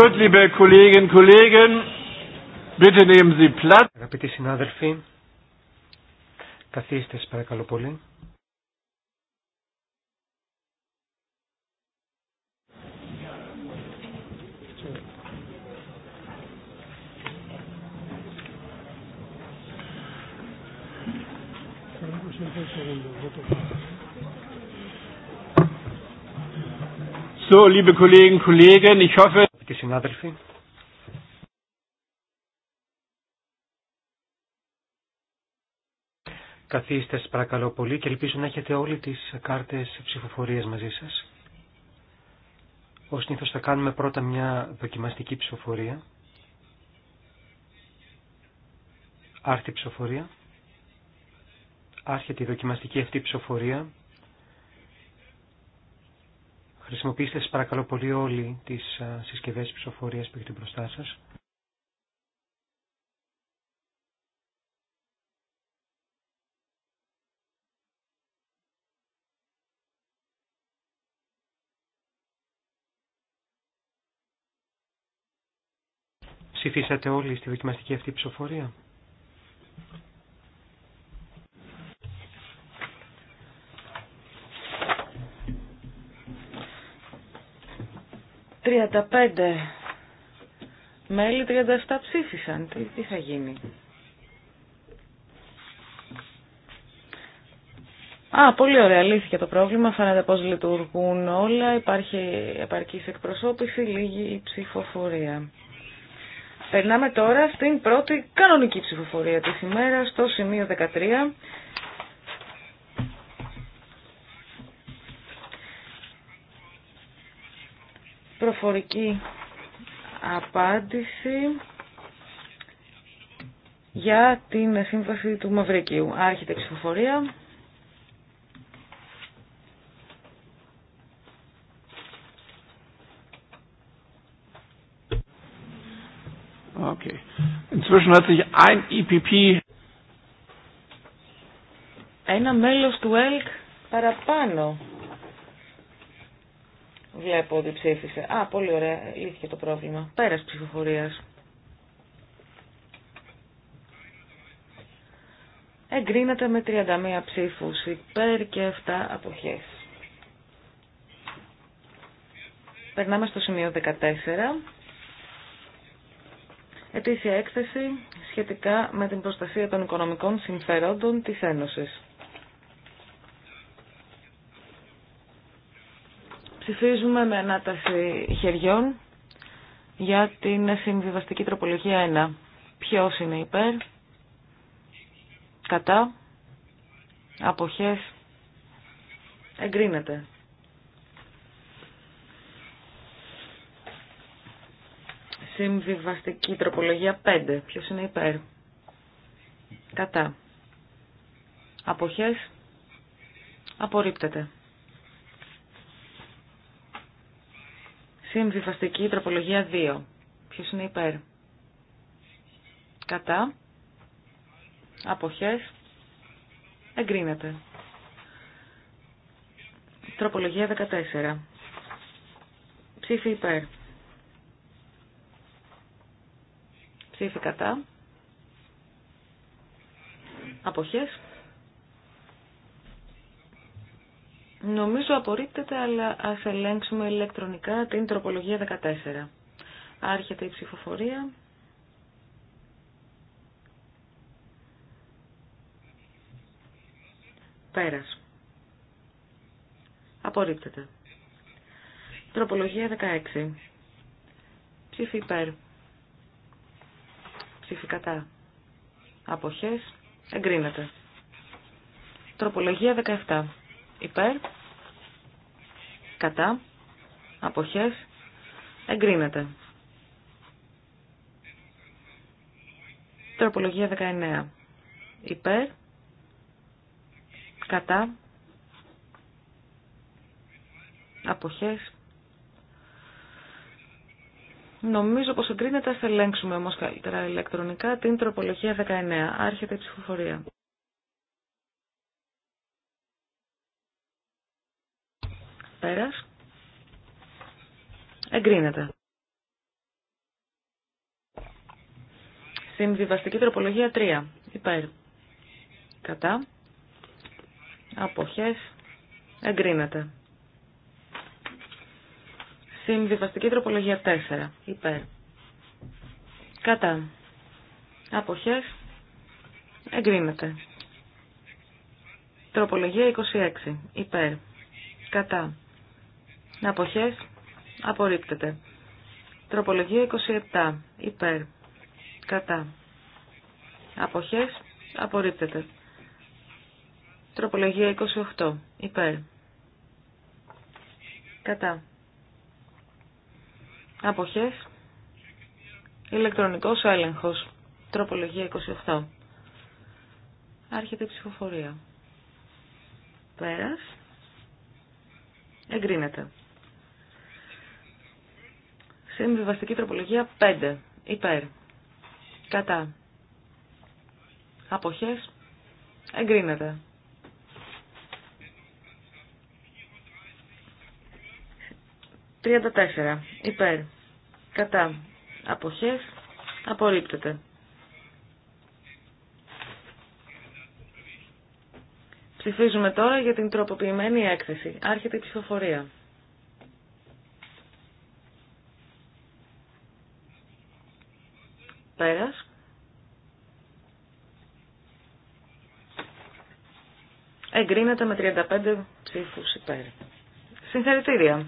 Gut, liebe Kolleginnen Kollegen, bitte nehmen Sie Platz. Αγαπητοί συνάδελφοι, καθίστε παρακαλώ πολύ. So, liebe kollegen Kollegen, ich hoffe αγαπητοί συνάδελφοι. Καθίστε παρακαλώ πολύ και ελπίζω να έχετε όλοι τις κάρτες ψηφοφορίας μαζί σας. Ως συνήθως θα κάνουμε πρώτα μια δοκιμαστική ψηφοφορία. άρθη ψηφοφορία. Άρχεται η δοκιμαστική αυτή ψηφοφορία Χρησιμοποιήστε σας παρακαλώ πολύ όλοι τις ε, συσκευές ψηφοφορίας που έχετε μπροστά σας. Ψηφίσατε όλοι στη δοκιμαστική αυτή ψηφοφορία. 35 μέλη, 37 ψήφισαν. Τι, θα γίνει. Α, πολύ ωραία. Λύθηκε το πρόβλημα. Φαίνεται πώς λειτουργούν όλα. Υπάρχει επαρκής εκπροσώπηση, λίγη ψηφοφορία. Περνάμε τώρα στην πρώτη κανονική ψηφοφορία της ημέρας, στο σημείο 13, προφορική απάντηση για την σύμβαση του Μαυρικίου. Άρχεται η ψηφοφορία. E ένα μέλος του ΕΛΚ παραπάνω Βλέπω ότι ψήφισε. Α, πολύ ωραία. Λύθηκε το πρόβλημα. Πέρας ψηφοφορίας. Εγκρίνεται με 31 ψήφους υπέρ και 7 αποχές. Περνάμε στο σημείο 14. Ετήσια έκθεση σχετικά με την προστασία των οικονομικών συμφερόντων της Ένωσης. Ψηφίζουμε με ανάταση χεριών για την συμβιβαστική τροπολογία 1. Ποιος είναι υπέρ, κατά, αποχές, εγκρίνεται. Συμβιβαστική τροπολογία 5. Ποιος είναι υπέρ, κατά, αποχές, απορρίπτεται. Συμβιβαστική τροπολογία 2. Ποιος είναι υπέρ. Κατά. Αποχές. Εγκρίνεται. Τροπολογία 14. Ψήφι υπέρ. Ψήφι κατά. Αποχές. Νομίζω απορρίπτεται, αλλά α ελέγξουμε ηλεκτρονικά την τροπολογία 14. Άρχεται η ψηφοφορία. Πέρας. Απορρίπτεται. Τροπολογία 16. Ψήφι υπέρ. Ψήφι κατά. Αποχές. Εγκρίνεται. Τροπολογία 17. Υπέρ κατά, αποχές, εγκρίνεται. Τροπολογία 19. Υπέρ, κατά, αποχές. Νομίζω πως εγκρίνεται, θα ελέγξουμε όμως καλύτερα ηλεκτρονικά την τροπολογία 19. Άρχεται η ψηφοφορία. Πέρας. Εγκρίνεται. Συμβιβαστική τροπολογία 3. Υπέρ. Κατά. Αποχές. Εγκρίνεται. Συμβιβαστική τροπολογία 4. Υπέρ. Κατά. Αποχές. Εγκρίνεται. Τροπολογία 26. Υπέρ. Κατά. Αποχές. Απορρίπτεται. Τροπολογία 27. Υπέρ. Κατά. Αποχές. Απορρίπτεται. Τροπολογία 28. Υπέρ. Κατά. Αποχές. Ηλεκτρονικός έλεγχος. Τροπολογία 28. Άρχεται η ψηφοφορία. Πέρας. Εγκρίνεται. Συμβιβαστική τροπολογία 5. Υπέρ. Κατά. Αποχές. Εγκρίνεται. 34, Υπέρ. Κατά. Αποχές. Απορρίπτεται. Ψηφίζουμε τώρα για την τροποποιημένη έκθεση. Άρχεται η ψηφοφορία. Πέρας. Εγκρίνεται με 35 ψήφους υπέρ. Συγχαρητήρια.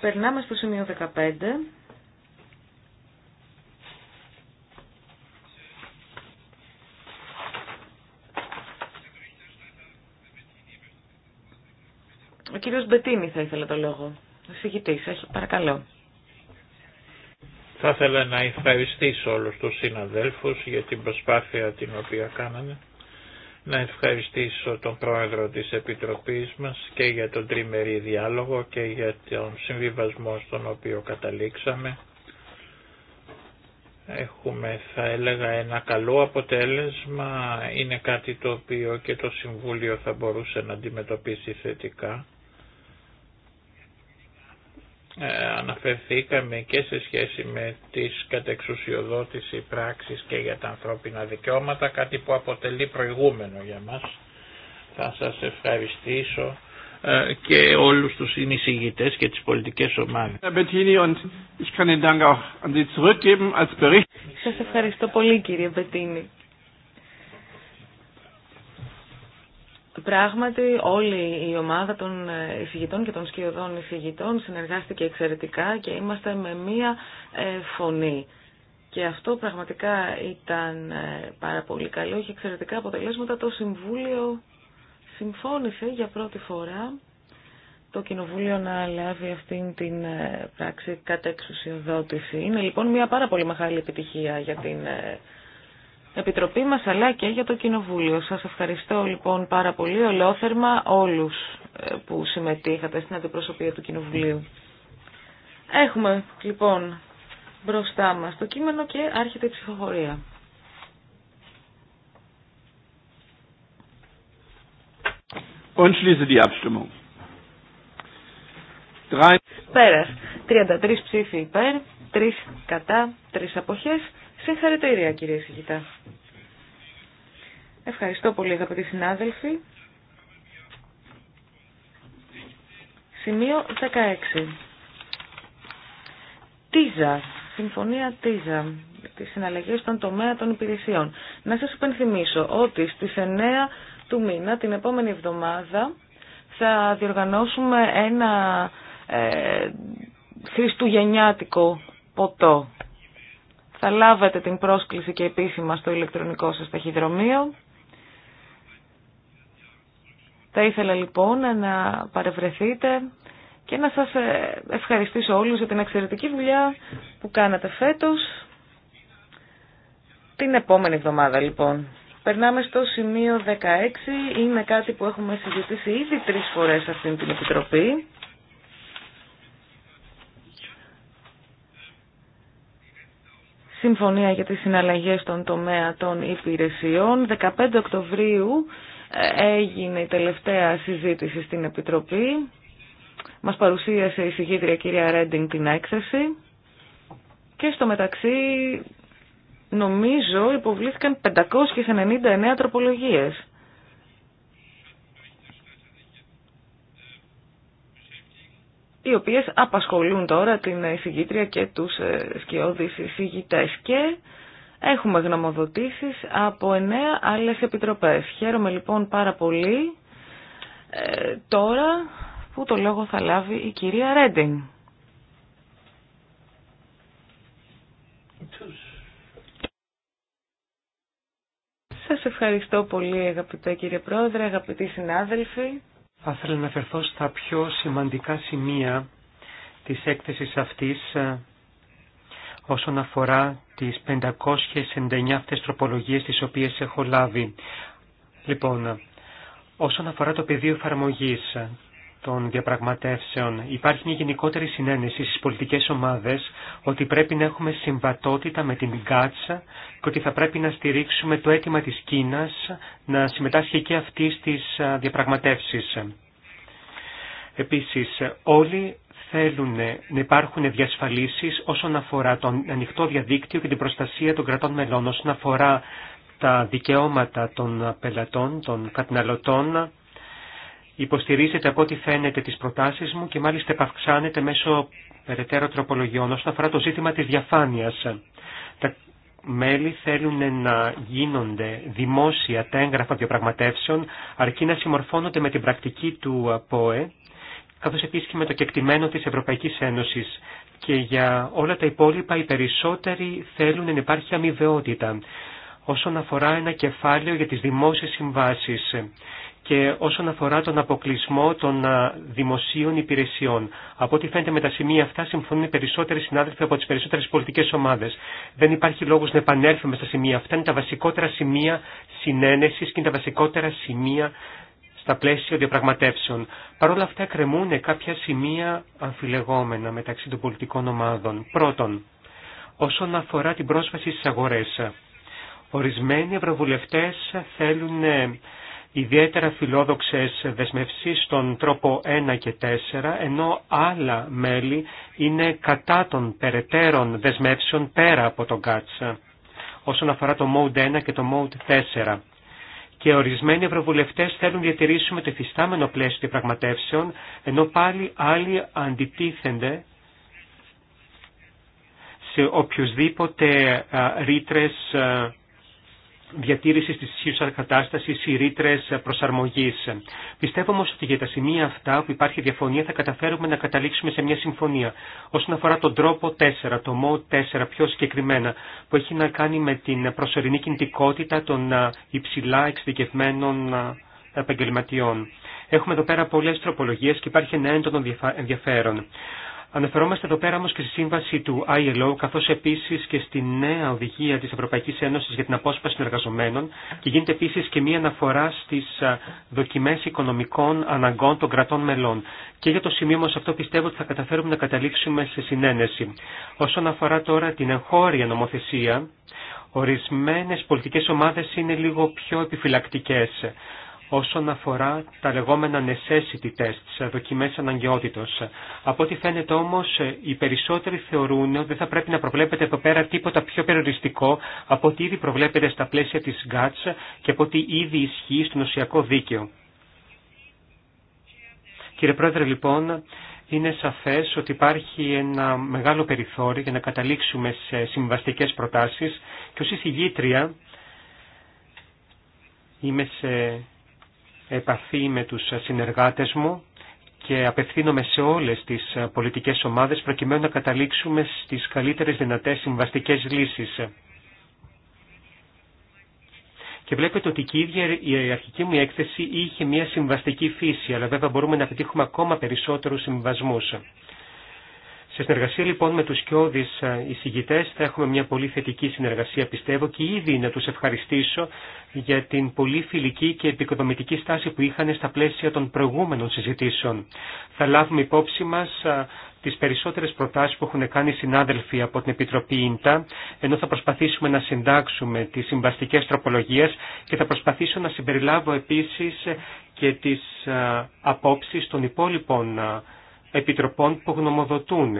Περνάμε στο σημείο 15. Ο κύριος Μπετίνη θα ήθελε το λόγο. Συγητής, έχει παρακαλώ. Θα ήθελα να ευχαριστήσω όλους τους συναδέλφους για την προσπάθεια την οποία κάνανε. Να ευχαριστήσω τον πρόεδρο της Επιτροπής μας και για τον τριμερή διάλογο και για τον συμβιβασμό στον οποίο καταλήξαμε. Έχουμε θα έλεγα ένα καλό αποτέλεσμα, είναι κάτι το οποίο και το Συμβούλιο θα μπορούσε να αντιμετωπίσει θετικά ε, αναφερθήκαμε και σε σχέση με τις κατεξουσιοδότηση πράξεις και για τα ανθρώπινα δικαιώματα, κάτι που αποτελεί προηγούμενο για μας. Θα σας ευχαριστήσω ε, και όλους τους συνεισηγητές και τις πολιτικές ομάδες. Σας ευχαριστώ πολύ κύριε Μπετίνη. Πράγματι όλη η ομάδα των ε, εισηγητών και των σκιωδών εισηγητών συνεργάστηκε εξαιρετικά και είμαστε με μία ε, φωνή. Και αυτό πραγματικά ήταν ε, πάρα πολύ καλό, είχε εξαιρετικά αποτελέσματα. Το Συμβούλιο συμφώνησε για πρώτη φορά το Κοινοβούλιο να λάβει αυτήν την πράξη κατά εξουσιοδότηση. Είναι λοιπόν μια φωνη και αυτο πραγματικα ηταν παρα πολυ καλο και πολύ το κοινοβουλιο να λαβει αυτην την πραξη κατ' επιτυχία για την Επιτροπή μας αλλά και για το Κοινοβούλιο. Σας ευχαριστώ λοιπόν πάρα πολύ ολόθερμα όλους ε, που συμμετείχατε στην αντιπροσωπεία του Κοινοβουλίου. Έχουμε λοιπόν μπροστά μας το κείμενο και άρχεται η ψηφοφορία. Und Πέρας. 33 ψήφοι υπέρ, 3 κατά, 3 αποχές. Συγχαρητήρια κύριε Σιγητά. Ευχαριστώ πολύ αγαπητοί συνάδελφοι. Σημείο 16. Τίζα. Συμφωνία Τίζα. Τι συναλλαγέ στον τομέα των υπηρεσιών. Να σας υπενθυμίσω ότι στις 9 του μήνα, την επόμενη εβδομάδα, θα διοργανώσουμε ένα ε, χριστουγεννιάτικο ποτό θα λάβετε την πρόσκληση και επίσημα στο ηλεκτρονικό σας ταχυδρομείο. Θα ήθελα λοιπόν να παρευρεθείτε και να σας ε, ευχαριστήσω όλους για την εξαιρετική δουλειά που κάνατε φέτος. Την επόμενη εβδομάδα λοιπόν. Περνάμε στο σημείο 16. Είναι κάτι που έχουμε συζητήσει ήδη τρεις φορές αυτήν την Επιτροπή. Συμφωνία για τις συναλλαγές στον τομέα των υπηρεσιών. 15 Οκτωβρίου ε, έγινε η τελευταία συζήτηση στην Επιτροπή. Μας παρουσίασε η συγγήτρια κυρία Ρέντινγκ την έκθεση. Και στο μεταξύ νομίζω υποβλήθηκαν 599 τροπολογίες. οι οποίες απασχολούν τώρα την εισηγήτρια και τους ε, σκιώδεις εισηγητές και έχουμε γνωμοδοτήσεις από εννέα άλλες επιτροπές. Χαίρομαι λοιπόν πάρα πολύ ε, τώρα που το λόγο θα λάβει η κυρία Ρέντινγκ. Σας ευχαριστώ πολύ αγαπητέ κύριε Πρόεδρε, αγαπητοί συνάδελφοι. Θα ήθελα να αναφερθώ στα πιο σημαντικά σημεία της έκθεσης αυτής ε, όσον αφορά τις 599 αυτές τροπολογίες τις οποίες έχω λάβει. Λοιπόν, ε, όσον αφορά το πεδίο εφαρμογή των διαπραγματεύσεων. Υπάρχει μια γενικότερη συνένεση στις πολιτικές ομάδες ότι πρέπει να έχουμε συμβατότητα με την Γκάτσα και ότι θα πρέπει να στηρίξουμε το αίτημα της Κίνας να συμμετάσχει και αυτή στις διαπραγματεύσεις. Επίσης, όλοι θέλουν να υπάρχουν διασφαλίσεις όσον αφορά το ανοιχτό διαδίκτυο και την προστασία των κρατών μελών, όσον αφορά τα δικαιώματα των πελατών, των καταναλωτών, Υποστηρίζεται από ό,τι φαίνεται τις προτάσεις μου και μάλιστα επαυξάνεται μέσω περαιτέρω τροπολογιών όσον αφορά το ζήτημα της διαφάνειας. Τα μέλη θέλουν να γίνονται δημόσια τα έγγραφα διαπραγματεύσεων αρκεί να συμμορφώνονται με την πρακτική του ΑΠΟΕ καθώς επίσης και με το κεκτημένο της Ευρωπαϊκής Ένωσης. Και για όλα τα υπόλοιπα οι περισσότεροι θέλουν να υπάρχει αμοιβαιότητα όσον αφορά ένα κεφάλαιο για τις δημόσιες συμβάσεις και όσον αφορά τον αποκλεισμό των δημοσίων υπηρεσιών. Από ό,τι φαίνεται με τα σημεία αυτά συμφωνούν οι περισσότεροι συνάδελφοι από τις περισσότερες πολιτικές ομάδες. Δεν υπάρχει λόγος να επανέλθουμε στα σημεία αυτά. Είναι τα βασικότερα σημεία συνένεσης και είναι τα βασικότερα σημεία στα πλαίσια διαπραγματεύσεων. Παρ' όλα αυτά κρεμούν κάποια σημεία αμφιλεγόμενα μεταξύ των πολιτικών ομάδων. Πρώτον, όσον αφορά την πρόσβαση στι αγορέ. Ορισμένοι ευρωβουλευτές θέλουν ε, ιδιαίτερα φιλόδοξες δεσμευσεις στον τρόπο 1 και 4, ενώ άλλα μέλη είναι κατά των περαιτέρων δεσμεύσεων πέρα από τον ΚΑΤΣ, όσον αφορά το MODE 1 και το MODE 4. Και ορισμένοι ευρωβουλευτές θέλουν διατηρήσουμε το εφιστάμενο πλαίσιο των πραγματεύσεων, ενώ πάλι άλλοι αντιτίθενται σε οποιοσδήποτε ρήτρες διατήρηση τη ισχύω κατάσταση ή ρήτρε προσαρμογής. Πιστεύω όμω ότι για τα σημεία αυτά που υπάρχει διαφωνία θα καταφέρουμε να καταλήξουμε σε μια συμφωνία. Όσον αφορά τον τρόπο 4, το ΜΟ 4 πιο συγκεκριμένα, που έχει να κάνει με την προσωρινή κινητικότητα των υψηλά εξειδικευμένων επαγγελματιών. Έχουμε εδώ πέρα πολλέ τροπολογίε και υπάρχει ένα έντονο ενδιαφέρον. Αναφερόμαστε εδώ πέρα όμω και στη σύμβαση του ILO, καθώ επίση και στη νέα οδηγία τη Ευρωπαϊκή Ένωση για την απόσπαση των εργαζομένων και γίνεται επίση και μία αναφορά στι δοκιμέ οικονομικών αναγκών των κρατών μελών. Και για το σημείο μα αυτό πιστεύω ότι θα καταφέρουμε να καταλήξουμε σε συνένεση. Όσον αφορά τώρα την εγχώρια νομοθεσία, ορισμένε πολιτικέ ομάδε είναι λίγο πιο επιφυλακτικέ όσον αφορά τα λεγόμενα necessity tests, δοκιμές αναγκαιότητος. Από ό,τι φαίνεται όμως οι περισσότεροι θεωρούν ότι δεν θα πρέπει να προβλέπετε εδώ πέρα τίποτα πιο περιοριστικό από ό,τι ήδη προβλέπεται στα πλαίσια της GATS και από ό,τι ήδη ισχύει στο νοσιακό δίκαιο. Κύριε Πρόεδρε, λοιπόν, είναι σαφές ότι υπάρχει ένα μεγάλο περιθώριο για να καταλήξουμε σε συμβαστικές προτάσεις και ως εισηγήτρια είμαι σε επαφή με τους συνεργάτες μου και απευθύνομαι σε όλες τις πολιτικές ομάδες προκειμένου να καταλήξουμε στις καλύτερες δυνατές συμβαστικές λύσεις. Και βλέπετε ότι η ίδια η αρχική μου έκθεση είχε μια συμβαστική φύση, αλλά βέβαια μπορούμε να πετύχουμε ακόμα περισσότερους συμβασμούς. Σε συνεργασία λοιπόν με τους κοιόδης ε, εισηγητές θα έχουμε μια πολύ θετική συνεργασία πιστεύω και ήδη να τους ευχαριστήσω για την πολύ φιλική και επικοδομητική στάση που είχαν στα πλαίσια των προηγούμενων συζητήσεων. Θα λάβουμε υπόψη μας ε, τις περισσότερες προτάσεις που έχουν κάνει οι συνάδελφοι από την Επιτροπή ΙΝΤΑ, ενώ θα προσπαθήσουμε να συντάξουμε τις συμβαστικές τροπολογίες και θα προσπαθήσω να συμπεριλάβω επίσης και τις ε, απόψεις των υπόλοιπων επιτροπών που γνωμοδοτούν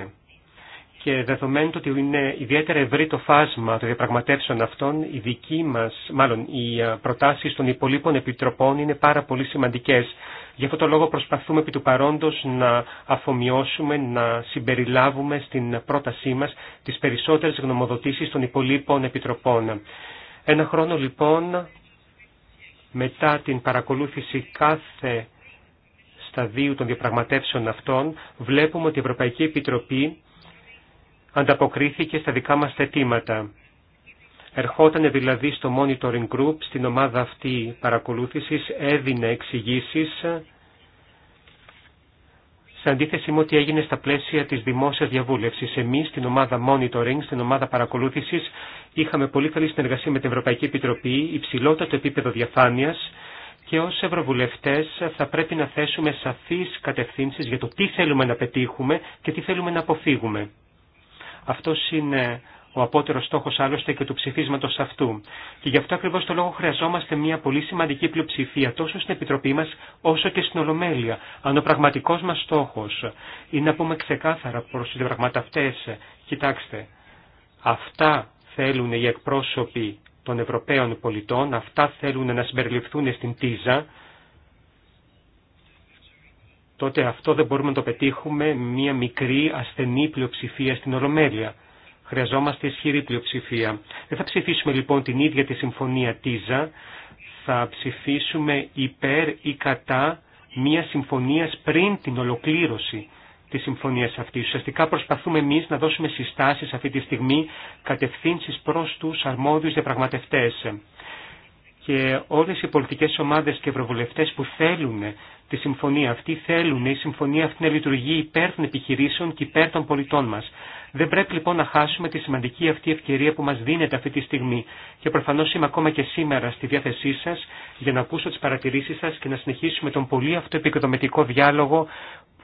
και δεδομένου ότι είναι ιδιαίτερα ευρύ το φάσμα των διαπραγματεύσεων αυτών, οι δικοί μας, μάλλον οι προτάσεις των υπολείπων επιτροπών είναι πάρα πολύ σημαντικές. Γι' αυτό το λόγο προσπαθούμε επί του παρόντος να αφομοιώσουμε, να συμπεριλάβουμε στην πρότασή μας τις περισσότερες γνωμοδοτήσεις των υπολείπων επιτροπών. Ένα χρόνο λοιπόν μετά την παρακολούθηση κάθε σταδίου των διαπραγματεύσεων αυτών, βλέπουμε ότι η Ευρωπαϊκή Επιτροπή ανταποκρίθηκε στα δικά μας θετήματα. Ερχόταν δηλαδή στο Monitoring Group, στην ομάδα αυτή παρακολούθησης, έδινε εξηγήσει σε αντίθεση με ό,τι έγινε στα πλαίσια της δημόσιας διαβούλευσης. Εμείς στην ομάδα monitoring, στην ομάδα παρακολούθησης, είχαμε πολύ καλή συνεργασία με την Ευρωπαϊκή Επιτροπή, υψηλότατο επίπεδο διαφάνειας και ως Ευρωβουλευτές θα πρέπει να θέσουμε σαφείς κατευθύνσεις για το τι θέλουμε να πετύχουμε και τι θέλουμε να αποφύγουμε. Αυτός είναι ο απότερος στόχος άλλωστε και του ψηφίσματος αυτού. Και γι' αυτό ακριβώς το λόγο χρειαζόμαστε μια πολύ σημαντική πλειοψηφία τόσο στην Επιτροπή μας όσο και στην Ολομέλεια. Αν ο πραγματικός μας στόχος είναι να πούμε ξεκάθαρα προς τις διαπραγματευτές, κοιτάξτε, αυτά θέλουν οι εκπρόσωποι των Ευρωπαίων πολιτών. Αυτά θέλουν να συμπεριληφθούν στην ΤΙΖΑ. Τότε αυτό δεν μπορούμε να το πετύχουμε μια μικρή ασθενή πλειοψηφία στην Ολομέλεια. Χρειαζόμαστε ισχυρή πλειοψηφία. Δεν θα ψηφίσουμε λοιπόν την ίδια τη συμφωνία ΤΙΖΑ. Θα ψηφίσουμε υπέρ ή κατά μια συμφωνία πριν την ολοκλήρωση τη συμφωνία αυτή. Ουσιαστικά προσπαθούμε εμεί να δώσουμε συστάσει αυτή τη στιγμή κατευθύνσει προ του αρμόδιου διαπραγματευτέ. Και όλε οι πολιτικέ ομάδε και ευρωβουλευτέ που θέλουν τη συμφωνία αυτή θέλουν η συμφωνία αυτή να λειτουργεί υπέρ των επιχειρήσεων και υπέρ των πολιτών μα. Δεν πρέπει λοιπόν να χάσουμε τη σημαντική αυτή ευκαιρία που μα δίνεται αυτή τη στιγμή. Και προφανώ είμαι ακόμα και σήμερα στη διάθεσή σα για να ακούσω τι παρατηρήσει σα και να συνεχίσουμε τον πολύ αυτοεπικοδομητικό διάλογο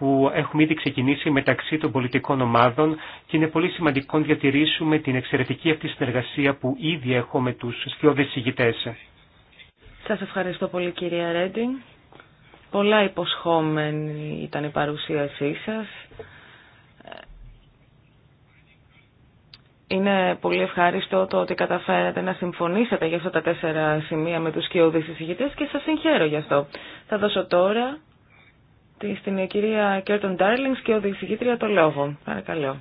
που έχουμε ήδη ξεκινήσει μεταξύ των πολιτικών ομάδων και είναι πολύ σημαντικό να διατηρήσουμε την εξαιρετική αυτή συνεργασία που ήδη έχω με τους σκιώδες συγητές. Σας ευχαριστώ πολύ κυρία Ρέντιν. Πολλά υποσχόμενη ήταν η παρουσίασή σας. Είναι πολύ ευχάριστο το ότι καταφέρατε να συμφωνήσετε για αυτά τα τέσσερα σημεία με τους σκιώδες εισηγητές και σας συγχαίρω γι' αυτό. Θα δώσω τώρα στην κυρία Κέρτον Ντάρλινγκ και ο διεξηγήτρια το λόγο. Παρακαλώ.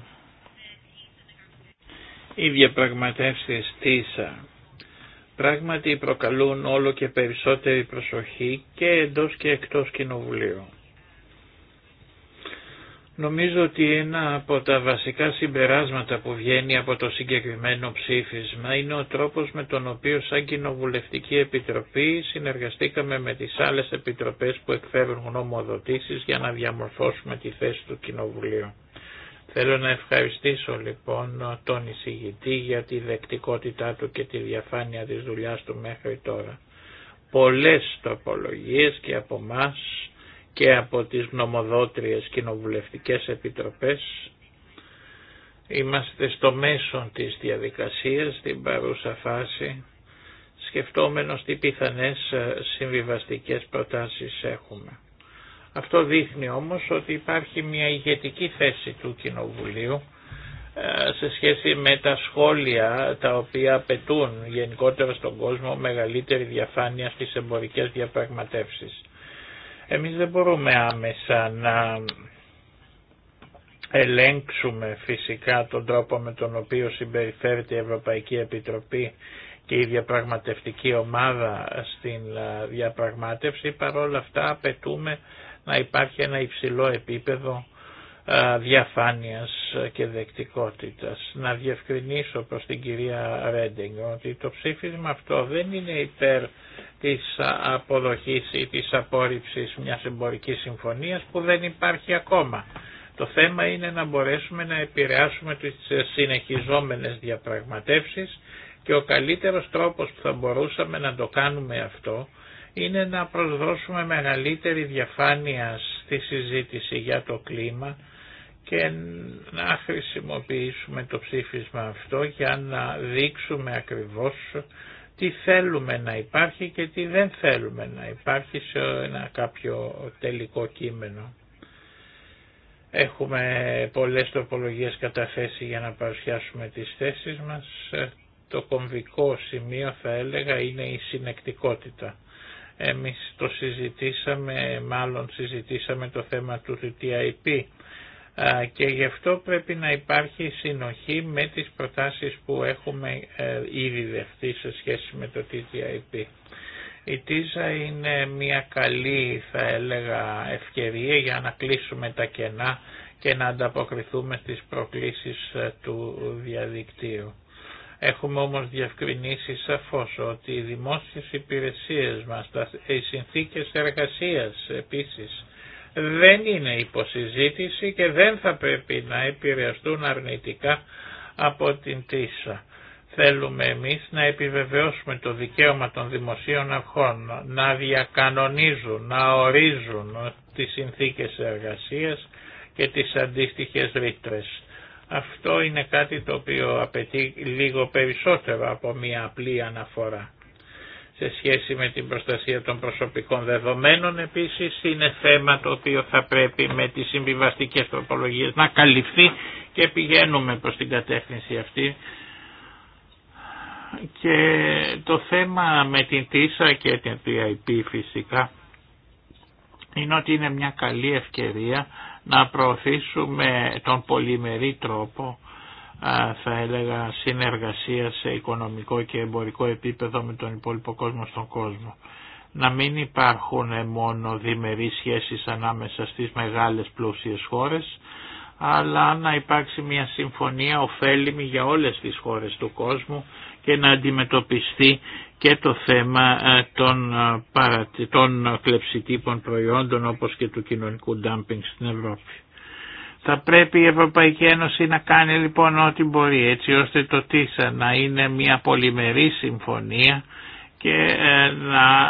Οι διαπραγματεύσει τη πράγματι προκαλούν όλο και περισσότερη προσοχή και εντό και εκτός κοινοβουλίου. Νομίζω ότι ένα από τα βασικά συμπεράσματα που βγαίνει από το συγκεκριμένο ψήφισμα είναι ο τρόπος με τον οποίο σαν Κοινοβουλευτική Επιτροπή συνεργαστήκαμε με τις άλλες επιτροπές που εκφέρουν γνωμοδοτήσεις για να διαμορφώσουμε τη θέση του Κοινοβουλίου. Θέλω να ευχαριστήσω λοιπόν τον εισηγητή για τη δεκτικότητά του και τη διαφάνεια της δουλειάς του μέχρι τώρα. Πολλές τοπολογίες και από εμά και από τις νομοδότριες κοινοβουλευτικές επιτροπές. Είμαστε στο μέσο της διαδικασίας, στην παρούσα φάση, σκεφτόμενος τι πιθανές ε, συμβιβαστικές προτάσεις έχουμε. Αυτό δείχνει όμως ότι υπάρχει μια ηγετική θέση του Κοινοβουλίου ε, σε σχέση με τα σχόλια τα οποία απαιτούν γενικότερα στον κόσμο μεγαλύτερη διαφάνεια στις εμπορικές διαπραγματεύσεις. Εμείς δεν μπορούμε άμεσα να ελέγξουμε φυσικά τον τρόπο με τον οποίο συμπεριφέρεται η Ευρωπαϊκή Επιτροπή και η διαπραγματευτική ομάδα στην ε, διαπραγμάτευση. Παρ' όλα αυτά απαιτούμε να υπάρχει ένα υψηλό επίπεδο διαφάνειας και δεκτικότητας. Να διευκρινίσω προς την κυρία Ρέντινγκ ότι το ψήφισμα αυτό δεν είναι υπέρ της αποδοχής ή της απόρριψης μιας εμπορικής συμφωνίας που δεν υπάρχει ακόμα. Το θέμα είναι να μπορέσουμε να επηρεάσουμε τις συνεχιζόμενες διαπραγματεύσεις και ο καλύτερος τρόπος που θα μπορούσαμε να το κάνουμε αυτό είναι να προσδώσουμε μεγαλύτερη διαφάνεια στη συζήτηση για το κλίμα και να χρησιμοποιήσουμε το ψήφισμα αυτό για να δείξουμε ακριβώς τι θέλουμε να υπάρχει και τι δεν θέλουμε να υπάρχει σε ένα κάποιο τελικό κείμενο. Έχουμε πολλές τοπολογίες καταθέσει για να παρουσιάσουμε τις θέσεις μας. Το κομβικό σημείο θα έλεγα είναι η συνεκτικότητα. Εμείς το συζητήσαμε, μάλλον συζητήσαμε το θέμα του TTIP και γι' αυτό πρέπει να υπάρχει συνοχή με τις προτάσεις που έχουμε ε, ήδη δεχτεί σε σχέση με το TTIP. Η TISA είναι μια καλή θα έλεγα ευκαιρία για να κλείσουμε τα κενά και να ανταποκριθούμε στις προκλήσεις ε, του διαδικτύου. Έχουμε όμως διευκρινίσει σαφώς ότι οι δημόσιες υπηρεσίες μας, οι συνθήκες εργασίας επίσης, δεν είναι υποσυζήτηση και δεν θα πρέπει να επηρεαστούν αρνητικά από την ΤΙΣΑ. Θέλουμε εμείς να επιβεβαιώσουμε το δικαίωμα των δημοσίων αρχών να διακανονίζουν, να ορίζουν τις συνθήκες εργασίας και τις αντίστοιχες ρήτρες. Αυτό είναι κάτι το οποίο απαιτεί λίγο περισσότερο από μία απλή αναφορά σε σχέση με την προστασία των προσωπικών δεδομένων επίσης είναι θέμα το οποίο θα πρέπει με τις συμβιβαστικές τροπολογίες να καλυφθεί και πηγαίνουμε προς την κατεύθυνση αυτή και το θέμα με την TISA και την TIP φυσικά είναι ότι είναι μια καλή ευκαιρία να προωθήσουμε τον πολυμερή τρόπο θα έλεγα συνεργασία σε οικονομικό και εμπορικό επίπεδο με τον υπόλοιπο κόσμο στον κόσμο. Να μην υπάρχουν μόνο διμερείς σχέσεις ανάμεσα στις μεγάλες πλούσιες χώρες, αλλά να υπάρξει μια συμφωνία ωφέλιμη για όλες τις χώρες του κόσμου και να αντιμετωπιστεί και το θέμα ε, των, ε, παρα... των κλεψιτήπων προϊόντων όπως και του κοινωνικού ντάμπινγκ στην Ευρώπη. Θα πρέπει η Ευρωπαϊκή Ένωση να κάνει λοιπόν ό,τι μπορεί έτσι ώστε το ΤΙΣΑ να είναι μια πολυμερή συμφωνία και ε, να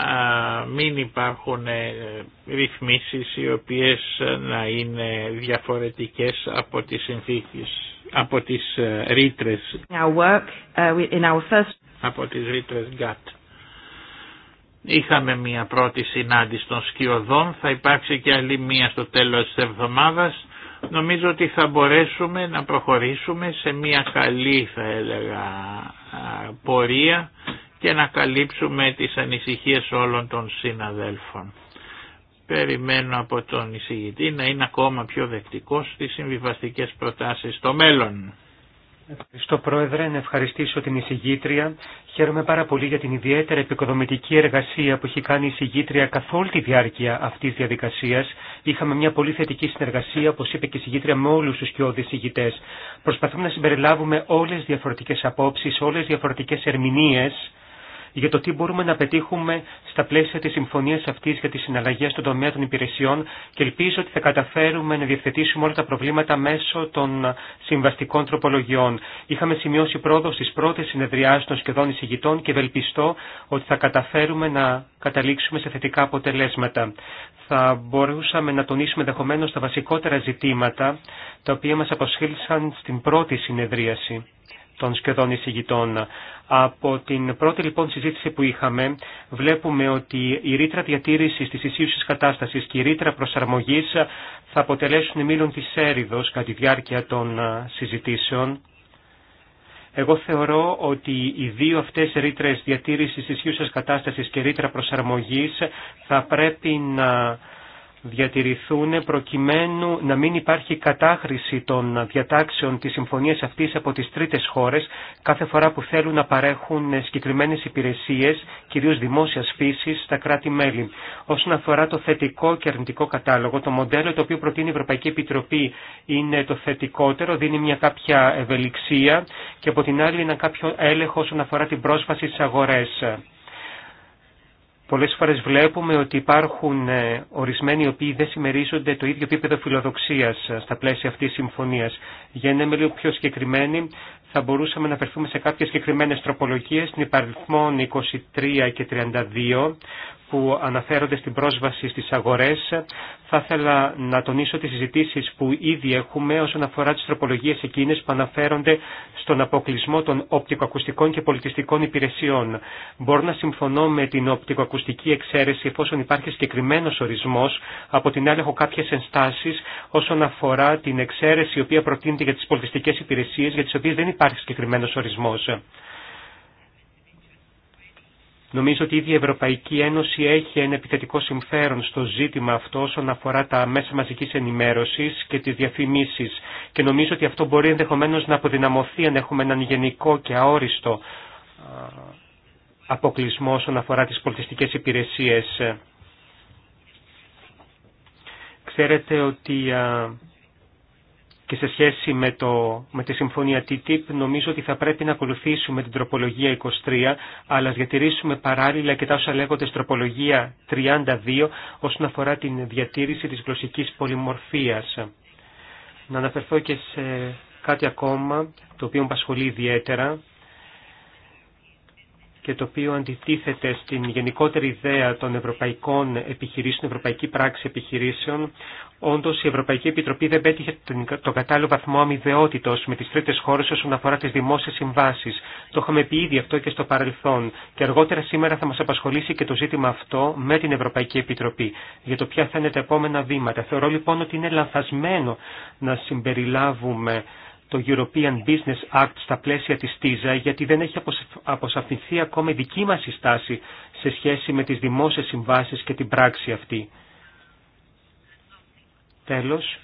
ε, μην υπάρχουν ε, ρυθμίσεις οι οποίες να είναι διαφορετικές από τις συνθήκες, από τις ρήτρες, our work, uh, in our first... από τις ρήτρες γάτ. Είχαμε μια πρώτη συνάντηση των σκιωδών, θα υπάρξει και άλλη μια στο τέλος της εβδομάδας Νομίζω ότι θα μπορέσουμε να προχωρήσουμε σε μια καλή θα έλεγα πορεία και να καλύψουμε τις ανησυχίες όλων των συναδέλφων. Περιμένω από τον εισηγητή να είναι ακόμα πιο δεκτικός στις συμβιβαστικές προτάσεις στο μέλλον. Ευχαριστώ Πρόεδρε, να ευχαριστήσω την εισηγήτρια. Χαίρομαι πάρα πολύ για την ιδιαίτερη επικοδομητική εργασία που έχει κάνει η εισηγήτρια καθ' όλη τη διάρκεια αυτή τη διαδικασία. Είχαμε μια πολύ θετική συνεργασία, όπω είπε και η εισηγήτρια, με όλου του κοιόδη εισηγητέ. Προσπαθούμε να συμπεριλάβουμε όλε τι διαφορετικέ απόψει, όλε τι διαφορετικέ ερμηνείε για το τι μπορούμε να πετύχουμε στα πλαίσια της συμφωνίας αυτής για τις συναλλαγές στον τομέα των υπηρεσιών και ελπίζω ότι θα καταφέρουμε να διευθετήσουμε όλα τα προβλήματα μέσω των συμβαστικών τροπολογιών. Είχαμε σημειώσει πρόοδο στις πρώτες συνεδριάσεις των σχεδόν εισηγητών και ευελπιστώ ότι θα καταφέρουμε να καταλήξουμε σε θετικά αποτελέσματα. Θα μπορούσαμε να τονίσουμε ενδεχομένω τα βασικότερα ζητήματα τα οποία μας αποσχίλησαν στην πρώτη συνεδρίαση των σχεδόν εισηγητών. Από την πρώτη λοιπόν συζήτηση που είχαμε, βλέπουμε ότι η ρήτρα διατήρηση τη ισχύουσας κατάσταση και η ρήτρα προσαρμογή θα αποτελέσουν μήλον τη έρηδο κατά τη διάρκεια των συζητήσεων. Εγώ θεωρώ ότι οι δύο αυτές ρήτρες διατήρησης ισχύουσας κατάστασης και ρήτρα προσαρμογής θα πρέπει να διατηρηθούν προκειμένου να μην υπάρχει κατάχρηση των διατάξεων της συμφωνίας αυτής από τις τρίτες χώρες κάθε φορά που θέλουν να παρέχουν συγκεκριμένες υπηρεσίες, κυρίως δημόσιας φύσης, στα κράτη-μέλη. Όσον αφορά το θετικό και αρνητικό κατάλογο, το μοντέλο το οποίο προτείνει η Ευρωπαϊκή Επιτροπή είναι το θετικότερο, δίνει μια κάποια ευελιξία και από την άλλη ένα κάποιο έλεγχο όσον αφορά την πρόσβαση στις αγορές. Πολλές φορές βλέπουμε ότι υπάρχουν ε, ορισμένοι οι οποίοι δεν συμμερίζονται το ίδιο επίπεδο φιλοδοξίας ε, στα πλαίσια αυτής της συμφωνίας. Για να είμαι λίγο πιο συγκεκριμένοι, θα μπορούσαμε να αφαιρθούμε σε κάποιες συγκεκριμένες τροπολογίες, την υπαριθμών 23 και 32, που αναφέρονται στην πρόσβαση στις αγορές. Θα ήθελα να τονίσω τις συζητήσεις που ήδη έχουμε όσον αφορά τις τροπολογίες εκείνες που αναφέρονται στον αποκλεισμό των οπτικοακουστικών και πολιτιστικών υπηρεσιών. Μπορώ να συμφωνώ με την οπτικοακουστική εξαίρεση εφόσον υπάρχει συγκεκριμένο ορισμός. Από την άλλη έχω κάποιες ενστάσεις όσον αφορά την εξαίρεση η οποία προτείνεται για τις πολιτιστικές υπηρεσίες για τις οποίες δεν υπάρχει συγκεκριμένο ορισμός. Νομίζω ότι η ίδια η Ευρωπαϊκή Ένωση έχει ένα επιθετικό συμφέρον στο ζήτημα αυτό όσον αφορά τα μέσα μαζικής ενημέρωσης και τις διαφημίσεις και νομίζω ότι αυτό μπορεί ενδεχομένως να αποδυναμωθεί αν έχουμε έναν γενικό και αόριστο αποκλεισμό όσον αφορά τις πολιτιστικές υπηρεσίες. Ξέρετε ότι και σε σχέση με, το, με τη συμφωνία TTIP νομίζω ότι θα πρέπει να ακολουθήσουμε την τροπολογία 23 αλλά διατηρήσουμε παράλληλα και τα όσα λέγονται στην τροπολογία 32 όσον αφορά την διατήρηση της γλωσσικής πολυμορφίας. Να αναφερθώ και σε κάτι ακόμα το οποίο μου απασχολεί ιδιαίτερα και το οποίο αντιτίθεται στην γενικότερη ιδέα των ευρωπαϊκών επιχειρήσεων, ευρωπαϊκή πράξη επιχειρήσεων. Όντως η Ευρωπαϊκή Επιτροπή δεν πέτυχε τον κατάλληλο βαθμό αμοιβαιότητος με τις τρίτες χώρες όσον αφορά τις δημόσιες συμβάσεις. Το είχαμε πει ήδη αυτό και στο παρελθόν και αργότερα σήμερα θα μας απασχολήσει και το ζήτημα αυτό με την Ευρωπαϊκή Επιτροπή για το ποια θα είναι τα επόμενα βήματα. Θεωρώ λοιπόν ότι είναι λανθασμένο να συμπεριλάβουμε το European Business Act στα πλαίσια της ΤΙΖΑ, γιατί δεν έχει αποσαφηθεί ακόμα η δική μας στάση σε σχέση με τις δημόσιες συμβάσεις και την πράξη αυτή. Τέλος,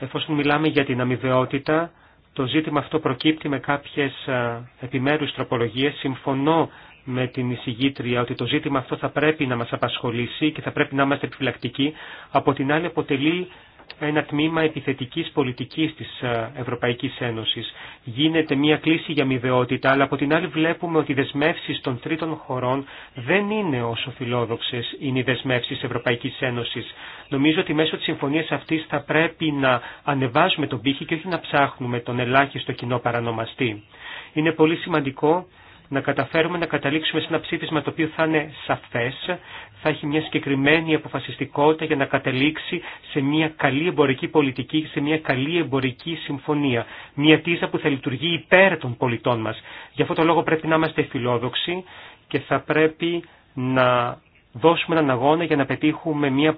εφόσον μιλάμε για την αμοιβαιότητα, το ζήτημα αυτό προκύπτει με κάποιες επιμέρους τροπολογίες. Συμφωνώ με την εισηγήτρια ότι το ζήτημα αυτό θα πρέπει να μας απασχολήσει και θα πρέπει να είμαστε επιφυλακτικοί. Από την άλλη αποτελεί ένα τμήμα επιθετικής πολιτικής της ε, Ευρωπαϊκής Ένωσης. Γίνεται μια κλίση για μηδεότητα, αλλά από την άλλη βλέπουμε ότι οι δεσμεύσεις των τρίτων χωρών δεν είναι όσο φιλόδοξες είναι οι δεσμεύσεις της Ευρωπαϊκής Ένωσης. Νομίζω ότι μέσω της συμφωνίας αυτής θα πρέπει να ανεβάζουμε τον πύχη και όχι να ψάχνουμε τον ελάχιστο κοινό παρανομαστή. Είναι πολύ σημαντικό να καταφέρουμε να καταλήξουμε σε ένα ψήφισμα το οποίο θα είναι σαφές, θα έχει μια συγκεκριμένη αποφασιστικότητα για να καταλήξει σε μια καλή εμπορική πολιτική, σε μια καλή εμπορική συμφωνία. Μια τίζα που θα λειτουργεί υπέρ των πολιτών μας. Γι' αυτό το λόγο πρέπει να είμαστε φιλόδοξοι και θα πρέπει να δώσουμε έναν αγώνα για να πετύχουμε μια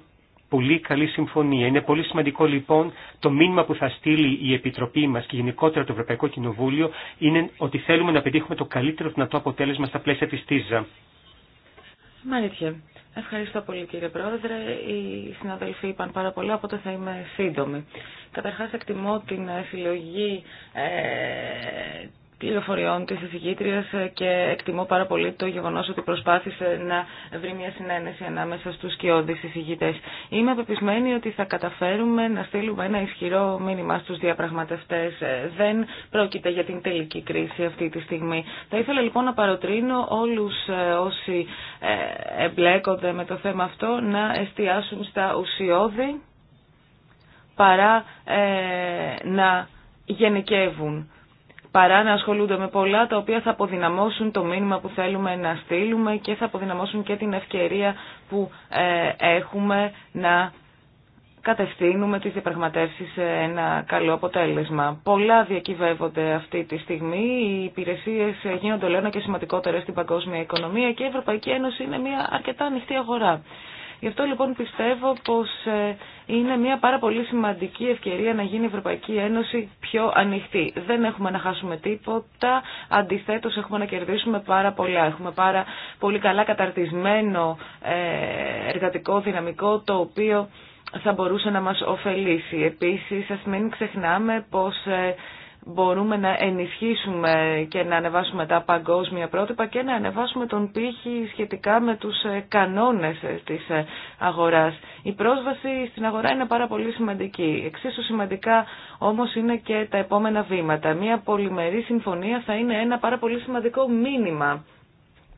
πολύ καλή συμφωνία. Είναι πολύ σημαντικό λοιπόν το μήνυμα που θα στείλει η Επιτροπή μα και γενικότερα το Ευρωπαϊκό Κοινοβούλιο είναι ότι θέλουμε να πετύχουμε το καλύτερο δυνατό αποτέλεσμα στα πλαίσια τη ΤΙΖΑ μάλιστα, Ευχαριστώ πολύ κύριε Πρόεδρε. Οι συναδελφοί είπαν πάρα πολλά, οπότε θα είμαι σύντομη. Καταρχάς εκτιμώ την συλλογή ε, πληροφοριών της εισηγήτριας και εκτιμώ πάρα πολύ το γεγονός ότι προσπάθησε να βρει μια συνένεση ανάμεσα στους σκιώδεις εισηγητές. Είμαι πεπισμένη ότι θα καταφέρουμε να στείλουμε ένα ισχυρό μήνυμα στους διαπραγματευτές. Δεν πρόκειται για την τελική κρίση αυτή τη στιγμή. Θα ήθελα λοιπόν να παροτρύνω όλους ε, όσοι ε, εμπλέκονται με το θέμα αυτό να εστιάσουν στα ουσιώδη παρά ε, να γενικεύουν παρά να ασχολούνται με πολλά τα οποία θα αποδυναμώσουν το μήνυμα που θέλουμε να στείλουμε και θα αποδυναμώσουν και την ευκαιρία που ε, έχουμε να κατευθύνουμε τις διαπραγματεύσεις σε ένα καλό αποτέλεσμα. Πολλά διακυβεύονται αυτή τη στιγμή, οι υπηρεσίες γίνονται λένε και σημαντικότερες στην παγκόσμια οικονομία και η Ευρωπαϊκή Ένωση είναι μια αρκετά ανοιχτή αγορά. Γι' αυτό λοιπόν πιστεύω πως ε, είναι μια πάρα πολύ σημαντική ευκαιρία να γίνει η Ευρωπαϊκή Ένωση πιο ανοιχτή. Δεν έχουμε να χάσουμε τίποτα, αντιθέτως έχουμε να κερδίσουμε πάρα πολλά. Έχουμε πάρα πολύ καλά καταρτισμένο ε, εργατικό δυναμικό το οποίο θα μπορούσε να μας ωφελήσει. Επίσης, ας μην ξεχνάμε πως ε, μπορούμε να ενισχύσουμε και να ανεβάσουμε τα παγκόσμια πρότυπα και να ανεβάσουμε τον πύχη σχετικά με τους ε, κανόνες ε, της ε, αγοράς. Η πρόσβαση στην αγορά είναι πάρα πολύ σημαντική. Εξίσου σημαντικά όμως είναι και τα επόμενα βήματα. Μια πολυμερή συμφωνία θα είναι ένα πάρα πολύ σημαντικό μήνυμα.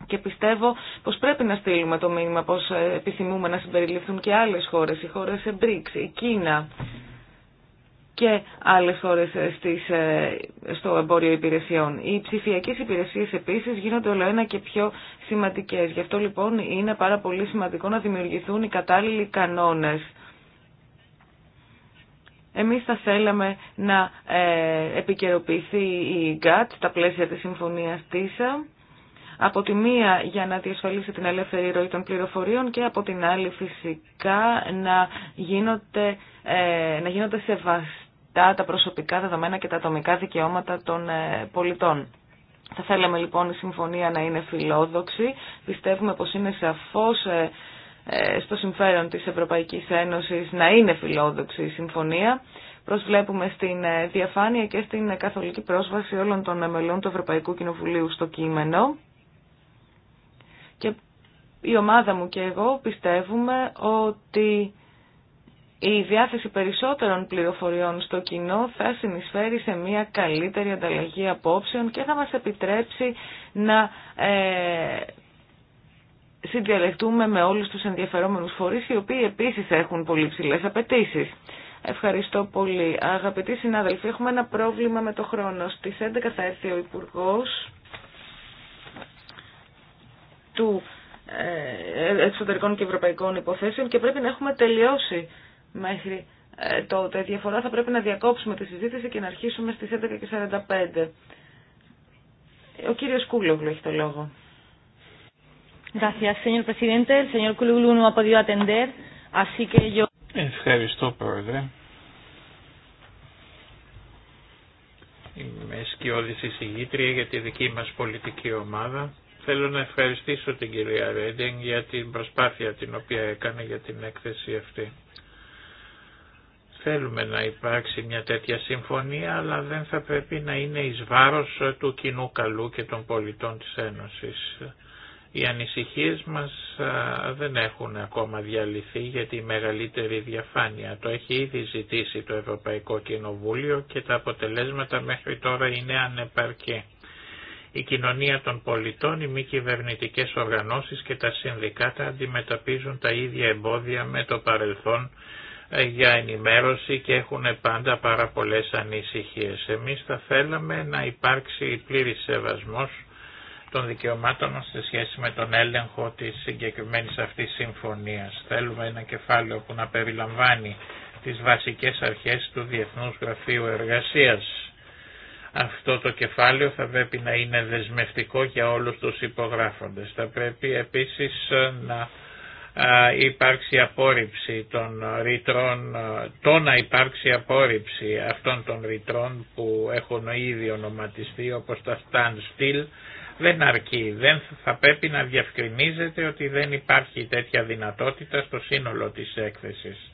Και πιστεύω πως πρέπει να στείλουμε το μήνυμα πως επιθυμούμε να συμπεριληφθούν και άλλες χώρες, οι χώρες BRICS, η Κίνα, και άλλες ώρες ε, στις, ε, στο εμπόριο υπηρεσιών. Οι ψηφιακές υπηρεσίες επίσης γίνονται όλο ένα και πιο σημαντικές. Γι' αυτό λοιπόν είναι πάρα πολύ σημαντικό να δημιουργηθούν οι κατάλληλοι κανόνες. Εμείς θα θέλαμε να ε, επικαιροποιηθεί η ΓΚΑΤ στα πλαίσια της συμφωνίας ΤΙΣΑ από τη μία για να διασφαλίσει την ελεύθερη ροή των πληροφοριών και από την άλλη φυσικά να γίνονται, να γίνονται σεβαστοί τα προσωπικά δεδομένα και τα ατομικά δικαιώματα των ε, πολιτών. Θα θέλαμε λοιπόν η συμφωνία να είναι φιλόδοξη. Πιστεύουμε πως είναι σαφώς ε, ε, στο συμφέρον της Ευρωπαϊκής Ένωσης να είναι φιλόδοξη η συμφωνία. Προσβλέπουμε στην διαφάνεια και στην καθολική πρόσβαση όλων των μελών του Ευρωπαϊκού Κοινοβουλίου στο κείμενο. Και η ομάδα μου και εγώ πιστεύουμε ότι η διάθεση περισσότερων πληροφοριών στο κοινό θα συνεισφέρει σε μια καλύτερη ανταλλαγή απόψεων και θα μας επιτρέψει να ε, με όλους τους ενδιαφερόμενους φορείς οι οποίοι επίσης έχουν πολύ ψηλέ απαιτήσει. Ευχαριστώ πολύ. Αγαπητοί συνάδελφοι, έχουμε ένα πρόβλημα με το χρόνο. Στις 11 θα έρθει ο Υπουργός του ε, Εξωτερικών και Ευρωπαϊκών Υποθέσεων και πρέπει να έχουμε τελειώσει μέχρι ε, τότε. Διαφορά θα πρέπει να διακόψουμε τη συζήτηση και να αρχίσουμε στις 11.45. Ο κύριος Κούλογλου έχει το λόγο. Ευχαριστώ, Πρόεδρε. Είμαι σκιώδης εισηγήτρια για τη δική μας πολιτική ομάδα. Θέλω να ευχαριστήσω την κυρία Ρέντινγκ για την προσπάθεια την οποία έκανε για την έκθεση αυτή θέλουμε να υπάρξει μια τέτοια συμφωνία, αλλά δεν θα πρέπει να είναι εις βάρος του κοινού καλού και των πολιτών της Ένωσης. Οι ανησυχίες μας δεν έχουν ακόμα διαλυθεί για τη μεγαλύτερη διαφάνεια. Το έχει ήδη ζητήσει το Ευρωπαϊκό Κοινοβούλιο και τα αποτελέσματα μέχρι τώρα είναι ανεπαρκή. Η κοινωνία των πολιτών, οι μη κυβερνητικέ οργανώσεις και τα συνδικάτα αντιμετωπίζουν τα ίδια εμπόδια με το παρελθόν ε, για ενημέρωση και έχουν πάντα πάρα πολλές ανησυχίες. Εμείς θα θέλαμε να υπάρξει πλήρης σεβασμός των δικαιωμάτων μας σε σχέση με τον έλεγχο της συγκεκριμένης αυτής συμφωνίας. Θέλουμε ένα κεφάλαιο που να περιλαμβάνει τις βασικές αρχές του Διεθνούς Γραφείου Εργασίας. Αυτό το κεφάλαιο θα πρέπει να είναι δεσμευτικό για όλους τους υπογράφοντες. Θα πρέπει επίσης να υπάρξει απόρριψη των ε, ρητρών, ε, το να υπάρξει απόρριψη αυτών των ρητρών που έχουν ήδη ονοματιστεί όπως τα standstill δεν αρκεί. Δεν θα πρέπει να διευκρινίζεται ότι δεν υπάρχει τέτοια δυνατότητα στο σύνολο της έκθεσης.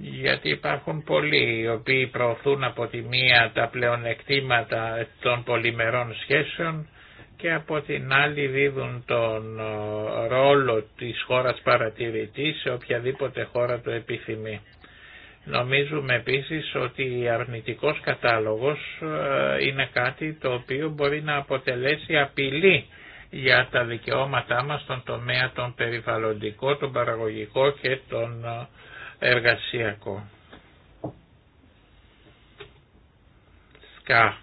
Γιατί υπάρχουν πολλοί οι οποίοι προωθούν από τη μία τα πλεονεκτήματα των πολυμερών σχέσεων και από την άλλη δίδουν τον ε, ρόλο της χώρας παρατηρητή σε οποιαδήποτε χώρα το επιθυμεί. Νομίζουμε επίσης ότι ο αρνητικός κατάλογος ε, είναι κάτι το οποίο μπορεί να αποτελέσει απειλή για τα δικαιώματά μας στον τομέα τον περιβαλλοντικό, τον παραγωγικό και τον ε, εργασιακό. Σκα.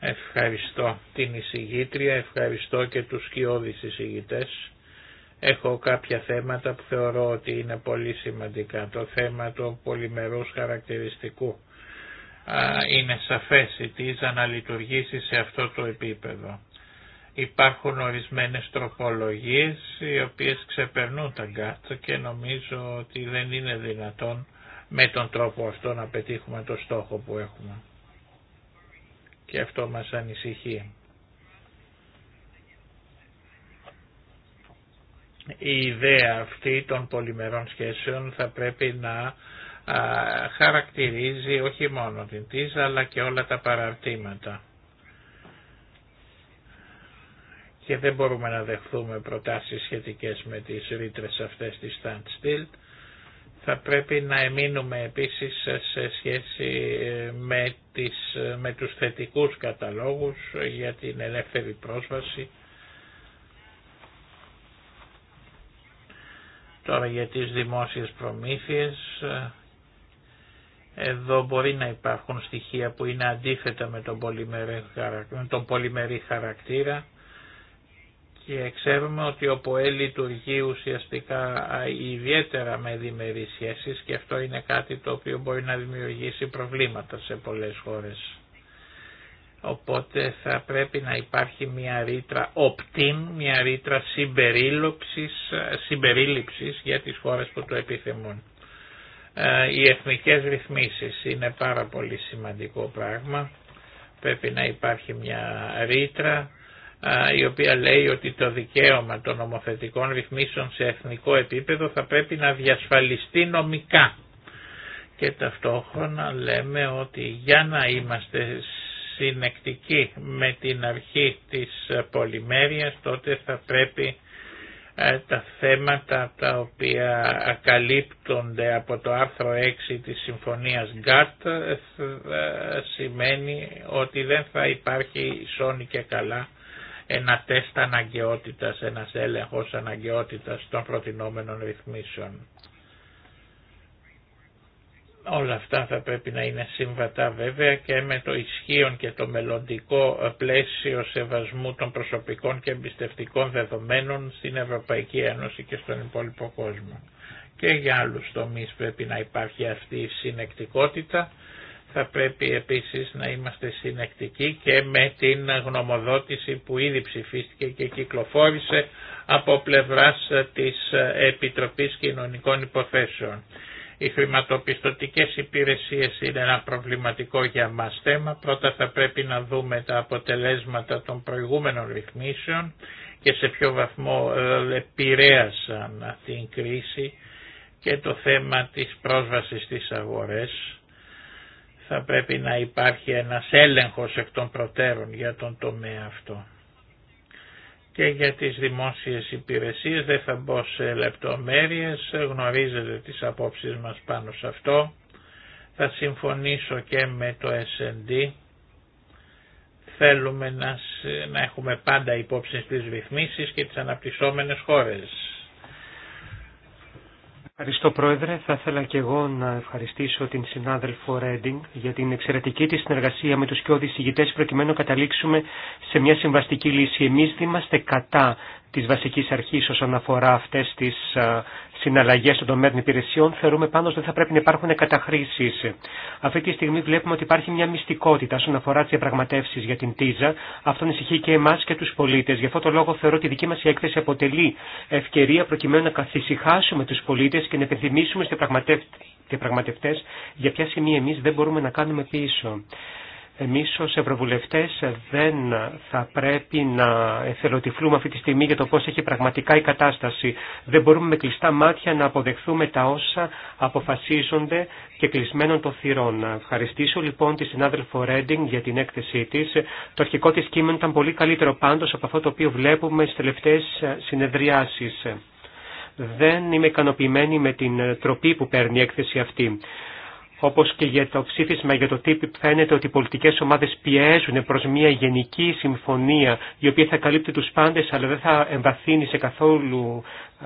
Ευχαριστώ την εισηγήτρια, ευχαριστώ και τους σκιώδεις εισηγητές. Έχω κάποια θέματα που θεωρώ ότι είναι πολύ σημαντικά. Το θέμα του πολυμερούς χαρακτηριστικού είναι σαφές η ΤΙΖΑ να λειτουργήσει σε αυτό το επίπεδο. Υπάρχουν ορισμένες τροπολογίες οι οποίες ξεπερνούν τα γκάτ και νομίζω ότι δεν είναι δυνατόν με τον τρόπο αυτό να πετύχουμε το στόχο που έχουμε και αυτό μας ανησυχεί. Η ιδέα αυτή των πολυμερών σχέσεων θα πρέπει να χαρακτηρίζει όχι μόνο την ΤΙΖΑ αλλά και όλα τα παραρτήματα. Και δεν μπορούμε να δεχθούμε προτάσεις σχετικές με τις ρήτρες αυτές της Standstill θα πρέπει να εμείνουμε επίσης σε σχέση ε, με, τις, ε, με τους θετικούς καταλόγους για την ελεύθερη πρόσβαση. Τώρα για τις δημόσιες προμήθειες, ε, εδώ μπορεί να υπάρχουν στοιχεία που είναι αντίθετα με τον πολυμερή χαρακτήρα και ξέρουμε ότι ο ΠΟΕ λειτουργεί ουσιαστικά ιδιαίτερα με διμερεί σχέσει και αυτό είναι κάτι το οποίο μπορεί να δημιουργήσει προβλήματα σε πολλές χώρες. Οπότε θα πρέπει να υπάρχει μια ρήτρα opt-in, μια ρήτρα συμπερίληψη για τις χώρες που το επιθυμούν. Ε, οι εθνικές ρυθμίσεις είναι πάρα πολύ σημαντικό πράγμα. Πρέπει να υπάρχει μια ρήτρα η οποία λέει ότι το δικαίωμα των νομοθετικών ρυθμίσεων σε εθνικό επίπεδο θα πρέπει να διασφαλιστεί νομικά. Και ταυτόχρονα λέμε ότι για να είμαστε συνεκτικοί με την αρχή της πολυμέρειας τότε θα πρέπει τα θέματα τα οποία ακαλύπτονται από το άρθρο 6 της Συμφωνίας ΓΚΑΤ σημαίνει ότι δεν θα υπάρχει σώνη και καλά ένα τεστ αναγκαιότητας, ένας έλεγχος αναγκαιότητας των προτινόμενων ρυθμίσεων. Όλα αυτά θα πρέπει να είναι συμβατά βέβαια και με το ισχύον και το μελλοντικό πλαίσιο σεβασμού των προσωπικών και εμπιστευτικών δεδομένων στην Ευρωπαϊκή Ένωση και στον υπόλοιπο κόσμο. Και για άλλους τομείς πρέπει να υπάρχει αυτή η συνεκτικότητα θα πρέπει επίσης να είμαστε συνεκτικοί και με την γνωμοδότηση που ήδη ψηφίστηκε και κυκλοφόρησε από πλευράς της Επιτροπής Κοινωνικών Υποθέσεων. Οι χρηματοπιστωτικές υπηρεσίες είναι ένα προβληματικό για μας θέμα. Πρώτα θα πρέπει να δούμε τα αποτελέσματα των προηγούμενων ρυθμίσεων και σε ποιο βαθμό ε, επηρέασαν την κρίση και το θέμα της πρόσβασης στις αγορές θα πρέπει να υπάρχει ένας έλεγχος εκ των προτέρων για τον τομέα αυτό. Και για τις δημόσιες υπηρεσίες δεν θα μπω σε λεπτομέρειες, γνωρίζετε τις απόψεις μας πάνω σε αυτό. Θα συμφωνήσω και με το SND. Θέλουμε να, έχουμε πάντα υπόψη στις ρυθμίσεις και τις αναπτυσσόμενες χώρες. Ευχαριστώ Πρόεδρε. Θα ήθελα και εγώ να ευχαριστήσω την συνάδελφο Ρέντινγκ για την εξαιρετική της συνεργασία με τους κοιόδης ηγητές προκειμένου να καταλήξουμε σε μια συμβαστική λύση. Εμείς είμαστε κατά της βασικής αρχής όσον αφορά αυτές τις συναλλαγές στον τομέα των υπηρεσιών, θεωρούμε πάντως ότι θα πρέπει να υπάρχουν καταχρήσεις. Αυτή τη στιγμή βλέπουμε ότι υπάρχει μια μυστικότητα όσον αφορά τις διαπραγματεύσεις για την ΤΙΖΑ. Αυτό ανησυχεί και εμάς και τους πολίτες. Γι' αυτό το λόγο θεωρώ ότι η δική μας έκθεση αποτελεί ευκαιρία προκειμένου να καθησυχάσουμε τους πολίτες και να επιθυμίσουμε στις διαπραγματευτές για ποια σημεία εμείς δεν μπορούμε να κάνουμε πίσω. Εμείς ως Ευρωβουλευτές δεν θα πρέπει να εθελοτυφλούμε αυτή τη στιγμή για το πώς έχει πραγματικά η κατάσταση. Δεν μπορούμε με κλειστά μάτια να αποδεχθούμε τα όσα αποφασίζονται και κλεισμένων των θυρών. ευχαριστήσω λοιπόν τη συνάδελφο Ρέντινγκ για την έκθεσή της. Το αρχικό της κείμενο ήταν πολύ καλύτερο πάντως από αυτό το οποίο βλέπουμε στις τελευταίες συνεδριάσεις. Δεν είμαι ικανοποιημένη με την τροπή που παίρνει η έκθεση αυτή όπως και για το ψήφισμα για το τύπη, φαίνεται ότι οι πολιτικές ομάδες πιέζουν προς μια γενική συμφωνία η οποία θα καλύπτει τους πάντες αλλά δεν θα εμβαθύνει σε καθόλου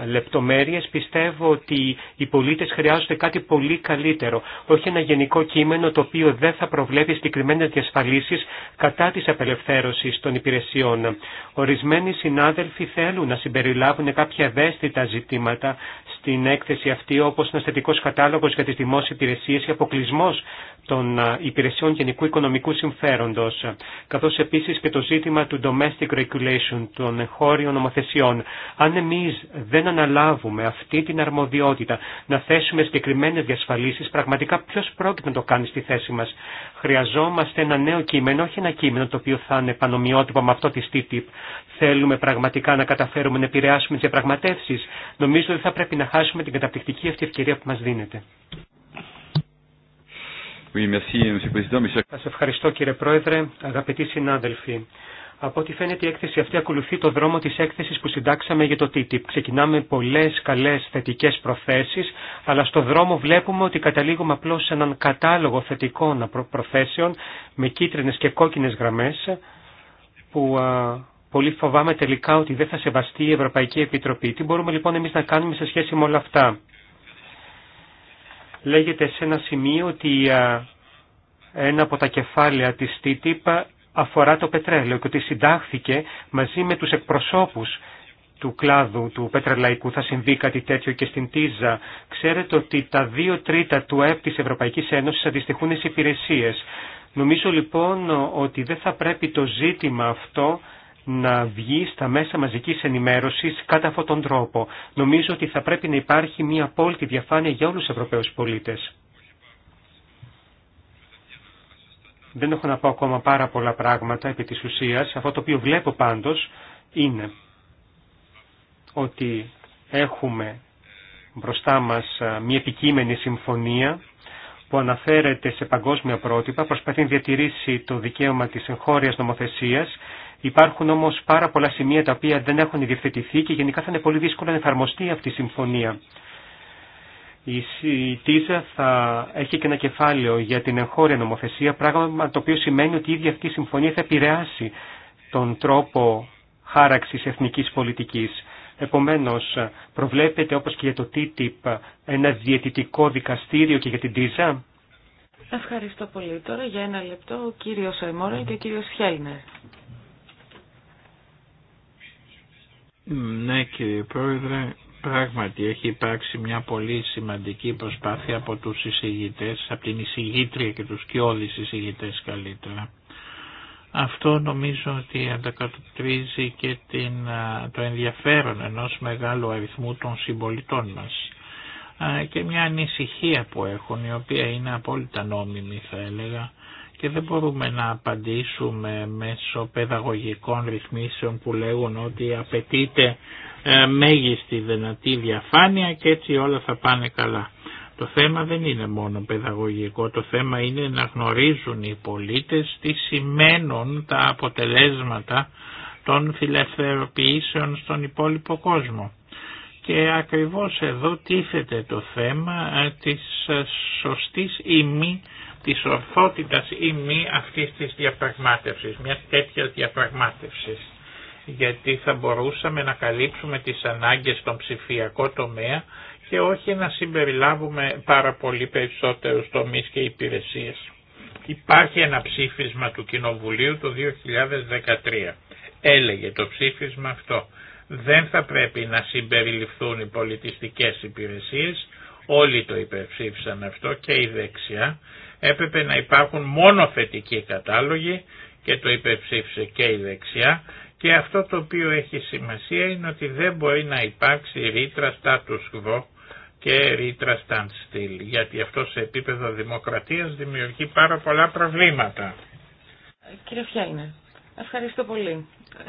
λεπτομέρειες πιστεύω ότι οι πολίτες χρειάζονται κάτι πολύ καλύτερο, όχι ένα γενικό κείμενο το οποίο δεν θα προβλέπει συγκεκριμένες διασφαλίσεις κατά της απελευθέρωσης των υπηρεσιών. Ορισμένοι συνάδελφοι θέλουν να συμπεριλάβουν κάποια ευαίσθητα ζητήματα στην έκθεση αυτή όπως ένα θετικό κατάλογος για τις δημόσιες υπηρεσίες ή αποκλεισμό των υπηρεσιών γενικού οικονομικού συμφέροντος, καθώς επίσης και το ζήτημα του domestic regulation, των χώριων νομοθεσιών. Αν εμείς δεν αναλάβουμε αυτή την αρμοδιότητα να θέσουμε συγκεκριμένε διασφαλίσεις, πραγματικά ποιος πρόκειται να το κάνει στη θέση μας. Χρειαζόμαστε ένα νέο κείμενο, όχι ένα κείμενο το οποίο θα είναι πανομοιότυπο με αυτό τη TTIP. Θέλουμε πραγματικά να καταφέρουμε να επηρεάσουμε τις διαπραγματεύσεις. Νομίζω ότι θα πρέπει να χάσουμε την καταπληκτική αυτή ευκαιρία που μα δίνεται. Σα Σας ευχαριστώ κύριε Πρόεδρε, αγαπητοί συνάδελφοι. Από ό,τι φαίνεται η έκθεση αυτή ακολουθεί το δρόμο της έκθεσης που συντάξαμε για το TTIP. Ξεκινάμε πολλές καλές θετικές προθέσεις, αλλά στο δρόμο βλέπουμε ότι καταλήγουμε απλώς σε έναν κατάλογο θετικών προθέσεων με κίτρινες και κόκκινες γραμμές που πολύ φοβάμαι τελικά ότι δεν θα σεβαστεί η Ευρωπαϊκή Επιτροπή. Τι μπορούμε λοιπόν εμείς να κάνουμε σε σχέση με όλα αυτά λέγεται σε ένα σημείο ότι ένα από τα κεφάλαια της TTIP αφορά το πετρέλαιο και ότι συντάχθηκε μαζί με τους εκπροσώπους του κλάδου του πετρελαϊκού θα συμβεί κάτι τέτοιο και στην Τίζα. Ξέρετε ότι τα δύο τρίτα του ΕΠ της Ευρωπαϊκής Ένωσης αντιστοιχούν στις υπηρεσίες. Νομίζω λοιπόν ότι δεν θα πρέπει το ζήτημα αυτό να βγει στα μέσα μαζικής ενημέρωσης κατά αυτόν τον τρόπο. Νομίζω ότι θα πρέπει να υπάρχει μια απόλυτη διαφάνεια για όλους τους Ευρωπαίους πολίτες. Δεν έχω να πω ακόμα πάρα πολλά πράγματα επί της ουσίας. Αυτό το οποίο βλέπω πάντως είναι ότι έχουμε μπροστά μας μια επικείμενη συμφωνία που αναφέρεται σε παγκόσμια πρότυπα, προσπαθεί να διατηρήσει το δικαίωμα της εγχώριας νομοθεσίας Υπάρχουν όμω πάρα πολλά σημεία τα οποία δεν έχουν διευθετηθεί και γενικά θα είναι πολύ δύσκολο να εφαρμοστεί αυτή η συμφωνία. Η ΤΙΖΑ θα έχει και ένα κεφάλαιο για την εγχώρια νομοθεσία, πράγμα το οποίο σημαίνει ότι η ίδια αυτή η συμφωνία θα επηρεάσει τον τρόπο χάραξη εθνική πολιτική. Επομένω, προβλέπετε όπω και για το TTIP ένα διαιτητικό δικαστήριο και για την ΤΙΖΑ. Ευχαριστώ πολύ. Τώρα για ένα λεπτό ο κύριο και ο κύριο Χέλνερ. Ναι κύριε Πρόεδρε, πράγματι έχει υπάρξει μια πολύ σημαντική προσπάθεια από τους εισηγητές, από την εισηγήτρια και τους κοιόδης εισηγητές καλύτερα. Αυτό νομίζω ότι αντακατοπτρίζει και την, το ενδιαφέρον ενός μεγάλου αριθμού των συμπολιτών μας και μια ανησυχία που έχουν η οποία είναι απόλυτα νόμιμη θα έλεγα και δεν μπορούμε να απαντήσουμε μέσω παιδαγωγικών ρυθμίσεων που λέγουν ότι απαιτείται ε, μέγιστη δυνατή διαφάνεια και έτσι όλα θα πάνε καλά. Το θέμα δεν είναι μόνο παιδαγωγικό, το θέμα είναι να γνωρίζουν οι πολίτες τι σημαίνουν τα αποτελέσματα των φιλευθεροποιήσεων στον υπόλοιπο κόσμο. Και ακριβώς εδώ τίθεται το θέμα ε, της ε, σωστής ή μη της ορθότητας ή μη αυτής της διαπραγματευση μιας τέτοιας διαπραγμάτευσης. Γιατί θα μπορούσαμε να καλύψουμε τις ανάγκες στον ψηφιακό τομέα και όχι να συμπεριλάβουμε πάρα πολύ περισσότερους τομείς και υπηρεσίες. Υπάρχει ένα ψήφισμα του Κοινοβουλίου το 2013. Έλεγε το ψήφισμα αυτό. Δεν θα πρέπει να συμπεριληφθούν οι πολιτιστικές υπηρεσίες, όλοι το υπερψήφισαν αυτό και η δεξιά έπρεπε να υπάρχουν μόνο θετικοί κατάλογοι και το υπεψήφισε και η δεξιά και αυτό το οποίο έχει σημασία είναι ότι δεν μπορεί να υπάρξει ρήτρα status quo και ρήτρα standstill γιατί αυτό σε επίπεδο δημοκρατίας δημιουργεί πάρα πολλά προβλήματα. Κύριε Φιάινερ, ευχαριστώ πολύ.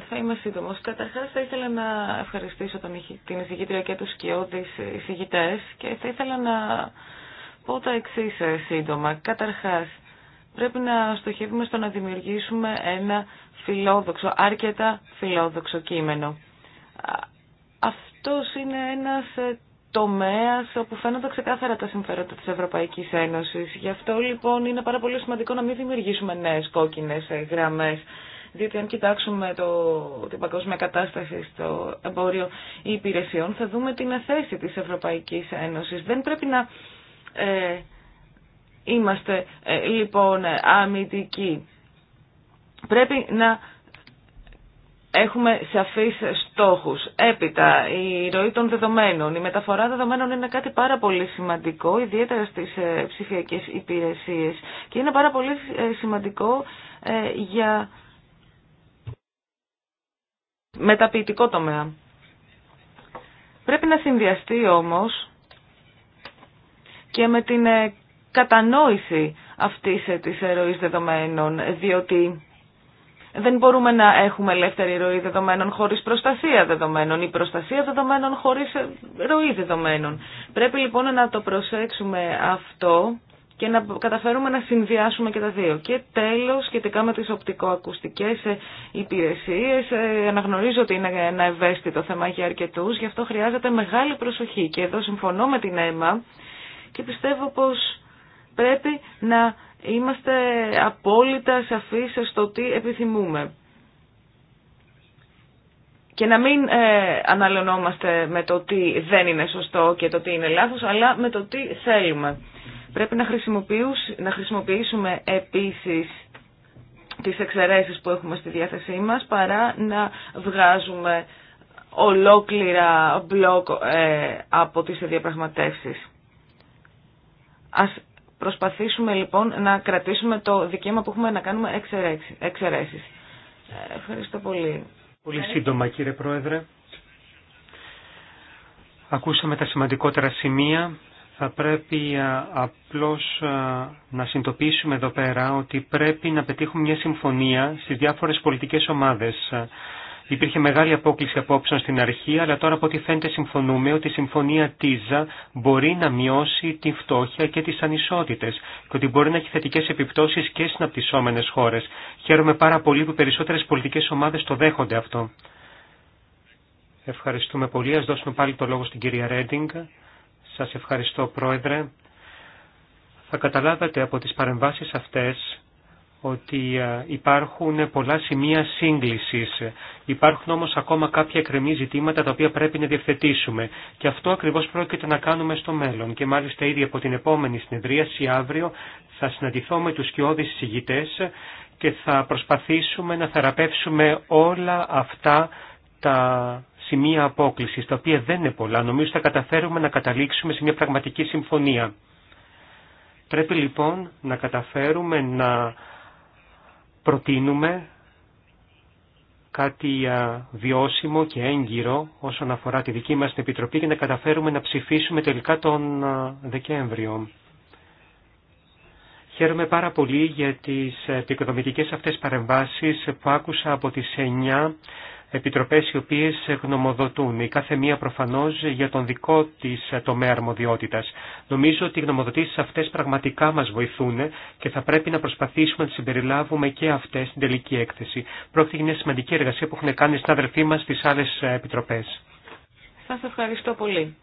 Θα είμαι σύντομο. Καταρχά, θα ήθελα να ευχαριστήσω τον, την εισηγήτρια και του σκιώδει εισηγητέ και θα ήθελα να πω τα εξή ε, σύντομα. Καταρχάς, πρέπει να στοχεύουμε στο να δημιουργήσουμε ένα φιλόδοξο, άρκετα φιλόδοξο κείμενο. Αυτός είναι ένας ε, τομέας όπου φαίνονται ξεκάθαρα τα συμφέροντα της Ευρωπαϊκής Ένωσης. Γι' αυτό λοιπόν είναι πάρα πολύ σημαντικό να μην δημιουργήσουμε νέε κόκκινες ε, γραμμέ. Διότι αν κοιτάξουμε το, την παγκόσμια κατάσταση στο εμπόριο υπηρεσιών θα δούμε την θέση της Ευρωπαϊκής Ένωσης. Δεν πρέπει να ε, είμαστε ε, λοιπόν αμυντικοί. Πρέπει να έχουμε σαφείς στόχους. Έπειτα, η ροή των δεδομένων. Η μεταφορά δεδομένων είναι κάτι πάρα πολύ σημαντικό, ιδιαίτερα στις ε, ψηφιακές υπηρεσίες. Και είναι πάρα πολύ ε, σημαντικό για μεταποιητικό τομέα. Πρέπει να συνδυαστεί όμως και με την ε, κατανόηση αυτής ε, της ροής δεδομένων, διότι δεν μπορούμε να έχουμε ελεύθερη ροή δεδομένων χωρίς προστασία δεδομένων ή προστασία δεδομένων χωρίς ε, ροή δεδομένων. Πρέπει λοιπόν να το προσέξουμε αυτό και να καταφέρουμε να συνδυάσουμε και τα δύο. Και τέλος, σχετικά με τις οπτικοακουστικές υπηρεσίες, αναγνωρίζω ότι είναι ένα ευαίσθητο θέμα για αρκετούς, γι' αυτό χρειάζεται μεγάλη προσοχή. Και εδώ συμφωνώ με την ΕΜΑ και πιστεύω πως πρέπει να είμαστε απόλυτα σαφείς στο τι επιθυμούμε. Και να μην ε, αναλωνόμαστε με το τι δεν είναι σωστό και το τι είναι λάθος, αλλά με το τι θέλουμε. Πρέπει να, να χρησιμοποιήσουμε επίσης τις εξαιρέσεις που έχουμε στη διάθεσή μας, παρά να βγάζουμε ολόκληρα μπλοκ ε, από τις διαπραγματεύσεις. Ας προσπαθήσουμε λοιπόν να κρατήσουμε το δικαίωμα που έχουμε να κάνουμε εξαιρέσεις. Ευχαριστώ πολύ. Πολύ σύντομα κύριε Πρόεδρε. Ακούσαμε τα σημαντικότερα σημεία. Θα πρέπει απλώς να συντοπίσουμε εδώ πέρα ότι πρέπει να πετύχουμε μια συμφωνία στις διάφορες πολιτικές ομάδες. Υπήρχε μεγάλη απόκληση απόψεων στην αρχή, αλλά τώρα από ό,τι φαίνεται συμφωνούμε ότι η συμφωνία ΤΙΖΑ μπορεί να μειώσει τη φτώχεια και τις ανισότητες και ότι μπορεί να έχει θετικές επιπτώσεις και στις αναπτυσσόμενες χώρες. Χαίρομαι πάρα πολύ που περισσότερες πολιτικές ομάδες το δέχονται αυτό. Ευχαριστούμε πολύ. Ας δώσουμε πάλι το λόγο στην κυρία Ρέντινγκ. Σας ευχαριστώ Πρόεδρε. Θα καταλάβατε από τις παρεμβάσεις αυτές ότι ε, υπάρχουν πολλά σημεία σύγκλησης. Υπάρχουν όμως ακόμα κάποια εκκρεμή ζητήματα τα οποία πρέπει να διευθετήσουμε. Και αυτό ακριβώς πρόκειται να κάνουμε στο μέλλον. Και μάλιστα ήδη από την επόμενη συνεδρίαση αύριο θα συναντηθώ με τους σκιώδεις συγητές και θα προσπαθήσουμε να θεραπεύσουμε όλα αυτά τα σημεία απόκληση, τα οποία δεν είναι πολλά. Νομίζω θα καταφέρουμε να καταλήξουμε σε μια πραγματική συμφωνία. Πρέπει λοιπόν να καταφέρουμε να προτείνουμε κάτι βιώσιμο και έγκυρο όσον αφορά τη δική μας Επιτροπή για να καταφέρουμε να ψηφίσουμε τελικά τον Δεκέμβριο. Χαίρομαι πάρα πολύ για τις επικοδομητικές αυτές παρεμβάσεις που άκουσα από τις 9 επιτροπές οι οποίες γνωμοδοτούν, η κάθε μία προφανώς για τον δικό της τομέα αρμοδιότητας. Νομίζω ότι οι γνωμοδοτήσεις αυτές πραγματικά μας βοηθούν και θα πρέπει να προσπαθήσουμε να τις συμπεριλάβουμε και αυτές στην τελική έκθεση. Πρόκειται για μια σημαντική εργασία που έχουν κάνει οι συνάδελφοί μας στις άλλες επιτροπές. Σας ευχαριστώ πολύ.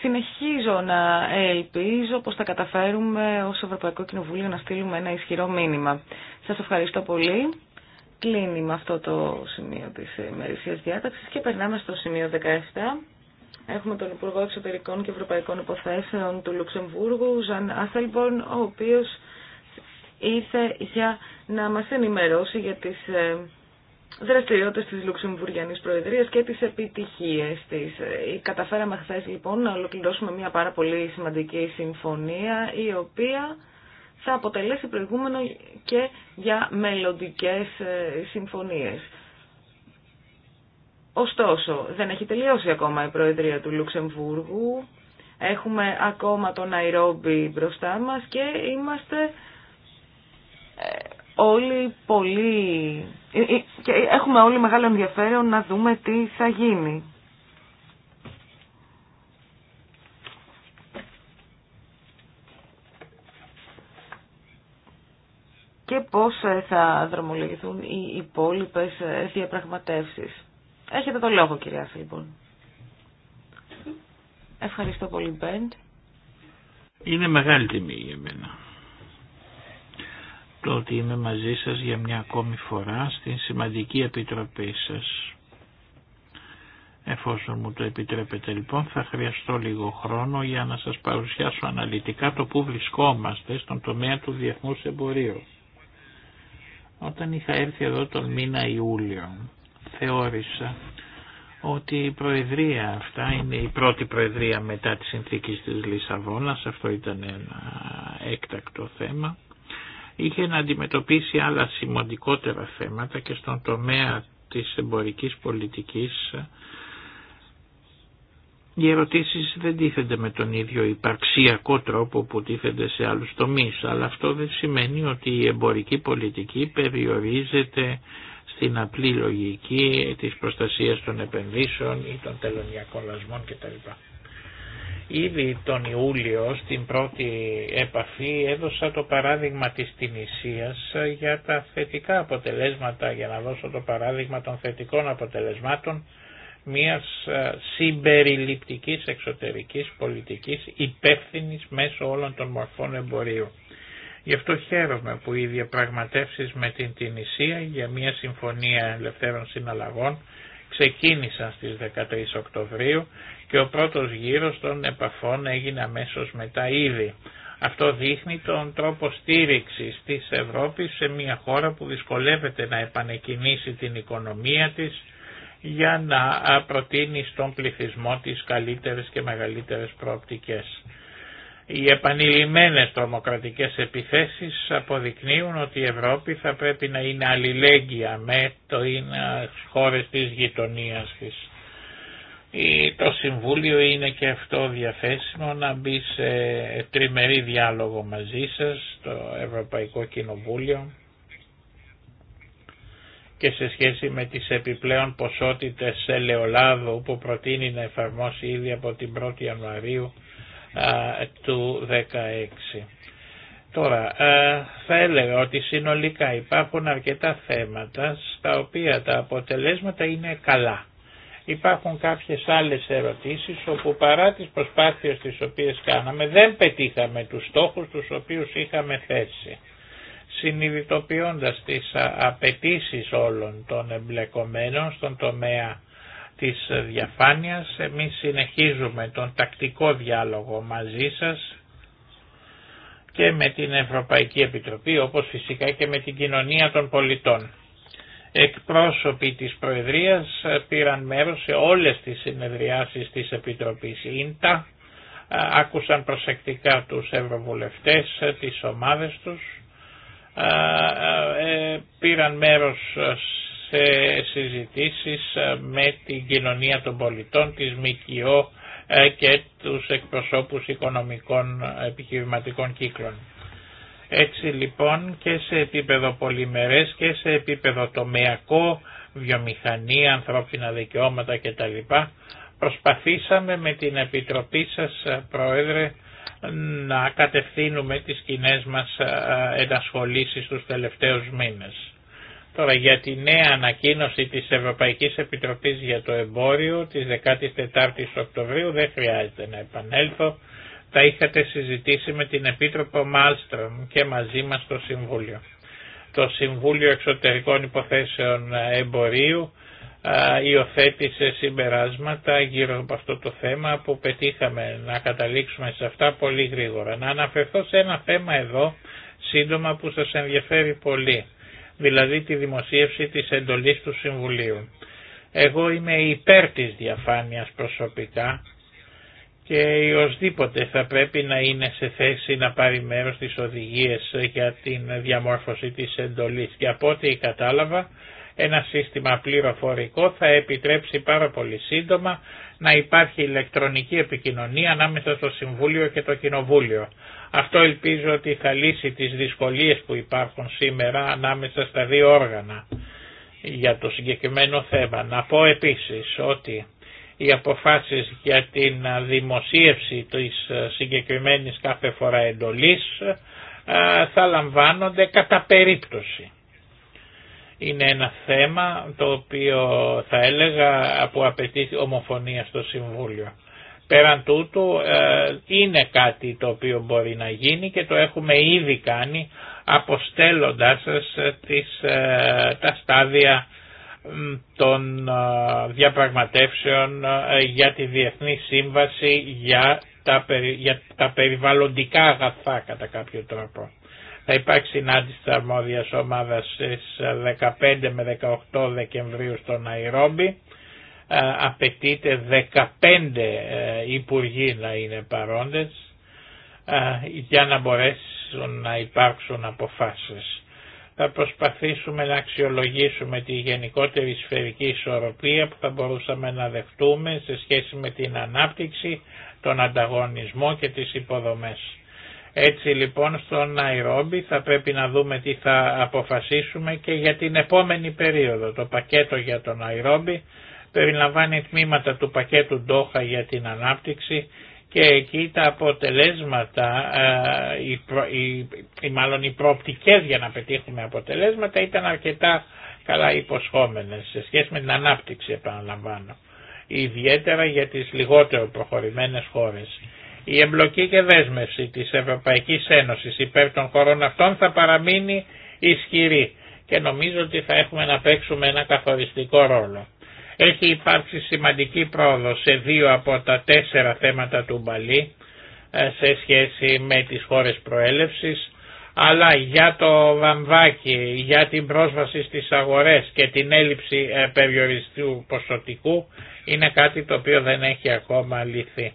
Συνεχίζω να ελπίζω πως θα καταφέρουμε ως Ευρωπαϊκό Κοινοβούλιο να στείλουμε ένα ισχυρό μήνυμα. Σας ευχαριστώ πολύ κλείνει με αυτό το σημείο της ημερησίας διάταξης και περνάμε στο σημείο 17. Έχουμε τον Υπουργό Εξωτερικών και Ευρωπαϊκών Υποθέσεων του Λουξεμβούργου, Ζαν Άθελμπορν, ο οποίος ήρθε για να μας ενημερώσει για τις ε, δραστηριότητες της Λουξεμβουργιανής Προεδρίας και τις επιτυχίες της. Ε, καταφέραμε χθε λοιπόν να ολοκληρώσουμε μια πάρα πολύ σημαντική συμφωνία η οποία θα αποτελέσει προηγούμενο και για μελλοντικές ε, συμφωνίες. Ωστόσο, δεν έχει τελειώσει ακόμα η Προεδρία του Λουξεμβούργου. Έχουμε ακόμα τον Αϊρόμπι μπροστά μας και είμαστε ε, όλοι πολύ... Ε, και έχουμε όλοι μεγάλο ενδιαφέρον να δούμε τι θα γίνει. και πώς ε, θα δρομολογηθούν οι υπόλοιπε ε, διαπραγματεύσεις. Έχετε το λόγο κυρία Φίλμπον. Λοιπόν. Ευχαριστώ πολύ Μπέντ. Είναι μεγάλη τιμή για μένα το ότι είμαι μαζί σας για μια ακόμη φορά στην σημαντική επιτροπή σας. Εφόσον μου το επιτρέπετε λοιπόν θα χρειαστώ λίγο χρόνο για να σας παρουσιάσω αναλυτικά το που βρισκόμαστε στον τομέα του διεθνούς εμπορίου. Όταν είχα έρθει εδώ τον μήνα Ιούλιο, θεώρησα ότι η Προεδρία αυτά είναι η πρώτη Προεδρία μετά τη συνθήκη της Λισαβόνας, αυτό ήταν ένα έκτακτο θέμα, είχε να αντιμετωπίσει άλλα σημαντικότερα θέματα και στον τομέα της εμπορικής πολιτικής οι ερωτήσεις δεν τίθενται με τον ίδιο υπαρξιακό τρόπο που τίθενται σε άλλους τομείς, αλλά αυτό δεν σημαίνει ότι η εμπορική πολιτική περιορίζεται στην απλή λογική της προστασίας των επενδύσεων ή των τελωνιακών λασμών κτλ. Ήδη τον Ιούλιο στην πρώτη επαφή έδωσα το παράδειγμα της Τινησίας για τα θετικά αποτελέσματα, για να δώσω το παράδειγμα των θετικών αποτελεσμάτων μιας ε, συμπεριληπτικής εξωτερικής πολιτικής υπεύθυνη μέσω όλων των μορφών εμπορίου. Γι' αυτό χαίρομαι που οι διαπραγματεύσεις με την Τινησία για μια συμφωνία ελευθέρων συναλλαγών ξεκίνησαν στις 13 Οκτωβρίου και ο πρώτος γύρος των επαφών έγινε αμέσως μετά ήδη. Αυτό δείχνει τον τρόπο στήριξης της Ευρώπης σε μια χώρα που δυσκολεύεται να επανεκκινήσει την οικονομία της, για να προτείνει στον πληθυσμό της καλύτερες και μεγαλύτερες προοπτικές. Οι επανειλημμένες τρομοκρατικές επιθέσεις αποδεικνύουν ότι η Ευρώπη θα πρέπει να είναι αλληλέγγυα με το είναι χώρες της γειτονίας της. Το Συμβούλιο είναι και αυτό διαθέσιμο να μπει σε τριμερή διάλογο μαζί σας το Ευρωπαϊκό Κοινοβούλιο και σε σχέση με τις επιπλέον ποσότητες ελαιολάδου που προτείνει να εφαρμόσει ήδη από την 1η Ιανουαρίου του 2016. Τώρα, θα έλεγα ότι συνολικά υπάρχουν αρκετά θέματα στα οποία τα αποτελέσματα είναι καλά. Υπάρχουν κάποιες άλλες ερωτήσεις όπου παρά τις προσπάθειες τις οποίες κάναμε δεν πετύχαμε τους στόχους τους οποίους είχαμε θέσει συνειδητοποιώντας τις απαιτήσεις όλων των εμπλεκομένων στον τομέα της διαφάνειας, εμείς συνεχίζουμε τον τακτικό διάλογο μαζί σας και με την Ευρωπαϊκή Επιτροπή, όπως φυσικά και με την κοινωνία των πολιτών. Εκπρόσωποι της Προεδρίας ε, πήραν μέρος σε όλες τις συνεδριάσεις της Επιτροπής ΙΝΤΑ, ε, άκουσαν προσεκτικά τους ευρωβουλευτές, ε, τις ομάδες τους ε, πήραν μέρος σε συζητήσεις με την κοινωνία των πολιτών, της ΜΚΟ και τους εκπροσώπους οικονομικών επιχειρηματικών κύκλων. Έτσι λοιπόν και σε επίπεδο πολυμερές και σε επίπεδο τομεακό, βιομηχανία, ανθρώπινα δικαιώματα κτλ. Προσπαθήσαμε με την Επιτροπή σας Πρόεδρε να κατευθύνουμε τις κοινέ μας ε, ε, ενασχολήσεις τους τελευταίους μήνες. Τώρα για τη νέα ανακοίνωση της Ευρωπαϊκής Επιτροπής για το Εμπόριο της 14ης Οκτωβρίου δεν χρειάζεται να επανέλθω. Τα είχατε συζητήσει με την Επίτροπο Μάλστρομ και μαζί μας το Συμβούλιο. Το Συμβούλιο Εξωτερικών Υποθέσεων Εμπορίου υιοθέτησε συμπεράσματα γύρω από αυτό το θέμα που πετύχαμε να καταλήξουμε σε αυτά πολύ γρήγορα. Να αναφερθώ σε ένα θέμα εδώ σύντομα που σας ενδιαφέρει πολύ, δηλαδή τη δημοσίευση της εντολής του Συμβουλίου. Εγώ είμαι υπέρ της διαφάνειας προσωπικά και οσδήποτε θα πρέπει να είναι σε θέση να πάρει μέρος στις οδηγίες για την διαμόρφωση της εντολής. Και από ό,τι κατάλαβα ένα σύστημα πληροφορικό θα επιτρέψει πάρα πολύ σύντομα να υπάρχει ηλεκτρονική επικοινωνία ανάμεσα στο Συμβούλιο και το Κοινοβούλιο. Αυτό ελπίζω ότι θα λύσει τις δυσκολίες που υπάρχουν σήμερα ανάμεσα στα δύο όργανα για το συγκεκριμένο θέμα. Να πω επίσης ότι οι αποφάσεις για την δημοσίευση της συγκεκριμένης κάθε φορά εντολής θα λαμβάνονται κατά περίπτωση είναι ένα θέμα το οποίο θα έλεγα που απαιτεί ομοφωνία στο Συμβούλιο. Πέραν τούτου ε, είναι κάτι το οποίο μπορεί να γίνει και το έχουμε ήδη κάνει αποστέλλοντας ε, τις, ε, τα στάδια των διαπραγματεύσεων για τη Διεθνή Σύμβαση για τα, για τα περιβαλλοντικά αγαθά κατά κάποιο τρόπο. Θα υπάρξει συνάντηση της αρμόδιας ομάδας στις 15 ε, με 18 Δεκεμβρίου στο Ναϊρόμπι. Ε, απαιτείται 15 ε, υπουργοί να είναι παρόντες για να μπορέσουν να υπάρξουν αποφάσεις. Θα προσπαθήσουμε να αξιολογήσουμε τη γενικότερη σφαιρική ισορροπία που θα μπορούσαμε να δεχτούμε σε σχέση με την ανάπτυξη, τον ανταγωνισμό και τις υποδομές έτσι λοιπόν στο Ναϊρόμπι θα πρέπει να δούμε τι θα αποφασίσουμε και για την επόμενη περίοδο. Το πακέτο για το Ναϊρόμπι περιλαμβάνει τμήματα του πακέτου Ντόχα για την ανάπτυξη και εκεί τα αποτελέσματα, ή μάλλον οι προοπτικές για να πετύχουμε αποτελέσματα ήταν αρκετά καλά υποσχόμενες σε σχέση με την ανάπτυξη επαναλαμβάνω ιδιαίτερα για τις λιγότερο προχωρημένες χώρες. Η εμπλοκή και δέσμευση της Ευρωπαϊκής Ένωσης υπέρ των χωρών αυτών θα παραμείνει ισχυρή και νομίζω ότι θα έχουμε να παίξουμε ένα καθοριστικό ρόλο. Έχει υπάρξει σημαντική πρόοδο σε δύο από τα τέσσερα θέματα του Μπαλί ε, σε σχέση με τις χώρες προέλευσης, αλλά για το βαμβάκι, για την πρόσβαση στις αγορές και την έλλειψη ε, περιοριστικού ποσοτικού είναι κάτι το οποίο δεν έχει ακόμα λυθεί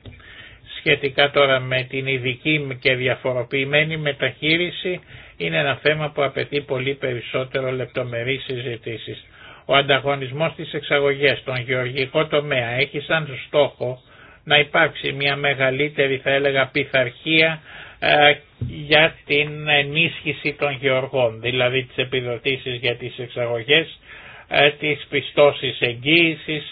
σχετικά τώρα με την ειδική και διαφοροποιημένη μεταχείριση είναι ένα θέμα που απαιτεί πολύ περισσότερο λεπτομερή συζητήσεις. Ο ανταγωνισμός της εξαγωγής στον γεωργικό τομέα έχει σαν στόχο να υπάρξει μια μεγαλύτερη θα έλεγα πειθαρχία ε, για την ενίσχυση των γεωργών, δηλαδή τις επιδοτήσεις για τις εξαγωγές, ε, τις πιστώσεις εγγύησης,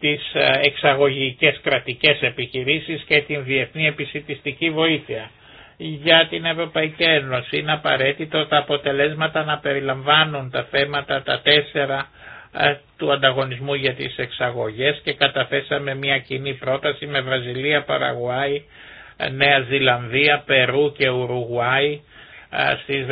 τις ε, εξαγωγικές κρατικές επιχειρήσεις και την διεθνή επισητιστική βοήθεια. Για την Ευρωπαϊκή Ένωση είναι απαραίτητο τα αποτελέσματα να περιλαμβάνουν τα θέματα τα τέσσερα ε, του ανταγωνισμού για τις εξαγωγές και καταθέσαμε μια κοινή πρόταση με Βραζιλία, Παραγουάη, ε, Νέα Ζηλανδία, Περού και Ουρουγουάη στις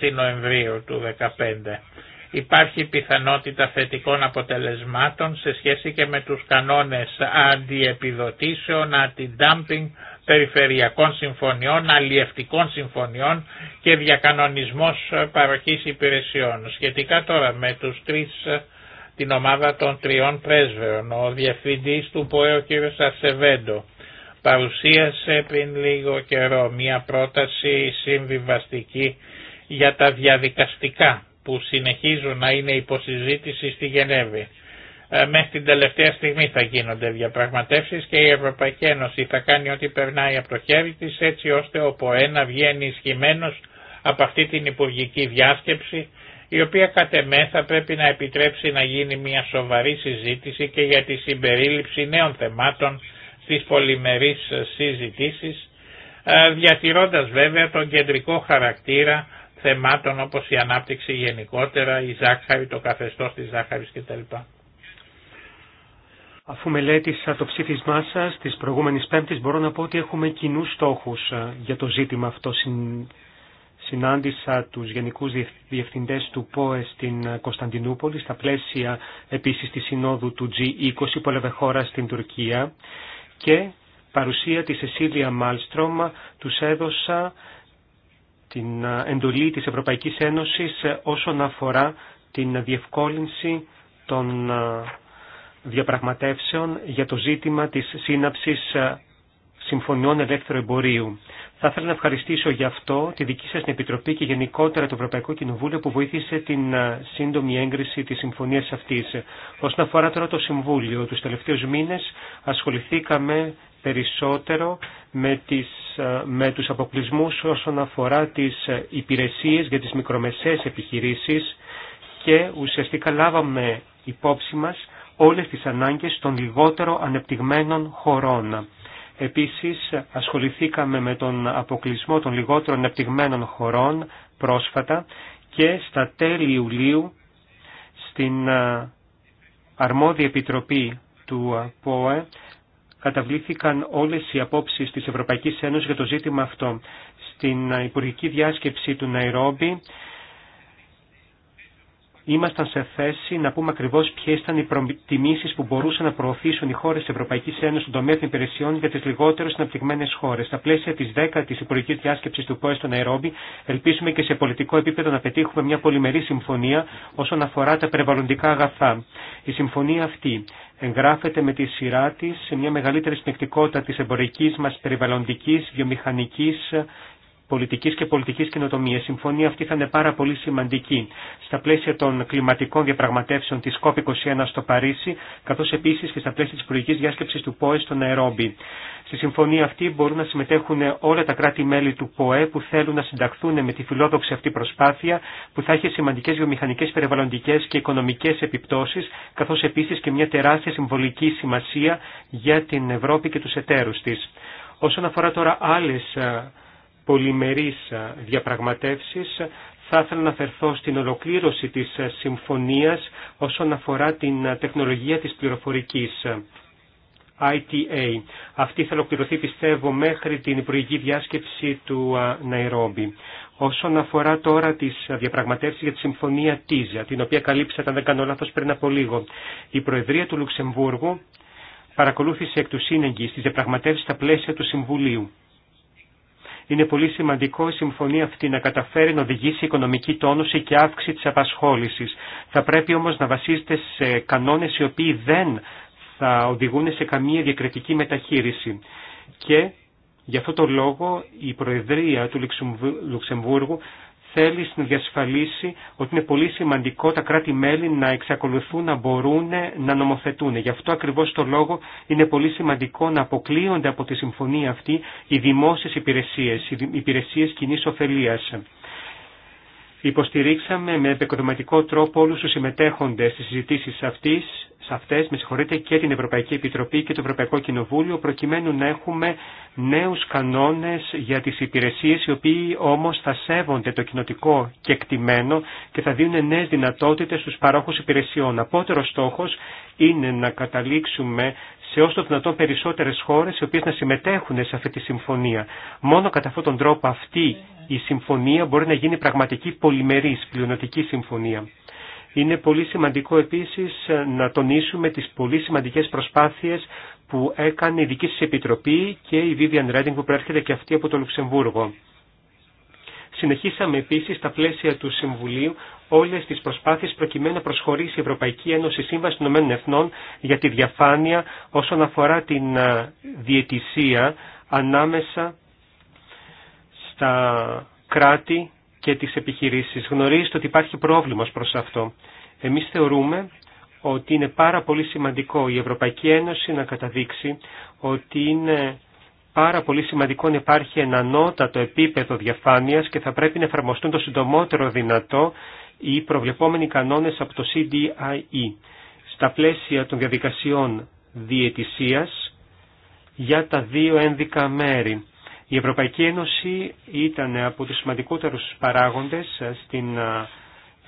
16 Νοεμβρίου του 2015. Υπάρχει πιθανότητα θετικών αποτελεσμάτων σε σχέση και με τους κανόνες αντιεπιδοτήσεων, αντι-dumping, περιφερειακών συμφωνιών, αλλιευτικών συμφωνιών και διακανονισμός παροχής υπηρεσιών. Σχετικά τώρα με τους τρεις, την ομάδα των τριών πρέσβεων, ο διευθυντής του ΠΟΕΟ κ. Ασεβέντο παρουσίασε πριν λίγο καιρό μια πρόταση συμβιβαστική για τα διαδικαστικά που συνεχίζουν να είναι υποσυζήτηση στη Γενέβη. Ε, μέχρι την τελευταία στιγμή θα γίνονται διαπραγματεύσεις και η Ευρωπαϊκή Ένωση θα κάνει ό,τι περνάει από το χέρι της έτσι ώστε ο ΠΟΕ να βγει ενισχυμένο από αυτή την υπουργική διάσκεψη η οποία κατ' εμέ θα πρέπει να επιτρέψει να γίνει μια σοβαρή συζήτηση και για τη συμπερίληψη νέων θεμάτων στις πολυμερείς συζητήσεις ε, διατηρώντας βέβαια τον κεντρικό χαρακτήρα θεμάτων όπως η ανάπτυξη γενικότερα, η ζάχαρη, το καθεστώς της ζάχαρης κτλ. Αφού μελέτησα το ψήφισμά σας της προηγούμενης πέμπτης μπορώ να πω ότι έχουμε κοινού στόχους ε, για το ζήτημα αυτό. Συνάντησα τους γενικούς διευθυντές του ΠΟΕ στην ε, Κωνσταντινούπολη στα πλαίσια επίσης της συνόδου του G20 που έλαβε χώρα στην Τουρκία και παρουσία της Εσίλια Μάλστρομ τους έδωσα την ε, εντολή της Ευρωπαϊκής Ένωσης ε, όσον αφορά την διευκόλυνση των ε, διαπραγματεύσεων για το ζήτημα της σύναψης συμφωνιών ελεύθερου εμπορίου. Θα ήθελα να ευχαριστήσω γι' αυτό τη δική σας Επιτροπή και γενικότερα το Ευρωπαϊκό Κοινοβούλιο που βοήθησε την σύντομη έγκριση της συμφωνίας αυτής. Όσον αφορά τώρα το Συμβούλιο, τους τελευταίους μήνες ασχοληθήκαμε περισσότερο με, τις, ε, με τους αποκλεισμούς όσον αφορά τις ε, υπηρεσίες για τις μικρομεσαίες επιχειρήσεις και ουσιαστικά λάβαμε υπόψη μας όλες τις ανάγκες των λιγότερο ανεπτυγμένων χωρών. Επίσης ασχοληθήκαμε με τον αποκλεισμό των λιγότερο ανεπτυγμένων χωρών πρόσφατα και στα τέλη Ιουλίου στην ε, αρμόδια επιτροπή του ΠΟΕ καταβλήθηκαν όλες οι απόψεις της Ευρωπαϊκής Ένωσης για το ζήτημα αυτό. Στην Υπουργική Διάσκεψη του Ναϊρόμπι ήμασταν σε θέση να πούμε ακριβώς ποιες ήταν οι προτιμήσεις που μπορούσαν να προωθήσουν οι χώρες της Ευρωπαϊκής Ένωση στον τομέα των υπηρεσιών για τις λιγότερες αναπτυγμένες χώρες. Στα πλαίσια της 10ης Υπουργικής Διάσκεψης του ΠΟΕ στο Ναϊρόμπι, ελπίζουμε και σε πολιτικό επίπεδο να πετύχουμε μια πολυμερή συμφωνία όσον αφορά τα περιβαλλοντικά αγαθά. Η συμφωνία αυτή εγγράφεται με τη σειρά της σε μια μεγαλύτερη συνεκτικότητα της εμπορική μας περιβαλλοντικής, βιομηχανικής πολιτικής και πολιτικής καινοτομίας. Η συμφωνία αυτή θα είναι πάρα πολύ σημαντική στα πλαίσια των κλιματικών διαπραγματεύσεων της COP21 στο Παρίσι, καθώς επίσης και στα πλαίσια της προηγικής διάσκεψης του ΠΟΕ στο Ναερόμπι. Στη συμφωνία αυτή μπορούν να συμμετέχουν όλα τα κράτη-μέλη του ΠΟΕ που θέλουν να συνταχθούν με τη φιλόδοξη αυτή προσπάθεια που θα έχει σημαντικές βιομηχανικές, περιβαλλοντικές και οικονομικές επιπτώσεις, καθώς επίσης και μια τεράστια συμβολική σημασία για την Ευρώπη και τους εταίρους της. Όσον αφορά τώρα άλλες ε, πολυμερείς ε, διαπραγματεύσεις θα ήθελα να αφαιρθώ στην ολοκλήρωση της ε, συμφωνίας όσον αφορά την ε, τεχνολογία της πληροφορικής. ITA. Αυτή θα ολοκληρωθεί πιστεύω μέχρι την υπουργική διάσκεψη του Ναϊρόμπι. Όσον αφορά τώρα τι διαπραγματεύσει για τη συμφωνία TISA, την οποία καλύψατε, αν δεν κάνω λάθο, πριν από λίγο, η Προεδρία του Λουξεμβούργου παρακολούθησε εκ του σύνεγγυ τι διαπραγματεύσει στα πλαίσια του Συμβουλίου. Είναι πολύ σημαντικό η συμφωνία αυτή να καταφέρει να οδηγήσει οικονομική τόνωση και αύξηση της απασχόλησης. Θα πρέπει όμως να βασίζεται σε κανόνες οι οποίοι δεν θα οδηγούν σε καμία διακριτική μεταχείριση. Και Γι' αυτό το λόγο η Προεδρία του Λουξεμβούργου θέλει να διασφαλίσει ότι είναι πολύ σημαντικό τα κράτη-μέλη να εξακολουθούν να μπορούν να νομοθετούν. Γι' αυτό ακριβώς το λόγο είναι πολύ σημαντικό να αποκλείονται από τη συμφωνία αυτή οι δημόσιες υπηρεσίες, οι υπηρεσίες κοινή ωφελίας. Υποστηρίξαμε με επικοδοματικό τρόπο όλου τους συμμετέχοντες στι συζητήσει αυτέ, αυτές, με συγχωρείτε, και την Ευρωπαϊκή Επιτροπή και το Ευρωπαϊκό Κοινοβούλιο, προκειμένου να έχουμε νέους κανόνες για τις υπηρεσίες, οι οποίοι όμως θα σέβονται το κοινοτικό και και θα δίνουν νέες δυνατότητες στους παρόχους υπηρεσιών. Απότερος στόχος είναι να καταλήξουμε σε όσο το δυνατόν περισσότερες χώρες οι οποίες να συμμετέχουν σε αυτή τη συμφωνία. Μόνο κατά αυτόν τον τρόπο αυτή η συμφωνία μπορεί να γίνει πραγματική πολυμερής πλειονοτική συμφωνία. Είναι πολύ σημαντικό επίσης ε, να τονίσουμε τις πολύ σημαντικές προσπάθειες που έκανε η δική σας επιτροπή και η Vivian Redding που προέρχεται και αυτή από το Λουξεμβούργο. Συνεχίσαμε επίσης στα πλαίσια του Συμβουλίου όλες τις προσπάθειες προκειμένου να προσχωρήσει η Ευρωπαϊκή Ένωση Σύμβαση των Ηνωμένων Εθνών για τη διαφάνεια όσον αφορά την ε, διαιτησία ανάμεσα στα κράτη και τις επιχειρήσεις. Γνωρίζετε ότι υπάρχει πρόβλημα προς αυτό. Εμείς θεωρούμε ότι είναι πάρα πολύ σημαντικό η Ευρωπαϊκή Ένωση να καταδείξει ότι είναι πάρα πολύ σημαντικό να υπάρχει ένα ανώτατο επίπεδο διαφάνειας και θα πρέπει να εφαρμοστούν το συντομότερο δυνατό οι προβλεπόμενοι κανόνες από το CDIE στα πλαίσια των διαδικασιών διαιτησίας για τα δύο ένδικα μέρη. Η Ευρωπαϊκή Ένωση ήταν από τους σημαντικότερους παράγοντες ε, στην ε,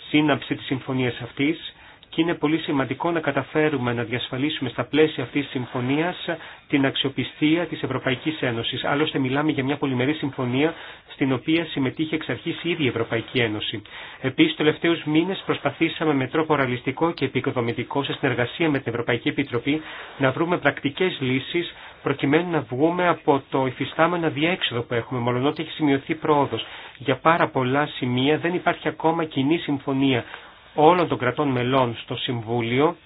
σύναψη της συμφωνίας αυτής και είναι πολύ σημαντικό να καταφέρουμε να διασφαλίσουμε στα πλαίσια αυτής της συμφωνίας την αξιοπιστία της Ευρωπαϊκής Ένωσης. Άλλωστε μιλάμε για μια πολυμερή συμφωνία στην οποία συμμετείχε εξ αρχής η ίδια η Ευρωπαϊκή Ένωση. Επίσης, τελευταίους μήνες προσπαθήσαμε με τρόπο ραλιστικό και επικοδομητικό σε συνεργασία με την Ευρωπαϊκή Επιτροπή να βρούμε πρακτικές λύσεις προκειμένου να βγούμε από το υφιστάμενο διέξοδο που έχουμε, μολονότι έχει σημειωθεί πρόοδος. Για πάρα πολλά σημεία δεν υπάρχει ακόμα κοινή συμφωνία όλων των κρατών μελών στο Συμβούλιο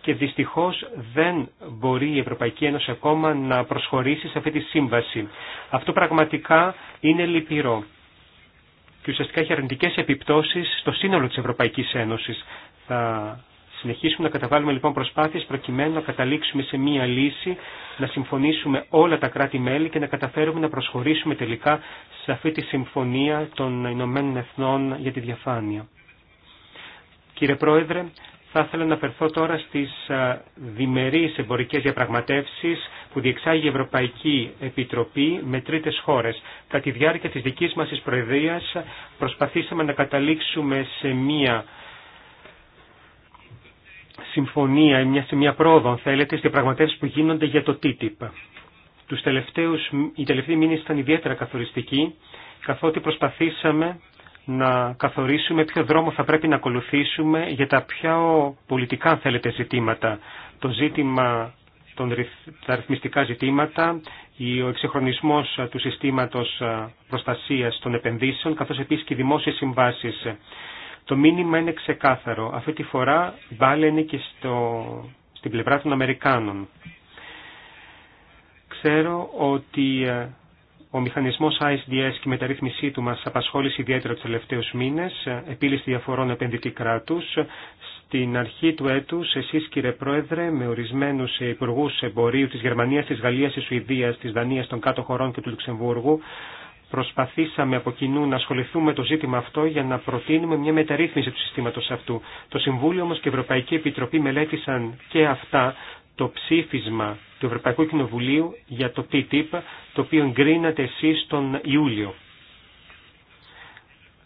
και δυστυχώς δεν μπορεί η Ευρωπαϊκή Ένωση ακόμα να προσχωρήσει σε αυτή τη σύμβαση. Αυτό πραγματικά είναι λυπηρό και ουσιαστικά έχει αρνητικές επιπτώσεις στο σύνολο της Ευρωπαϊκής Ένωσης. Θα συνεχίσουμε να καταβάλουμε λοιπόν προσπάθειες προκειμένου να καταλήξουμε σε μία λύση, να συμφωνήσουμε όλα τα κράτη-μέλη και να καταφέρουμε να προσχωρήσουμε τελικά σε αυτή τη συμφωνία των Ηνωμένων Εθνών για τη διαφάνεια. Κύριε Πρόεδρε, θα ήθελα να αφαιρθώ τώρα στις διμερείς εμπορικές διαπραγματεύσεις που διεξάγει η Ευρωπαϊκή Επιτροπή με τρίτες χώρες. Κατά τη διάρκεια της δικής μας της Προεδρίας προσπαθήσαμε να καταλήξουμε σε μία συμφωνία, μια, σε μία πρόοδο, αν θέλετε, στις διαπραγματεύσεις που γίνονται για το TTIP. Τους τελευταίους, οι τελευταίοι μήνες ήταν ιδιαίτερα καθοριστικοί, καθότι προσπαθήσαμε να καθορίσουμε ποιο δρόμο θα πρέπει να ακολουθήσουμε για τα πιο πολιτικά, θέλετε, ζητήματα. Το ζήτημα των, τα αριθμιστικά ζητήματα, ο εξεχρονισμός του συστήματος προστασίας των επενδύσεων, καθώς επίσης και οι δημόσιες συμβάσεις. Το μήνυμα είναι ξεκάθαρο. Αυτή τη φορά βάλαινε και στο, στην πλευρά των Αμερικάνων. Ξέρω ότι ο μηχανισμό ISDS και η μεταρρύθμισή του μα απασχόλησε ιδιαίτερα του τελευταίου μήνε, επίλυση διαφορών επενδυτή κράτου. Στην αρχή του έτου, εσεί, κύριε Πρόεδρε, με ορισμένου υπουργού εμπορίου τη Γερμανία, τη Γαλλία, τη Σουηδία, τη Δανία, των κάτω χωρών και του Λουξεμβούργου, προσπαθήσαμε από κοινού να ασχοληθούμε με το ζήτημα αυτό για να προτείνουμε μια μεταρρύθμιση του συστήματος αυτού. Το Συμβούλιο όμω και η Ευρωπαϊκή Επιτροπή μελέτησαν και αυτά το ψήφισμα του Ευρωπαϊκού Κοινοβουλίου για το TTIP, το οποίο εγκρίνατε εσείς τον Ιούλιο.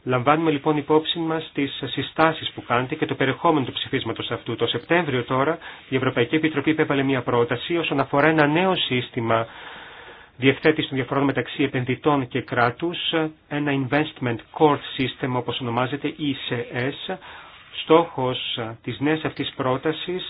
Λαμβάνουμε λοιπόν υπόψη μας τις συστάσεις που κάνετε και το περιεχόμενο του ψηφίσματος αυτού. Το Σεπτέμβριο τώρα η Ευρωπαϊκή Επιτροπή επέβαλε μια πρόταση όσον αφορά ένα νέο σύστημα διευθέτηση των διαφορών μεταξύ επενδυτών και κράτου, ένα investment court system όπω ονομάζεται ECS. στόχος της νέας αυτής πρόταση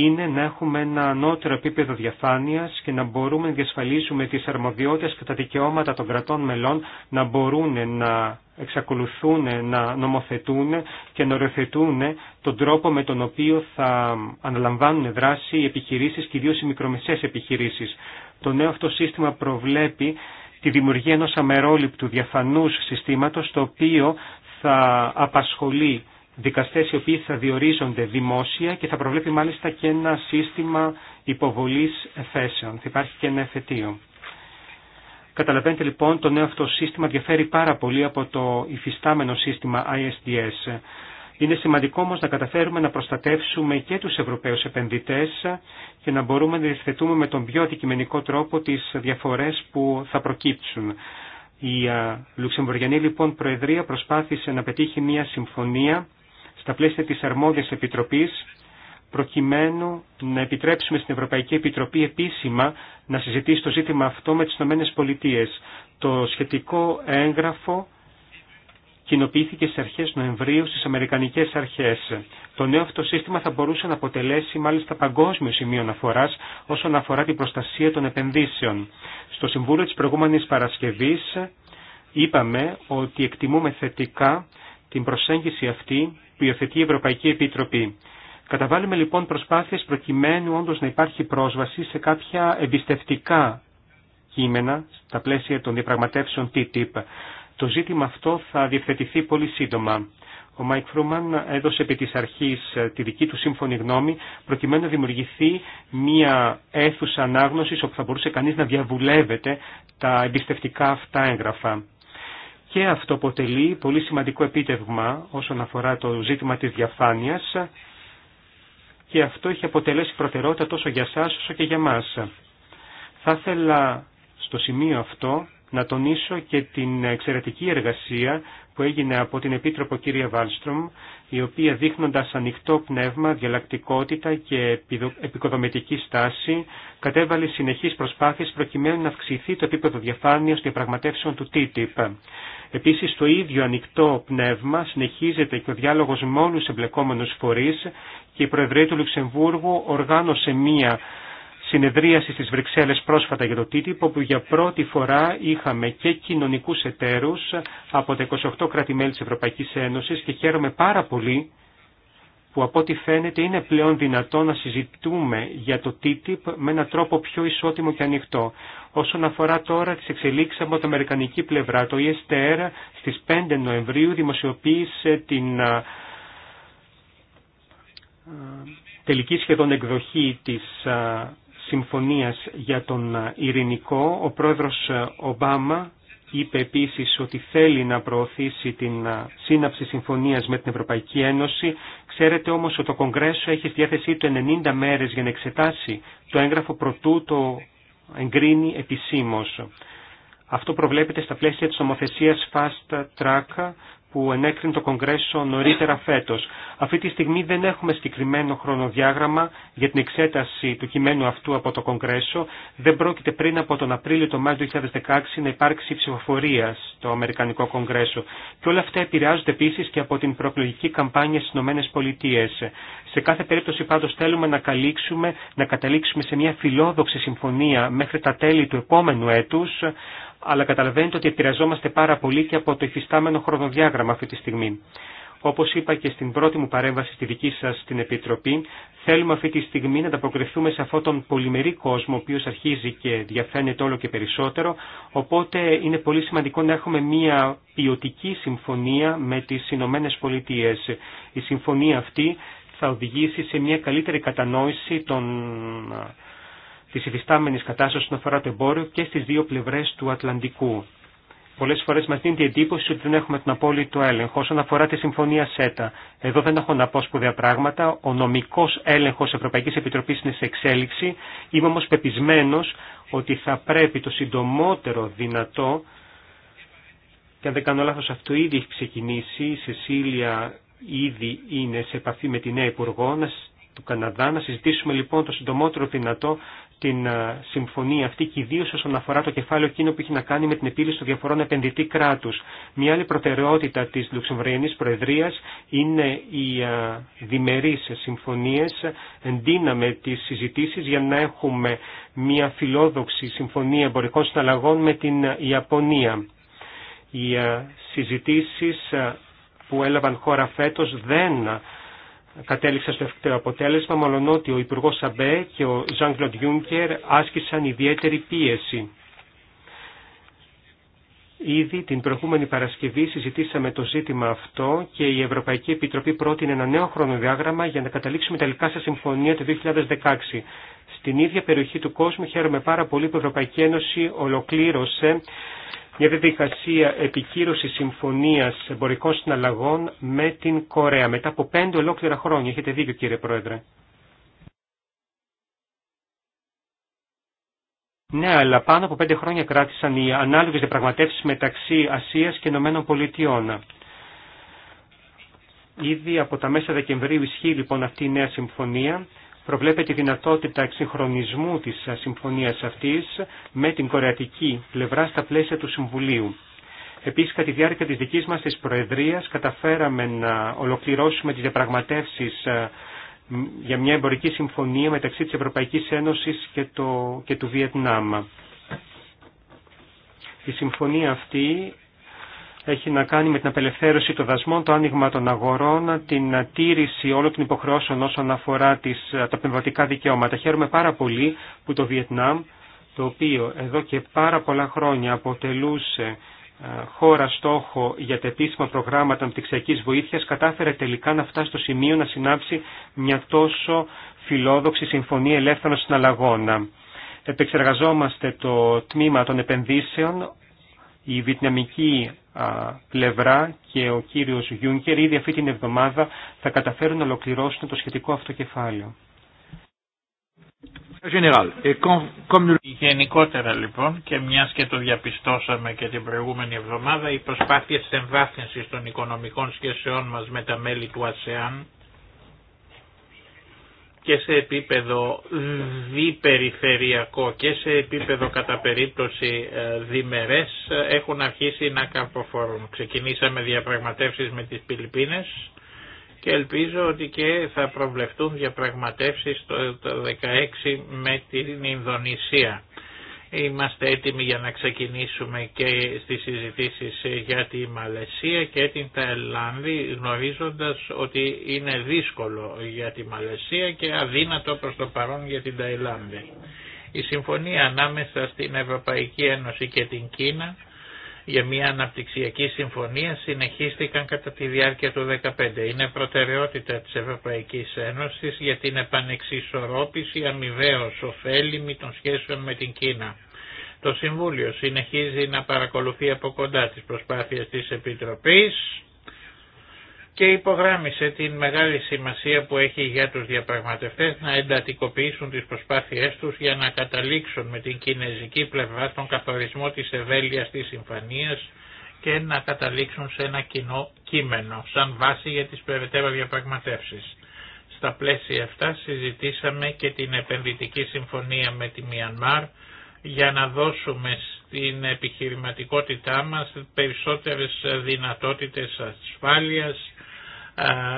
είναι να έχουμε ένα ανώτερο επίπεδο διαφάνειας και να μπορούμε να διασφαλίσουμε τις αρμοδιότητες και τα δικαιώματα των κρατών μελών να μπορούν να εξακολουθούν να νομοθετούν και να οριοθετούν τον τρόπο με τον οποίο θα αναλαμβάνουν δράση οι επιχειρήσεις, κυρίως οι μικρομεσαίες επιχειρήσεις. Το νέο αυτό σύστημα προβλέπει τη δημιουργία ενός αμερόληπτου διαφανούς συστήματος το οποίο θα απασχολεί δικαστές οι οποίοι θα διορίζονται δημόσια και θα προβλέπει μάλιστα και ένα σύστημα υποβολής θέσεων. Θα υπάρχει και ένα εφετείο. Καταλαβαίνετε λοιπόν το νέο αυτό σύστημα διαφέρει πάρα πολύ από το υφιστάμενο σύστημα ISDS. Είναι σημαντικό όμως να καταφέρουμε να προστατεύσουμε και τους Ευρωπαίους επενδυτές και να μπορούμε να διευθετούμε με τον πιο αντικειμενικό τρόπο τις διαφορές που θα προκύψουν. Η Λουξεμβουργιανή λοιπόν Προεδρία προσπάθησε να πετύχει μια συμφωνία στα πλαίσια της αρμόδιας επιτροπής προκειμένου να επιτρέψουμε στην Ευρωπαϊκή Επιτροπή επίσημα να συζητήσει το ζήτημα αυτό με τις Ηνωμένες Πολιτείες. Το σχετικό έγγραφο κοινοποιήθηκε στις αρχές Νοεμβρίου στις Αμερικανικές Αρχές. Το νέο αυτό σύστημα θα μπορούσε να αποτελέσει μάλιστα παγκόσμιο σημείο αναφορά όσον αφορά την προστασία των επενδύσεων. Στο Συμβούλιο της προηγούμενης Παρασκευής είπαμε ότι εκτιμούμε θετικά την προσέγγιση αυτή που υιοθετεί η Ευρωπαϊκή Επιτροπή. Καταβάλουμε λοιπόν προσπάθειες προκειμένου όντως να υπάρχει πρόσβαση σε κάποια εμπιστευτικά κείμενα στα πλαίσια των διαπραγματεύσεων TTIP. Το ζήτημα αυτό θα διευθετηθεί πολύ σύντομα. Ο Μάικ Φρούμαν έδωσε επί της αρχής ε, τη δική του σύμφωνη γνώμη προκειμένου να δημιουργηθεί μια αίθουσα ανάγνωσης όπου θα μπορούσε κανείς να διαβουλεύεται τα εμπιστευτικά αυτά έγγραφα. Και αυτό αποτελεί πολύ σημαντικό επίτευγμα όσον αφορά το ζήτημα της διαφάνειας και αυτό έχει αποτελέσει προτεραιότητα τόσο για σας όσο και για μας. Θα ήθελα στο σημείο αυτό να τονίσω και την εξαιρετική εργασία που έγινε από την Επίτροπο κυρία Βάλστρομ, η οποία δείχνοντας ανοιχτό πνεύμα, διαλλακτικότητα και επικοδομητική στάση, κατέβαλε συνεχείς προσπάθειες προκειμένου να αυξηθεί το επίπεδο διαφάνειας διαπραγματεύσεων του TTIP. Επίσης, το ίδιο ανοιχτό πνεύμα συνεχίζεται και ο διάλογος με όλους εμπλεκόμενους φορείς και η Προεδρία του Λουξεμβούργου οργάνωσε μία συνεδρίαση στις Βρυξέλλες πρόσφατα για το TTIP, όπου για πρώτη φορά είχαμε και κοινωνικούς εταίρους από τα 28 κράτη-μέλη της Ευρωπαϊκής Ένωσης και χαίρομαι πάρα πολύ που από ό,τι φαίνεται είναι πλέον δυνατό να συζητούμε για το TTIP με έναν τρόπο πιο ισότιμο και ανοιχτό. Όσον αφορά τώρα τις εξελίξεις από την Αμερικανική πλευρά, το ESTR στις 5 Νοεμβρίου δημοσιοποίησε την τελική σχεδόν εκδοχή της συμφωνίας για τον ειρηνικό, ο πρόεδρος Ομπάμα είπε επίσης ότι θέλει να προωθήσει την σύναψη συμφωνίας με την Ευρωπαϊκή Ένωση. Ξέρετε όμως ότι το Κογκρέσο έχει στη διάθεσή του 90 μέρες για να εξετάσει το έγγραφο προτού το εγκρίνει επισήμως. Αυτό προβλέπεται στα πλαίσια της νομοθεσίας Fast Track που ενέκρινε το Κογκρέσο νωρίτερα φέτος. Αυτή τη στιγμή δεν έχουμε συγκεκριμένο χρονοδιάγραμμα για την εξέταση του κειμένου αυτού από το Κογκρέσο. Δεν πρόκειται πριν από τον Απρίλιο το Μάιο του 2016 να υπάρξει ψηφοφορία στο Αμερικανικό Κογκρέσο. Και όλα αυτά επηρεάζονται επίση και από την προεκλογική καμπάνια στι ΗΠΑ. Σε κάθε περίπτωση πάντω θέλουμε να, καλύξουμε, να καταλήξουμε σε μια φιλόδοξη συμφωνία μέχρι τα τέλη του επόμενου έτου αλλά καταλαβαίνετε ότι επηρεαζόμαστε πάρα πολύ και από το υφιστάμενο χρονοδιάγραμμα αυτή τη στιγμή. Όπω είπα και στην πρώτη μου παρέμβαση στη δική σα την Επιτροπή, θέλουμε αυτή τη στιγμή να ανταποκριθούμε σε αυτόν τον πολυμερή κόσμο, ο οποίο αρχίζει και διαφαίνεται όλο και περισσότερο, οπότε είναι πολύ σημαντικό να έχουμε μια ποιοτική συμφωνία με τι Ηνωμένε Πολιτείε. Η συμφωνία αυτή θα οδηγήσει σε μια καλύτερη κατανόηση των της υφιστάμενης κατάστασης όσον αφορά το εμπόριο και στις δύο πλευρές του Ατλαντικού. Πολλές φορές μας δίνει την εντύπωση ότι δεν έχουμε τον απόλυτο έλεγχο όσον αφορά τη συμφωνία ΣΕΤΑ. Εδώ δεν έχω να πω σπουδαία πράγματα. Ο νομικός έλεγχος Ευρωπαϊκής Επιτροπής είναι σε εξέλιξη. Είμαι όμως πεπισμένος ότι θα πρέπει το συντομότερο δυνατό και αν δεν κάνω λάθος αυτό ήδη έχει ξεκινήσει, η Σεσίλια ήδη είναι σε επαφή με τη νέα Υπουργό, του Καναδά. Να συζητήσουμε λοιπόν το συντομότερο δυνατό την ε, συμφωνία αυτή και ιδίω όσον αφορά το κεφάλαιο εκείνο που έχει να κάνει με την επίλυση των διαφορών επενδυτή κράτου. Μια άλλη προτεραιότητα τη Λουξεμβριανή Προεδρία είναι οι ε, διμερεί συμφωνίε. Εντείναμε τι συζητήσει για να έχουμε μια φιλόδοξη συμφωνία εμπορικών συναλλαγών με την Ιαπωνία. Οι ε, συζητήσει που έλαβαν χώρα φέτος δεν κατέληξαν στο ευκαιρό αποτέλεσμα, μάλλον ότι ο Υπουργό Σαμπέ και ο Ζαν Κλοντ Γιούνκερ άσκησαν ιδιαίτερη πίεση. Ήδη την προηγούμενη Παρασκευή συζητήσαμε το ζήτημα αυτό και η Ευρωπαϊκή Επιτροπή πρότεινε ένα νέο χρονοδιάγραμμα για να καταλήξουμε τελικά σε συμφωνία το 2016. Στην ίδια περιοχή του κόσμου χαίρομαι πάρα πολύ που η Ευρωπαϊκή Ένωση ολοκλήρωσε μια διαδικασία επικύρωση συμφωνίας εμπορικών συναλλαγών με την Κορέα μετά από πέντε ολόκληρα χρόνια. Έχετε δίκιο κύριε Πρόεδρε. Ναι, αλλά πάνω από πέντε χρόνια κράτησαν οι ανάλογε διαπραγματεύσει μεταξύ Ασίας και Ηνωμένων Πολιτειών. Ήδη από τα μέσα Δεκεμβρίου ισχύει λοιπόν αυτή η νέα συμφωνία προβλέπεται η δυνατότητα εξυγχρονισμού της συμφωνίας αυτής με την κορεατική πλευρά στα πλαίσια του Συμβουλίου. Επίσης, κατά τη διάρκεια της δικής μας της Προεδρίας, καταφέραμε να ολοκληρώσουμε τις διαπραγματεύσεις ε, για μια εμπορική συμφωνία μεταξύ της Ευρωπαϊκής Ένωσης και, και του Βιετνάμ. Η συμφωνία αυτή έχει να κάνει με την απελευθέρωση των δασμών, το άνοιγμα των αγορών, την τήρηση όλων των υποχρεώσεων όσον αφορά τις, τα πνευματικά δικαιώματα. Χαίρομαι πάρα πολύ που το Βιετνάμ, το οποίο εδώ και πάρα πολλά χρόνια αποτελούσε ε, χώρα στόχο για τα επίσημα προγράμματα αναπτυξιακής βοήθειας κατάφερε τελικά να φτάσει στο σημείο να συνάψει μια τόσο φιλόδοξη συμφωνία ελεύθερων συναλλαγών. Επεξεργαζόμαστε το τμήμα των επενδύσεων. Η βιετναμική πλευρά και ο κύριος Γιούνκερ ήδη αυτή την εβδομάδα θα καταφέρουν να ολοκληρώσουν το σχετικό αυτό κεφάλαιο. Ε, Γενικότερα λοιπόν και μιας και το διαπιστώσαμε και την προηγούμενη εβδομάδα οι προσπάθειες εμβάθυνσης των οικονομικών σχέσεών μας με τα μέλη του ΑΣΕΑΝ και σε επίπεδο διπεριφερειακό και σε επίπεδο κατά περίπτωση ε, διμερές ε, έχουν αρχίσει να καρποφορούν. Ξεκινήσαμε διαπραγματεύσεις με τις Πιλιππίνες και ελπίζω ότι και θα προβλεφτούν διαπραγματεύσεις το 2016 με την Ινδονησία. Είμαστε έτοιμοι για να ξεκινήσουμε και στις συζητήσεις για τη Μαλαισία και την Ταϊλάνδη γνωρίζοντας ότι είναι δύσκολο για τη Μαλαισία και αδύνατο προς το παρόν για την Ταϊλάνδη. Η συμφωνία ανάμεσα στην Ευρωπαϊκή Ένωση και την Κίνα για μια αναπτυξιακή συμφωνία συνεχίστηκαν κατά τη διάρκεια του 2015. Είναι προτεραιότητα της Ευρωπαϊκής Ένωσης για την επανεξισορρόπηση αμοιβαίως ωφέλιμη των σχέσεων με την Κίνα. Το Συμβούλιο συνεχίζει να παρακολουθεί από κοντά τις προσπάθειες της Επιτροπής και υπογράμμισε την μεγάλη σημασία που έχει για τους διαπραγματευτές να εντατικοποιήσουν τις προσπάθειές τους για να καταλήξουν με την κινέζικη πλευρά στον καθορισμό της ευέλειας της συμφωνίας και να καταλήξουν σε ένα κοινό κείμενο σαν βάση για τις περαιτέρω διαπραγματεύσεις. Στα πλαίσια αυτά συζητήσαμε και την επενδυτική συμφωνία με τη Μιανμάρ για να δώσουμε στην επιχειρηματικότητά μας περισσότερες δυνατότητες ασφάλειας,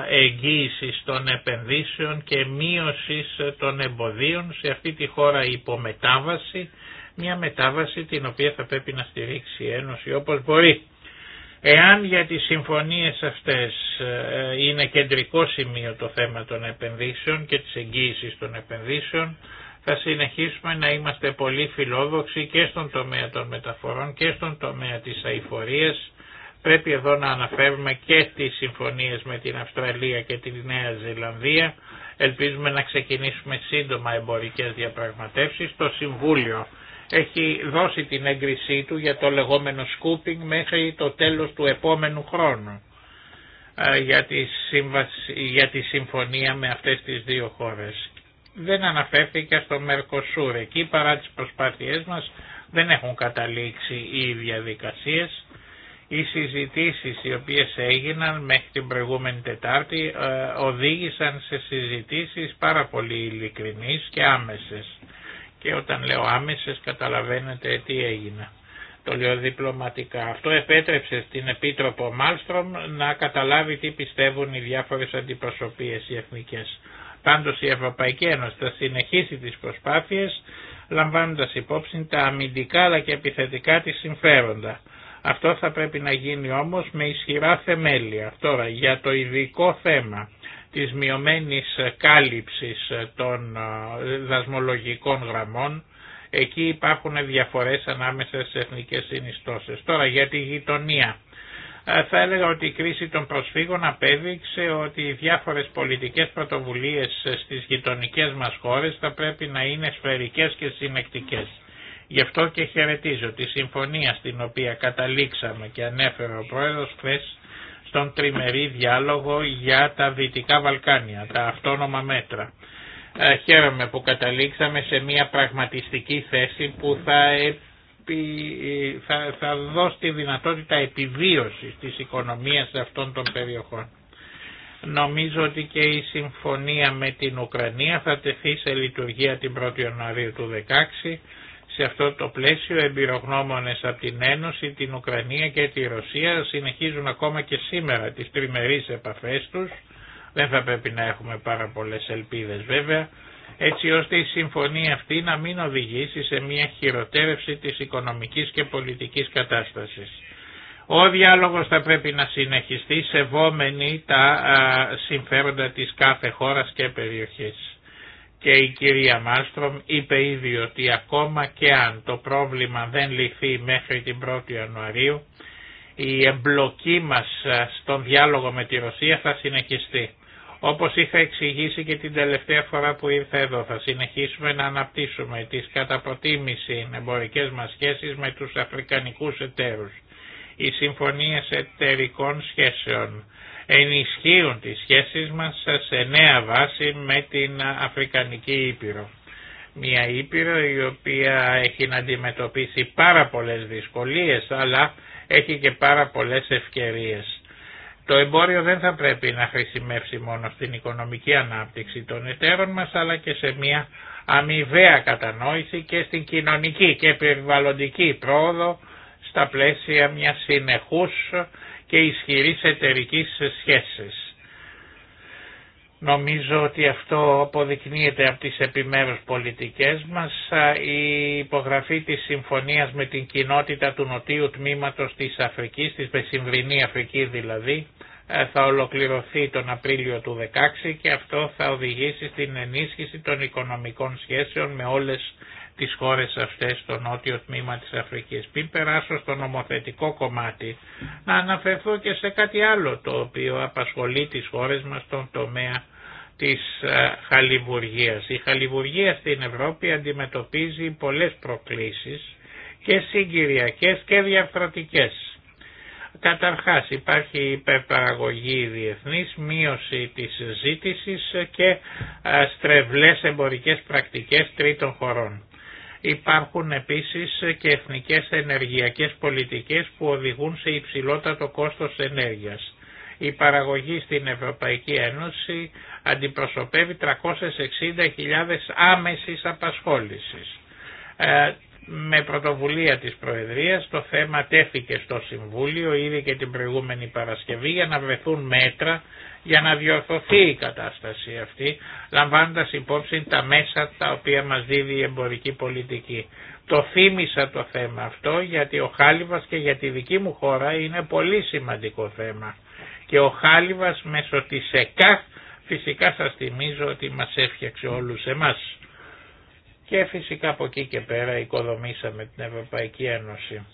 εγγύησης των επενδύσεων και μείωσης των εμποδίων σε αυτή τη χώρα υπομετάβαση, μια μετάβαση την οποία θα πρέπει να στηρίξει η Ένωση όπως μπορεί. Εάν για τις συμφωνίες αυτές ε, είναι κεντρικό σημείο το θέμα των επενδύσεων και της εγγύησης των επενδύσεων, θα συνεχίσουμε να είμαστε πολύ φιλόδοξοι και στον τομέα των μεταφορών και στον τομέα της αηφορίας Πρέπει εδώ να αναφέρουμε και τις συμφωνίες με την Αυστραλία και τη Νέα Ζηλανδία. Ελπίζουμε να ξεκινήσουμε σύντομα εμπορικές διαπραγματεύσεις. Το Συμβούλιο έχει δώσει την έγκρισή του για το λεγόμενο σκούπινγκ μέχρι το τέλος του επόμενου χρόνου ε, για τη, για τη συμφωνία με αυτές τις δύο χώρες. Δεν αναφέρθηκε στο Μερκοσούρ. Εκεί παρά τις προσπάθειές μας δεν έχουν καταλήξει οι διαδικασίες οι συζητήσεις οι οποίες έγιναν μέχρι την προηγούμενη Τετάρτη ε, οδήγησαν σε συζητήσεις πάρα πολύ ειλικρινείς και άμεσες. Και όταν λέω άμεσες καταλαβαίνετε τι έγινε. Το λέω διπλωματικά. Αυτό επέτρεψε στην Επίτροπο Μάλστρομ να καταλάβει τι πιστεύουν οι διάφορες αντιπροσωπείες οι εθνικές. Πάντως η Ευρωπαϊκή Ένωση θα συνεχίσει τις προσπάθειες λαμβάνοντας υπόψη τα αμυντικά αλλά και επιθετικά της συμφέροντα αυτό θα πρέπει να γίνει όμως με ισχυρά θεμέλια. Τώρα για το ειδικό θέμα της μειωμένης κάλυψης των ε, δασμολογικών γραμμών, εκεί υπάρχουν διαφορές ανάμεσα στις εθνικές συνιστώσεις. Τώρα για τη γειτονία. Ε, θα έλεγα ότι η κρίση των προσφύγων απέδειξε ότι οι διάφορες πολιτικές πρωτοβουλίες στις γειτονικές μας χώρες θα πρέπει να είναι σφαιρικές και συνεκτικές. Γι' αυτό και χαιρετίζω τη συμφωνία στην οποία καταλήξαμε και ανέφερε ο Πρόεδρος χθε στον τριμερή διάλογο για τα Δυτικά Βαλκάνια, τα αυτόνομα μέτρα. Ε, χαίρομαι που καταλήξαμε σε μια πραγματιστική θέση που θα, επι... θα, θα δώσει τη δυνατότητα επιβίωσης της οικονομίας αυτών των περιοχών. Νομίζω ότι και η συμφωνία με την Ουκρανία θα τεθεί σε λειτουργία την 1η Ιανουαρίου του 2016 σε αυτό το πλαίσιο εμπειρογνώμονες από την Ένωση, την Ουκρανία και τη Ρωσία συνεχίζουν ακόμα και σήμερα τις τριμερείς επαφές τους. Δεν θα πρέπει να έχουμε πάρα πολλές ελπίδες βέβαια, έτσι ώστε η συμφωνία αυτή να μην οδηγήσει σε μια χειροτέρευση της οικονομικής και πολιτικής κατάστασης. Ο διάλογος θα πρέπει να συνεχιστεί σεβόμενοι τα συμφέροντα της κάθε χώρας και περιοχής και η κυρία Μάστρομ είπε ήδη ότι ακόμα και αν το πρόβλημα δεν λυθεί μέχρι την 1η Ιανουαρίου η εμπλοκή μας ε, στον διάλογο με τη Ρωσία θα συνεχιστεί. Όπως είχα εξηγήσει και την τελευταία φορά που ήρθα εδώ θα συνεχίσουμε να αναπτύσσουμε τις κατά προτίμηση εμπορικές μας σχέσεις με τους αφρικανικούς εταίρους. Οι συμφωνίες εταιρικών σχέσεων ενισχύουν τις σχέσεις μας σε νέα βάση με την Αφρικανική Ήπειρο. Μια Ήπειρο η οποία έχει να αντιμετωπίσει πάρα πολλές δυσκολίες αλλά έχει και πάρα πολλές ευκαιρίες. Το εμπόριο δεν θα πρέπει να χρησιμεύσει μόνο στην οικονομική ανάπτυξη των εταίρων μας αλλά και σε μια αμοιβαία κατανόηση και στην κοινωνική και περιβαλλοντική πρόοδο στα πλαίσια μιας συνεχούς και ισχυρής εταιρικής σχέσης. Νομίζω ότι αυτό αποδεικνύεται από τις επιμέρους πολιτικές μας. Η υπογραφή της συμφωνίας με την κοινότητα του νοτίου τμήματος της Αφρικής, της Μεσημβρινή Αφρική δηλαδή, θα ολοκληρωθεί τον Απρίλιο του 2016 και αυτό θα οδηγήσει στην ενίσχυση των οικονομικών σχέσεων με όλες τις χώρες αυτές στο νότιο τμήμα της Αφρικής. Πριν περάσω στο νομοθετικό κομμάτι, να αναφερθώ και σε κάτι άλλο το οποίο απασχολεί τις χώρες μας στον τομέα της ε, χαλιβουργίας. Η χαλιβουργία στην Ευρώπη αντιμετωπίζει πολλές προκλήσεις και συγκυριακές και διαφορετικές. Καταρχάς υπάρχει υπερπαραγωγή διεθνής, μείωση της ζήτησης και ε, στρεβλές εμπορικές πρακτικές τρίτων χωρών. Υπάρχουν επίσης και εθνικές ενεργειακές πολιτικές που οδηγούν σε υψηλότατο κόστος ενέργειας. Η παραγωγή στην Ευρωπαϊκή Ένωση αντιπροσωπεύει 360.000 άμεσης απασχόλησης. Ε, με πρωτοβουλία της Προεδρίας το θέμα τέθηκε στο Συμβούλιο ήδη και την προηγούμενη Παρασκευή για να βρεθούν μέτρα για να διορθωθεί η κατάσταση αυτή, λαμβάνοντας υπόψη τα μέσα τα οποία μας δίδει η εμπορική πολιτική. Το θύμισα το θέμα αυτό γιατί ο Χάλιβας και για τη δική μου χώρα είναι πολύ σημαντικό θέμα. Και ο Χάλιβας μέσω της ΕΚΑ φυσικά σας θυμίζω ότι μας έφτιαξε όλους εμάς. Και φυσικά από εκεί και πέρα οικοδομήσαμε την Ευρωπαϊκή Ένωση.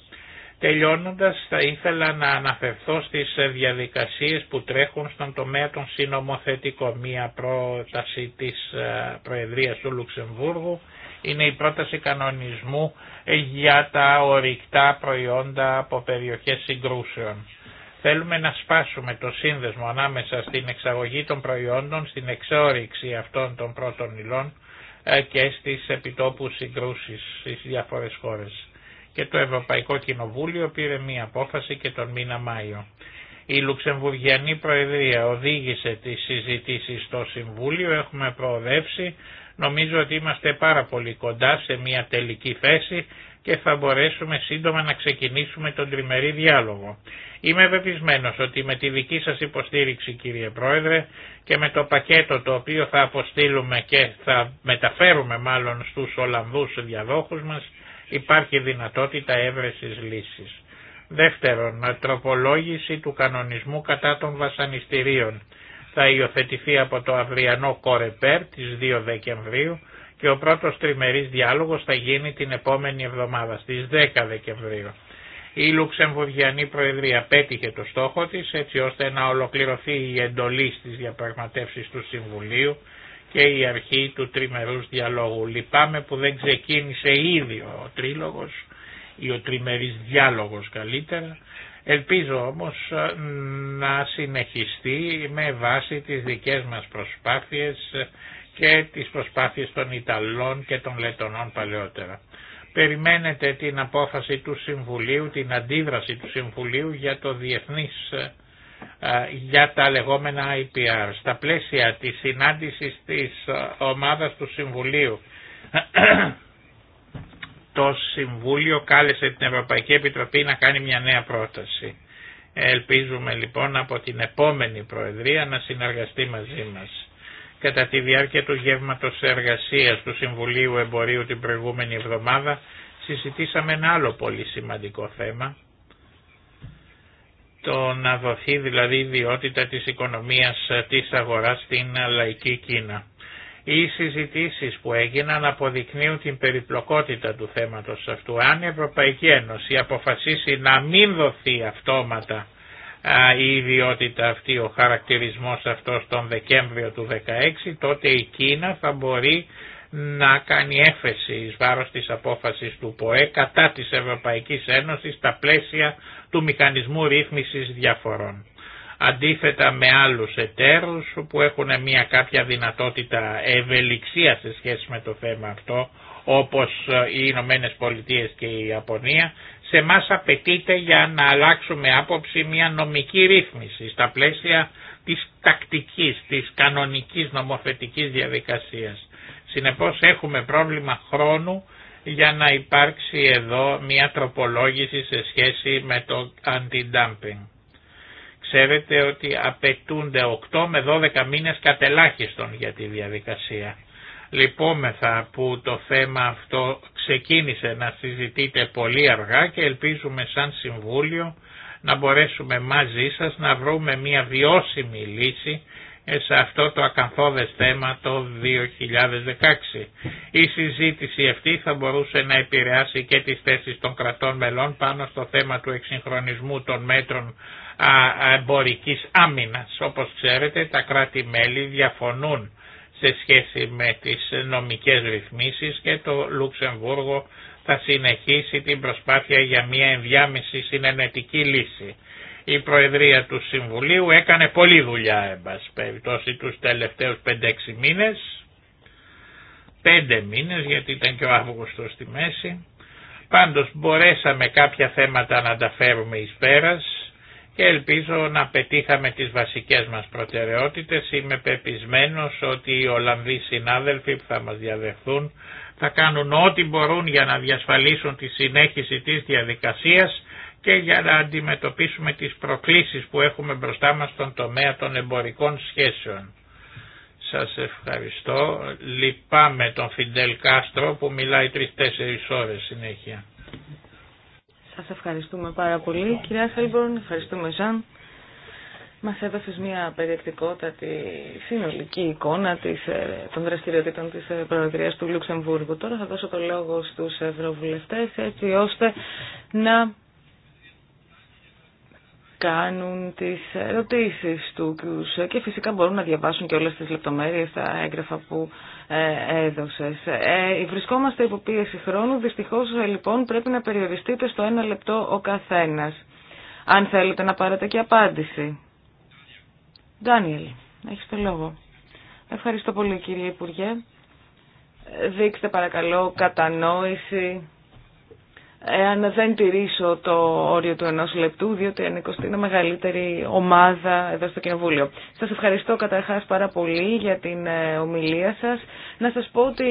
Τελειώνοντας θα ήθελα να αναφερθώ στις διαδικασίες που τρέχουν στον τομέα των συνομοθετικών. Μία πρόταση της ε, Προεδρίας του Λουξεμβούργου είναι η πρόταση κανονισμού για τα ορυκτά προϊόντα από περιοχές συγκρούσεων. Θέλουμε να σπάσουμε το σύνδεσμο ανάμεσα στην εξαγωγή των προϊόντων, στην εξόριξη αυτών των πρώτων υλών ε, και στις επιτόπους συγκρούσεις στις διάφορες χώρες και το Ευρωπαϊκό Κοινοβούλιο πήρε μία απόφαση και τον μήνα Μάιο. Η Λουξεμβουργιανή Προεδρία οδήγησε τις συζητήσεις στο Συμβούλιο, έχουμε προοδεύσει, νομίζω ότι είμαστε πάρα πολύ κοντά σε μια τελική θέση και θα μπορέσουμε σύντομα να ξεκινήσουμε τον τριμερή διάλογο. Είμαι ευεπισμένο ότι με τη δική σας υποστήριξη κύριε Πρόεδρε και με το πακέτο το οποίο θα αποστείλουμε και θα μεταφέρουμε μάλλον στους Ολλανδούς διαδόχους μας υπάρχει δυνατότητα έβρεσης λύσης. Δεύτερον, τροπολόγηση του κανονισμού κατά των βασανιστήριων θα υιοθετηθεί από το αυριανό Κορεπέρ της 2 Δεκεμβρίου και ο πρώτος τριμερής διάλογος θα γίνει την επόμενη εβδομάδα στις 10 Δεκεμβρίου. Η Λουξεμβουργιανή Προεδρία πέτυχε το στόχο της έτσι ώστε να ολοκληρωθεί η εντολή στις διαπραγματεύσεις του Συμβουλίου και η αρχή του τριμερούς διαλόγου. Λυπάμαι που δεν ξεκίνησε ήδη ο τρίλογος ή ο τριμερής διάλογος καλύτερα. Ελπίζω όμως ε, να συνεχιστεί με βάση τις δικές μας προσπάθειες ε, και τις προσπάθειες των Ιταλών και των Λετωνών παλαιότερα. Περιμένετε την απόφαση του Συμβουλίου, την αντίδραση του Συμβουλίου για το Διεθνής ε, για τα λεγόμενα IPR. Στα πλαίσια της συνάντησης της ομάδας του Συμβουλίου το Συμβούλιο κάλεσε την Ευρωπαϊκή Επιτροπή να κάνει μια νέα πρόταση. Ελπίζουμε λοιπόν από την επόμενη Προεδρία να συνεργαστεί μαζί μας. Κατά τη διάρκεια του γεύματος εργασίας του Συμβουλίου Εμπορίου την προηγούμενη εβδομάδα συζητήσαμε ένα άλλο πολύ σημαντικό θέμα το να δοθεί δηλαδή η ιδιότητα της οικονομίας ε, της αγοράς στην ε, λαϊκή Κίνα. Οι συζητήσει που έγιναν αποδεικνύουν την περιπλοκότητα του θέματος αυτού. Αν η Ευρωπαϊκή Ένωση αποφασίσει να μην δοθεί αυτόματα η ιδιότητα αυτή, ο χαρακτηρισμός αυτός τον Δεκέμβριο του 2016, τότε η Κίνα θα μπορεί να κάνει έφεση εις βάρος της απόφασης του ΠΟΕ κατά της Ευρωπαϊκής Ένωσης στα πλαίσια του μηχανισμού ρύθμισης διαφορών. Αντίθετα με άλλους εταίρους που έχουν μια κάποια δυνατότητα ευελιξία σε σχέση με το θέμα αυτό όπως οι Ηνωμένε Πολιτείε και η Ιαπωνία, σε μας απαιτείται για να αλλάξουμε άποψη μια νομική ρύθμιση στα πλαίσια της τακτικής, της κανονικής νομοθετικής διαδικασίας. Συνεπώς έχουμε πρόβλημα χρόνου για να υπάρξει εδώ μια τροπολόγηση σε σχέση με το αντι-dumping. Ξέρετε ότι απαιτούνται 8 με 12 μήνες κατελάχιστον για τη διαδικασία. Λυπόμεθα που το θέμα αυτό ξεκίνησε να συζητείτε πολύ αργά και ελπίζουμε σαν Συμβούλιο να μπορέσουμε μαζί σας να βρούμε μια βιώσιμη λύση σε αυτό το ακαθόδες θέμα το 2016. Η συζήτηση αυτή θα μπορούσε να επηρεάσει και τις θέσεις των κρατών μελών πάνω στο θέμα του εξυγχρονισμού των μέτρων εμπορικής άμυνας. Όπως ξέρετε τα κράτη-μέλη διαφωνούν σε σχέση με τις νομικές ρυθμίσεις και το Λουξεμβούργο θα συνεχίσει την προσπάθεια για μια ενδιάμεση συνενετική λύση η Προεδρία του Συμβουλίου έκανε πολλή δουλειά έμπας περιπτώσει τους τελευταίους 5-6 μήνες, 5 μήνες γιατί ήταν και ο Αύγουστος στη μέση. Πάντως μπορέσαμε κάποια θέματα να τα φέρουμε εις πέρας και ελπίζω να πετύχαμε τις βασικές μας προτεραιότητες. Είμαι πεπισμένος ότι οι Ολλανδοί συνάδελφοι που θα μας διαδεχθούν θα κάνουν ό,τι μπορούν για να διασφαλίσουν τη συνέχιση της διαδικασίας και για να αντιμετωπίσουμε τις προκλήσεις που έχουμε μπροστά μας στον τομέα των εμπορικών σχέσεων. Σας ευχαριστώ. Λυπάμαι τον Φιντέλ Κάστρο που μιλάει τρεις-τέσσερις ώρες συνέχεια. Σας ευχαριστούμε πάρα πολύ. Κυρία Χαλμπορν, ευχαριστούμε Ζαν. Μας έδωσες μια περιεκτικότατη συνολική εικόνα της, ε, των δραστηριοτήτων της ε, Προεδρίας του Λουξεμβούργου. Τώρα θα δώσω το λόγο στους ευρωβουλευτές έτσι ώστε να κάνουν τις ερωτήσεις του και φυσικά μπορούν να διαβάσουν και όλες τις λεπτομέρειες τα έγγραφα που ε, έδωσες. Ε, βρισκόμαστε υπό πίεση χρόνου, δυστυχώς λοιπόν πρέπει να περιοριστείτε στο ένα λεπτό ο καθένας. Αν θέλετε να πάρετε και απάντηση. Ντάνιελ, έχεις το λόγο. Ευχαριστώ πολύ κύριε Υπουργέ. Δείξτε παρακαλώ κατανόηση εάν δεν τηρήσω το όριο του ενός λεπτού, διότι ανήκωστε είναι μεγαλύτερη ομάδα εδώ στο Κοινοβούλιο. Σας ευχαριστώ καταρχάς πάρα πολύ για την ε, ομιλία σας. Να σας πω ότι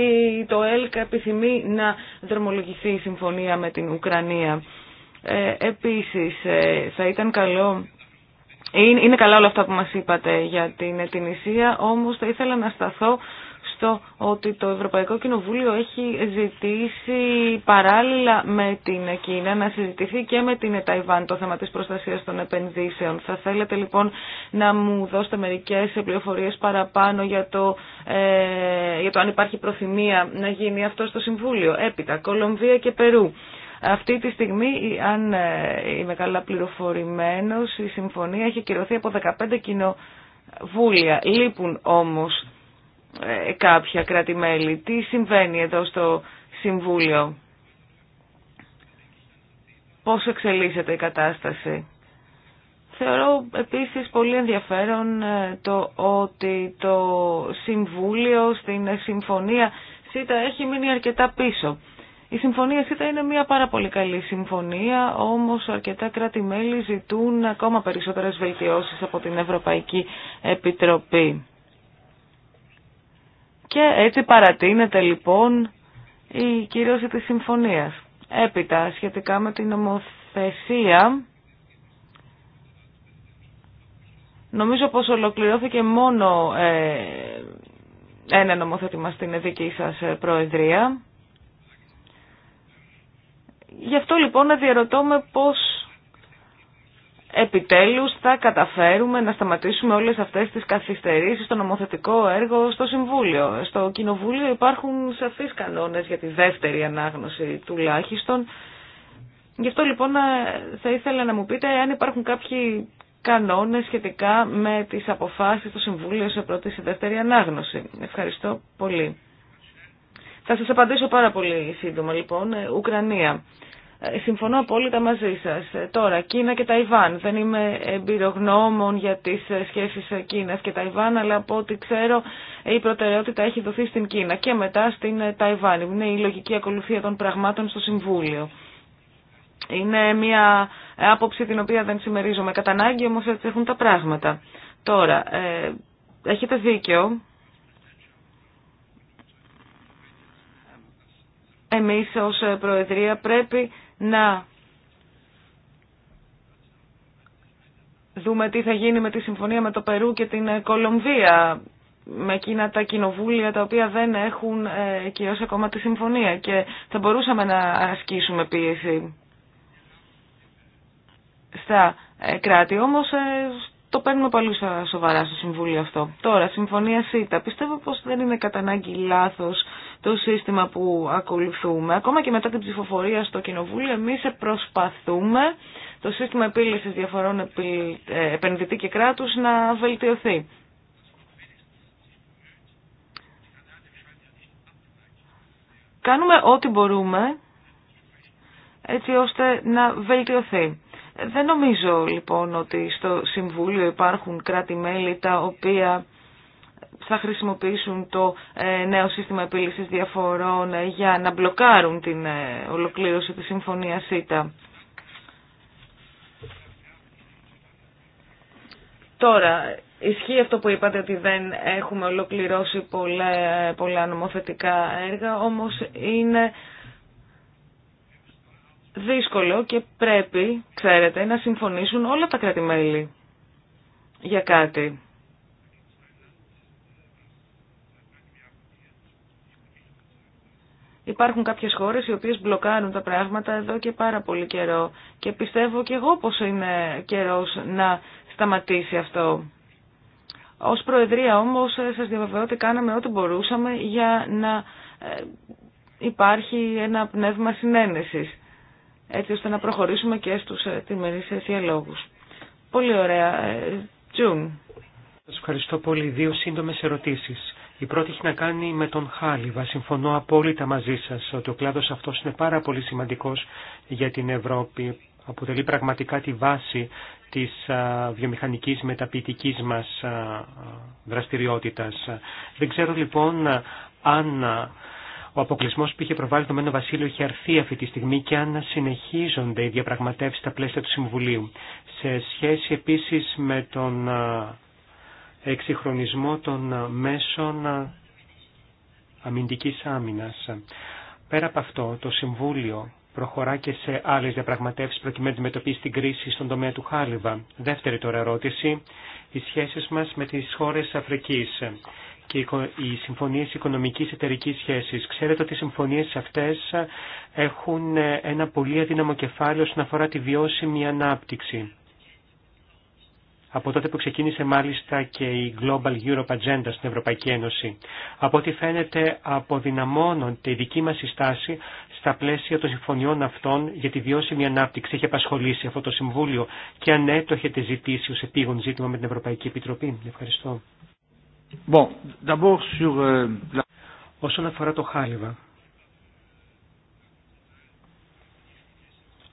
το ΕΛΚΑ επιθυμεί να δρομολογηθεί η συμφωνία με την Ουκρανία. Ε, επίσης, ε, θα ήταν καλό... Είναι καλά όλα αυτά που μας είπατε για την ετινησία, όμως θα ήθελα να σταθώ στο ότι το Ευρωπαϊκό Κοινοβούλιο έχει ζητήσει παράλληλα με την Κίνα να συζητηθεί και με την Ταϊβάν το θέμα της προστασίας των επενδύσεων. Θα θέλετε λοιπόν να μου δώσετε μερικές πληροφορίες παραπάνω για το, ε, για το αν υπάρχει προθυμία να γίνει αυτό στο Συμβούλιο. Έπειτα, Κολομβία και Περού. Αυτή τη στιγμή, αν ε, είμαι καλά πληροφορημένος, η συμφωνία έχει κυρωθεί από 15 κοινοβούλια. Λείπουν όμως ε, κάποια κράτη-μέλη. Τι συμβαίνει εδώ στο Συμβούλιο. Πώς εξελίσσεται η κατάσταση. Θεωρώ επίσης πολύ ενδιαφέρον ε, το ότι το Συμβούλιο στην Συμφωνία ΣΥΤΑ έχει μείνει αρκετά πίσω. Η Συμφωνία ΣΥΤΑ είναι μια πάρα πολύ καλή συμφωνία, όμως αρκετά κράτη-μέλη ζητούν ακόμα περισσότερες βελτιώσεις από την Ευρωπαϊκή Επιτροπή. Και έτσι παρατείνεται λοιπόν η κυρώση της συμφωνίας. Έπειτα, σχετικά με την νομοθεσία, νομίζω πως ολοκληρώθηκε μόνο ε, ένα νομοθέτημα στην δική σας ε, Προεδρία. Γι' αυτό λοιπόν να διαρωτώ με πώς επιτέλους θα καταφέρουμε να σταματήσουμε όλες αυτές τις καθυστερήσεις στο νομοθετικό έργο στο Συμβούλιο. Στο Κοινοβούλιο υπάρχουν σαφείς κανόνες για τη δεύτερη ανάγνωση τουλάχιστον. Γι' αυτό λοιπόν θα ήθελα να μου πείτε αν υπάρχουν κάποιοι κανόνες σχετικά με τις αποφάσεις του Συμβούλιο σε πρώτη και δεύτερη ανάγνωση. Ευχαριστώ πολύ. Θα σας απαντήσω πάρα πολύ σύντομα λοιπόν. Ε, Ουκρανία. Ε, συμφωνώ απόλυτα μαζί σας. Ε, τώρα, Κίνα και Ταϊβάν. Δεν είμαι εμπειρογνώμων για τις ε, σχέσεις Κίνας και Ταϊβάν, αλλά από ό,τι ξέρω η προτεραιότητα έχει δοθεί στην Κίνα και μετά στην Ταϊβάν. Είναι η λογική ακολουθία των πραγμάτων στο Συμβούλιο. Είναι μια άποψη την οποία δεν συμμερίζομαι κατά ανάγκη, όμως έτσι έχουν τα πράγματα. Τώρα, έχετε δίκιο. Εμείς ως Προεδρία πρέπει να δούμε τι θα γίνει με τη συμφωνία με το Περού και την ε, Κολομβία, με εκείνα τα κοινοβούλια τα οποία δεν έχουν ε, ακόμα τη συμφωνία και θα μπορούσαμε να ασκήσουμε πίεση στα ε, κράτη. Όμως ε, το παίρνουμε πολύ σοβαρά στο Συμβούλιο αυτό. Τώρα, συμφωνία ΣΥΤΑ. Πιστεύω πως δεν είναι κατά ανάγκη λάθος το σύστημα που ακολουθούμε. Ακόμα και μετά την ψηφοφορία στο Κοινοβούλιο, Εμεί προσπαθούμε το σύστημα επίλυση διαφορών ε, επενδυτή και κράτους να βελτιωθεί. Κάνουμε ό,τι μπορούμε έτσι ώστε να βελτιωθεί. Δεν νομίζω λοιπόν ότι στο Συμβούλιο υπάρχουν κράτη-μέλη τα οποία θα χρησιμοποιήσουν το ε, νέο σύστημα επίλυσης διαφορών ε, για να μπλοκάρουν την ε, ολοκλήρωση της Συμφωνίας ΣΥΤΑ. Τώρα, ισχύει αυτό που είπατε ότι δεν έχουμε ολοκληρώσει πολλά, πολλά νομοθετικά έργα, όμως είναι δύσκολο και πρέπει, ξέρετε, να συμφωνήσουν όλα τα κράτη-μέλη για κάτι. Υπάρχουν κάποιες χώρες οι οποίες μπλοκάρουν τα πράγματα εδώ και πάρα πολύ καιρό και πιστεύω και εγώ πως είναι καιρός να σταματήσει αυτό. Ως Προεδρία όμως ε, σας διαβεβαιώ ότι κάναμε ό,τι μπορούσαμε για να ε, υπάρχει ένα πνεύμα συνένεσης έτσι ώστε να προχωρήσουμε και στους ε, τιμερείς διαλόγους. Πολύ ωραία. Ε, Τζουν. Σας ευχαριστώ πολύ. Δύο σύντομες ερωτήσεις. Η πρώτη έχει να κάνει με τον Χάλιβα. Συμφωνώ απόλυτα μαζί σας ότι ο κλάδος αυτός είναι πάρα πολύ σημαντικός για την Ευρώπη. Αποτελεί πραγματικά τη βάση της βιομηχανικής μεταποιητικής μας δραστηριότητας. Δεν ξέρω λοιπόν αν ο αποκλεισμό που είχε προβάλει το Μένο Βασίλειο είχε αρθεί αυτή τη στιγμή και αν συνεχίζονται οι διαπραγματεύσει στα πλαίσια του Συμβουλίου. Σε σχέση επίση με τον εξυγχρονισμό των μέσων αμυντικής άμυνας. Πέρα από αυτό, το Συμβούλιο προχωρά και σε άλλε διαπραγματεύσει προκειμένου να αντιμετωπίσει την κρίση στον τομέα του Χάλιβα. Δεύτερη τώρα ερώτηση, οι σχέσει μα με τι χώρε Αφρική και οι συμφωνίες οικονομικής εταιρικής σχέσης. Ξέρετε ότι οι συμφωνίες αυτές έχουν ένα πολύ αδύναμο κεφάλαιο όσον αφορά τη βιώσιμη ανάπτυξη. Από τότε που ξεκίνησε μάλιστα και η Global Europe Agenda στην Ευρωπαϊκή Ένωση. Από ό,τι φαίνεται αποδυναμώνονται η δική μας στάση στα πλαίσια των συμφωνιών αυτών για τη βιώσιμη ανάπτυξη. Έχει απασχολήσει αυτό το Συμβούλιο και αν έτοχετε ναι, ζητήσει ως επίγον ζήτημα με την Ευρωπαϊκή Επιτροπή. Ευχαριστώ. Bon, sur... Euh, Όσον αφορά το χάλιβα,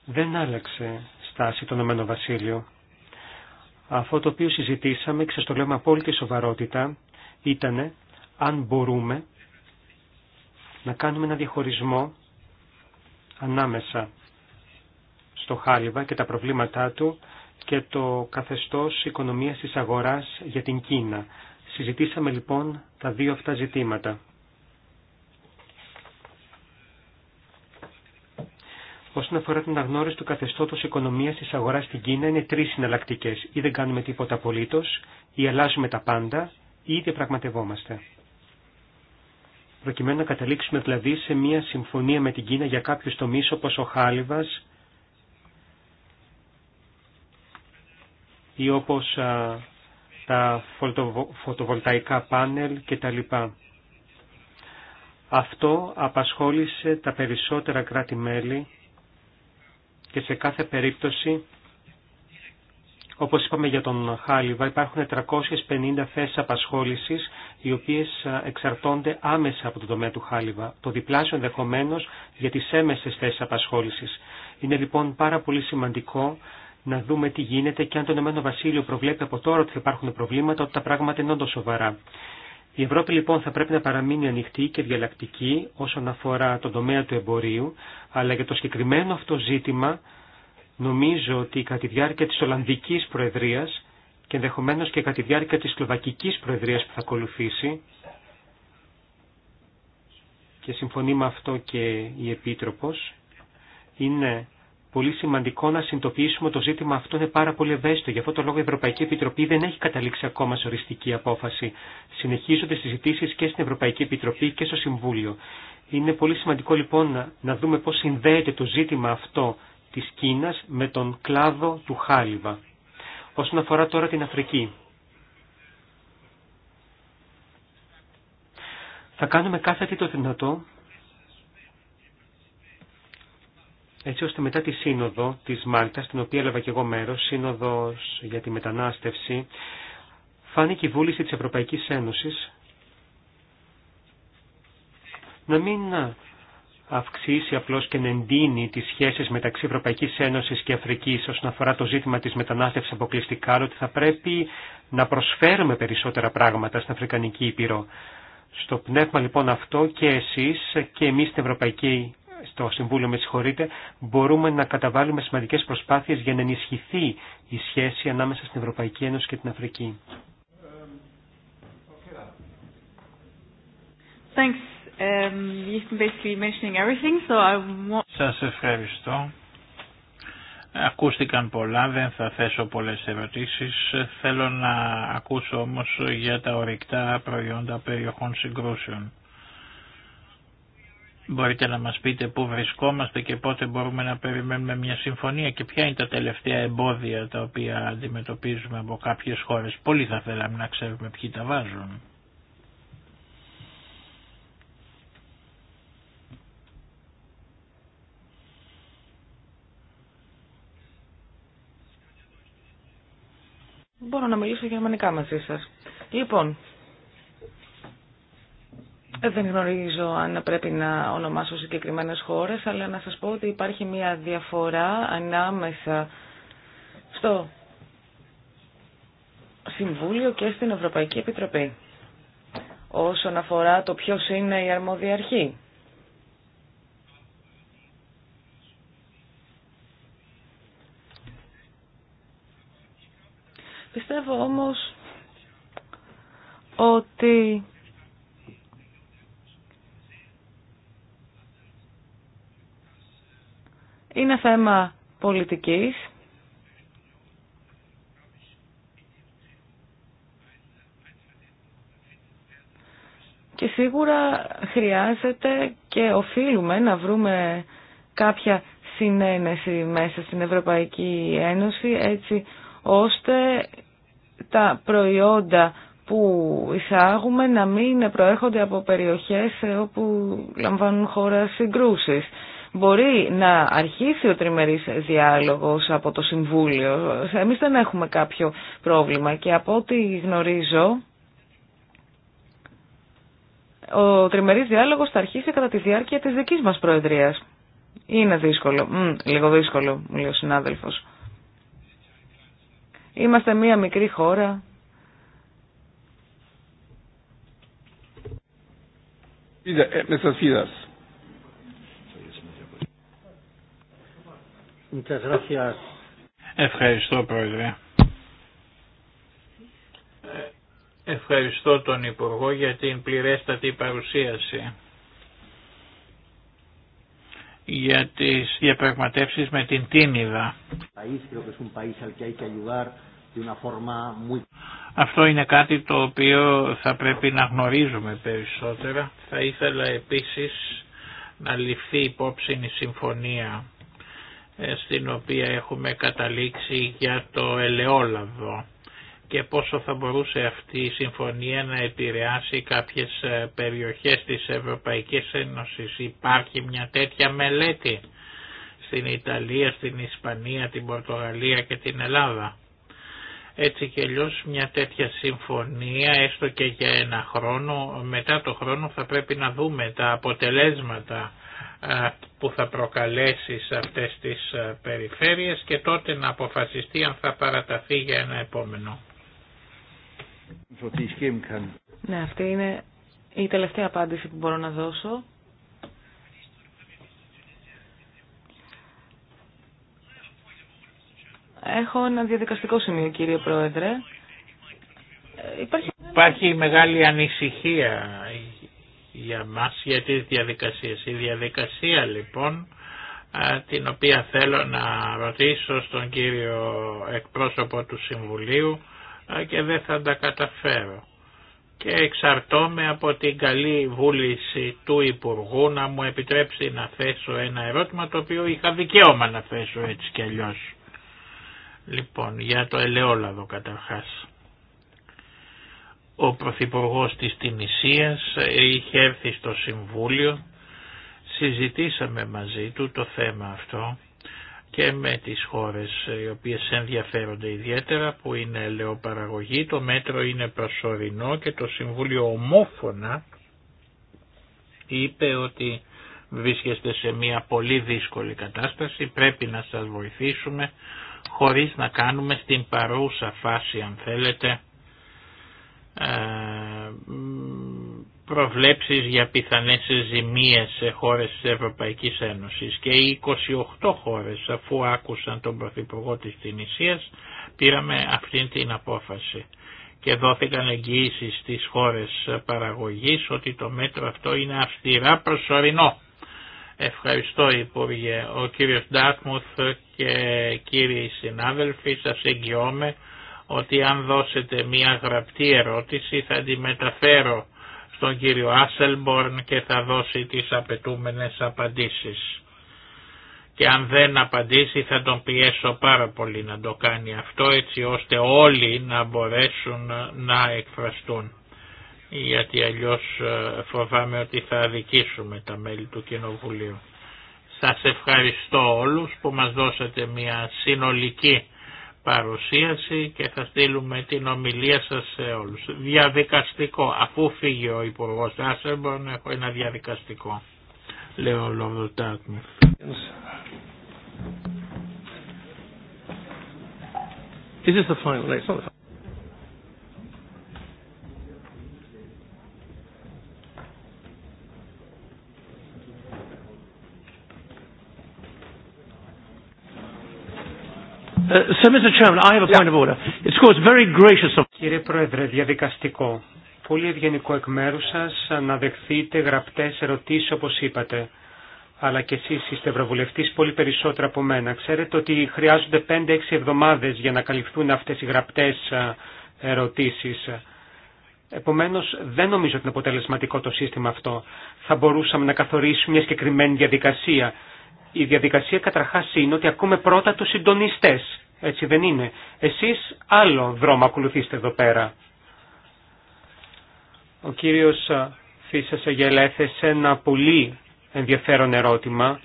δεν άλλαξε στάση το Ηνωμένο Βασίλειο. Αυτό το οποίο συζητήσαμε, και το λέω με απόλυτη σοβαρότητα, ήταν αν μπορούμε να κάνουμε ένα διαχωρισμό ανάμεσα στο χάλιβα και τα προβλήματά του και το καθεστώς οικονομίας της αγοράς για την Κίνα. Συζητήσαμε λοιπόν τα δύο αυτά ζητήματα. Όσον αφορά την αγνώριση του καθεστώτο οικονομία τη αγορά στην Κίνα, είναι τρει συναλλακτικέ. Ή δεν κάνουμε τίποτα απολύτω, ή αλλάζουμε τα πάντα, ή διαπραγματευόμαστε. Προκειμένου να καταλήξουμε δηλαδή σε μια συμφωνία με την Κίνα για κάποιου τομεί όπω ο Χάλιβα ή όπω τα φωτοβολταϊκά πάνελ κτλ. Αυτό απασχόλησε τα περισσότερα κράτη-μέλη και σε κάθε περίπτωση, όπως είπαμε για τον Χάλιβα, υπάρχουν 350 θέσεις απασχόλησης οι οποίες εξαρτώνται άμεσα από το τομέα του Χάλιβα, το διπλάσιο ενδεχομένω για τις έμεσες θέσεις απασχόλησης. Είναι λοιπόν πάρα πολύ σημαντικό να δούμε τι γίνεται και αν το Ηνωμένο Βασίλειο προβλέπει από τώρα ότι θα υπάρχουν προβλήματα, ότι τα πράγματα είναι όντω σοβαρά. Η Ευρώπη λοιπόν θα πρέπει να παραμείνει ανοιχτή και διαλλακτική όσον αφορά τον τομέα του εμπορίου, αλλά για το συγκεκριμένο αυτό ζήτημα νομίζω ότι κατά τη διάρκεια της Ολλανδικής Προεδρίας και ενδεχομένως και κατά τη διάρκεια της Σλοβακικής Προεδρίας που θα ακολουθήσει και συμφωνεί με αυτό και η Επίτροπος είναι πολύ σημαντικό να συνειδητοποιήσουμε το ζήτημα αυτό είναι πάρα πολύ ευαίσθητο. Γι' αυτό το λόγο η Ευρωπαϊκή Επιτροπή δεν έχει καταλήξει ακόμα σε οριστική απόφαση. Συνεχίζονται συζητήσει και στην Ευρωπαϊκή Επιτροπή και στο Συμβούλιο. Είναι πολύ σημαντικό λοιπόν να, να δούμε πώ συνδέεται το ζήτημα αυτό τη Κίνα με τον κλάδο του Χάλιβα. Όσον αφορά τώρα την Αφρική. Θα κάνουμε κάθε τι το δυνατό έτσι ώστε μετά τη σύνοδο της Μάλτας, στην οποία έλαβα και εγώ μέρος, σύνοδος για τη μετανάστευση, φάνηκε η βούληση της Ευρωπαϊκής Ένωσης να μην αυξήσει απλώς και να εντείνει τις σχέσεις μεταξύ Ευρωπαϊκής Ένωσης και Αφρικής όσον αφορά το ζήτημα της μετανάστευσης αποκλειστικά, ότι θα πρέπει να προσφέρουμε περισσότερα πράγματα στην Αφρικανική Ήπειρο. Στο πνεύμα λοιπόν αυτό και εσείς και εμείς στην Ευρωπαϊκή στο Συμβούλιο, με συγχωρείτε, μπορούμε να καταβάλουμε σημαντικές προσπάθειες για να ενισχυθεί η σχέση ανάμεσα στην Ευρωπαϊκή Ένωση και την Αφρική. Σα um, Σας ευχαριστώ. Ακούστηκαν πολλά, δεν θα θέσω πολλές ερωτήσεις. Θέλω να ακούσω όμως για τα ορυκτά προϊόντα περιοχών συγκρούσεων. Μπορείτε να μας πείτε πού βρισκόμαστε και πότε μπορούμε να περιμένουμε μια συμφωνία και ποια είναι τα τελευταία εμπόδια τα οποία αντιμετωπίζουμε από κάποιες χώρες. Πολύ θα θέλαμε να ξέρουμε ποιοι τα βάζουν. Μπορώ να μιλήσω γερμανικά μαζί σας. Λοιπόν, δεν γνωρίζω αν πρέπει να ονομάσω συγκεκριμένες χώρες, αλλά να σας πω ότι υπάρχει μια διαφορά ανάμεσα στο Συμβούλιο και στην Ευρωπαϊκή Επιτροπή όσον αφορά το ποιος είναι η αρμόδια αρχή. Πιστεύω όμως ότι Είναι θέμα πολιτικής. Και σίγουρα χρειάζεται και οφείλουμε να βρούμε κάποια συνένεση μέσα στην Ευρωπαϊκή Ένωση έτσι ώστε τα προϊόντα που εισάγουμε να μην προέρχονται από περιοχές όπου λαμβάνουν χώρα συγκρούσεις μπορεί να αρχίσει ο τριμερής διάλογος από το Συμβούλιο. Εμείς δεν έχουμε κάποιο πρόβλημα και από ό,τι γνωρίζω ο τριμερής διάλογος θα αρχίσει κατά τη διάρκεια της δικής μας προεδρίας. Είναι δύσκολο. Μ, λίγο δύσκολο, μου λέει ο συνάδελφος. Είμαστε μία μικρή χώρα. Ε, Ευχαριστώ Πρόεδρε. Ευχαριστώ τον Υπουργό για την πληρέστατη παρουσίαση για τις διαπραγματεύσεις με την Τίνιδα. Αυτό είναι κάτι το οποίο θα πρέπει να γνωρίζουμε περισσότερα. Θα ήθελα επίσης να ληφθεί υπόψη η συμφωνία ε, στην οποία έχουμε καταλήξει για το ελαιόλαδο και πόσο θα μπορούσε αυτή η συμφωνία να επηρεάσει κάποιες ε, περιοχές της Ευρωπαϊκής Ένωσης. Υπάρχει μια τέτοια μελέτη στην Ιταλία, στην Ισπανία, την Πορτογαλία και την Ελλάδα. Έτσι και αλλιώ μια τέτοια συμφωνία, έστω και για ένα χρόνο, μετά το χρόνο θα πρέπει να δούμε τα αποτελέσματα που θα προκαλέσει σε αυτές τις περιφέρειες και τότε να αποφασιστεί αν θα παραταθεί για ένα επόμενο. Ναι, αυτή είναι η τελευταία απάντηση που μπορώ να δώσω. Έχω ένα διαδικαστικό σημείο, κύριε Πρόεδρε. Υπάρχει... Υπάρχει μεγάλη ανησυχία για μας για τις διαδικασίες. Η διαδικασία λοιπόν την οποία θέλω να ρωτήσω στον κύριο εκπρόσωπο του Συμβουλίου και δεν θα τα καταφέρω. Και εξαρτώμαι από την καλή βούληση του Υπουργού να μου επιτρέψει να θέσω ένα ερώτημα το οποίο είχα δικαίωμα να θέσω έτσι κι αλλιώς. Λοιπόν, για το ελαιόλαδο καταρχάς. Ο Πρωθυπουργό της Τινησίας είχε έρθει στο Συμβούλιο, συζητήσαμε μαζί του το θέμα αυτό και με τις χώρες οι οποίες ενδιαφέρονται ιδιαίτερα που είναι ελαιοπαραγωγή, το μέτρο είναι προσωρινό και το Συμβούλιο ομόφωνα είπε ότι βρίσκεστε σε μια πολύ δύσκολη κατάσταση, πρέπει να σας βοηθήσουμε χωρίς να κάνουμε στην παρούσα φάση αν θέλετε ε, προβλέψεις για πιθανές ζημίες σε χώρες της Ευρωπαϊκής Ένωσης και οι 28 χώρες αφού άκουσαν τον Πρωθυπουργό της Τινησίας πήραμε αυτή την απόφαση και δόθηκαν εγγυήσεις στις χώρες παραγωγής ότι το μέτρο αυτό είναι αυστηρά προσωρινό. Ευχαριστώ Υπουργέ, ο κύριος Ντάτμουθ και κύριοι συνάδελφοι σας εγγυώμαι ότι αν δώσετε μία γραπτή ερώτηση θα τη μεταφέρω στον κύριο Άσελμπορν και θα δώσει τις απαιτούμενες απαντήσεις. Και αν δεν απαντήσει θα τον πιέσω πάρα πολύ να το κάνει αυτό έτσι ώστε όλοι να μπορέσουν να εκφραστούν. Γιατί αλλιώς ε, φοβάμαι ότι θα αδικήσουμε τα μέλη του Κοινοβουλίου. Σας ευχαριστώ όλους που μας δώσατε μια συνολική παρουσίαση και θα στείλουμε την ομιλία σας σε όλους. Διαδικαστικό, αφού φύγει ο Υπουργός Άσεμπον, έχω ένα διαδικαστικό, λέω Λοβδοτάκμου. Is this the final? it's not Κύριε Πρόεδρε, διαδικαστικό. Πολύ ευγενικό εκ μέρου σα να δεχθείτε γραπτέ ερωτήσει όπω είπατε. Αλλά και εσεί είστε ευρωβουλευτή πολύ περισσότερο από μένα. Ξέρετε ότι χρειάζονται 5-6 εβδομάδε για να καλυφθούν αυτέ οι γραπτέ ερωτήσει. Επομένω, δεν νομίζω ότι είναι αποτελεσματικό το σύστημα αυτό. Θα μπορούσαμε να καθορίσουμε μια συγκεκριμένη διαδικασία. Η διαδικασία καταρχά είναι ότι ακούμε πρώτα του συντονιστέ. Έτσι δεν είναι. Εσείς άλλο δρόμο ακολουθήστε εδώ πέρα. Ο κύριος Φίσας Αγέλα έθεσε ένα πολύ ενδιαφέρον ερώτημα,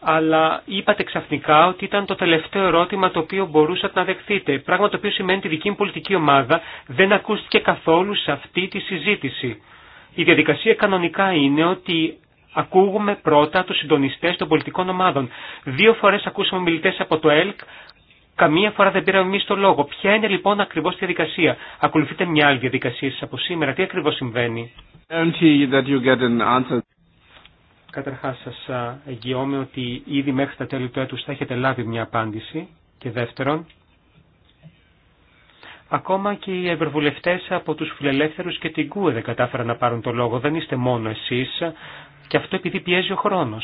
αλλά είπατε ξαφνικά ότι ήταν το τελευταίο ερώτημα το οποίο μπορούσατε να δεχθείτε, πράγμα το οποίο σημαίνει ότι η δική μου πολιτική ομάδα δεν ακούστηκε καθόλου σε αυτή τη συζήτηση. Η διαδικασία κανονικά είναι ότι Ακούγουμε πρώτα τους συντονιστές των πολιτικών ομάδων. Δύο φορές ακούσαμε μιλητέ από το ΕΛΚ, Καμία φορά δεν πήραμε εμεί το λόγο. Ποια είναι λοιπόν ακριβώ τη διαδικασία. Ακολουθείτε μια άλλη διαδικασία σα από σήμερα. Τι ακριβώ συμβαίνει. Καταρχά σα εγγυώμαι ότι ήδη μέχρι τα τέλη του έτου θα έχετε λάβει μια απάντηση. Και δεύτερον, ακόμα και οι ευρωβουλευτέ από του φιλελεύθερου και την ΚΟΕ δεν κατάφεραν να πάρουν το λόγο. Δεν είστε μόνο εσεί. Και αυτό επειδή πιέζει ο χρόνο.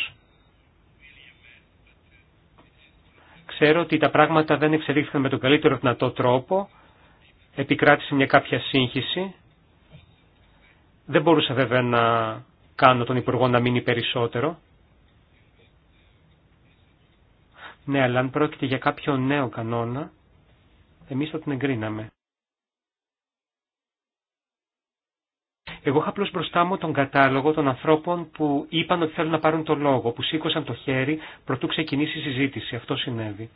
Ξέρω ότι τα πράγματα δεν εξελίχθηκαν με τον καλύτερο δυνατό τρόπο. Επικράτησε μια κάποια σύγχυση. Δεν μπορούσα βέβαια να κάνω τον Υπουργό να μείνει περισσότερο. Ναι, αλλά αν πρόκειται για κάποιο νέο κανόνα, εμείς θα την εγκρίναμε. Εγώ είχα απλώ μπροστά μου τον κατάλογο των ανθρώπων που είπαν ότι θέλουν να πάρουν το λόγο, που σήκωσαν το χέρι προτού ξεκινήσει η συζήτηση. Αυτό συνέβη.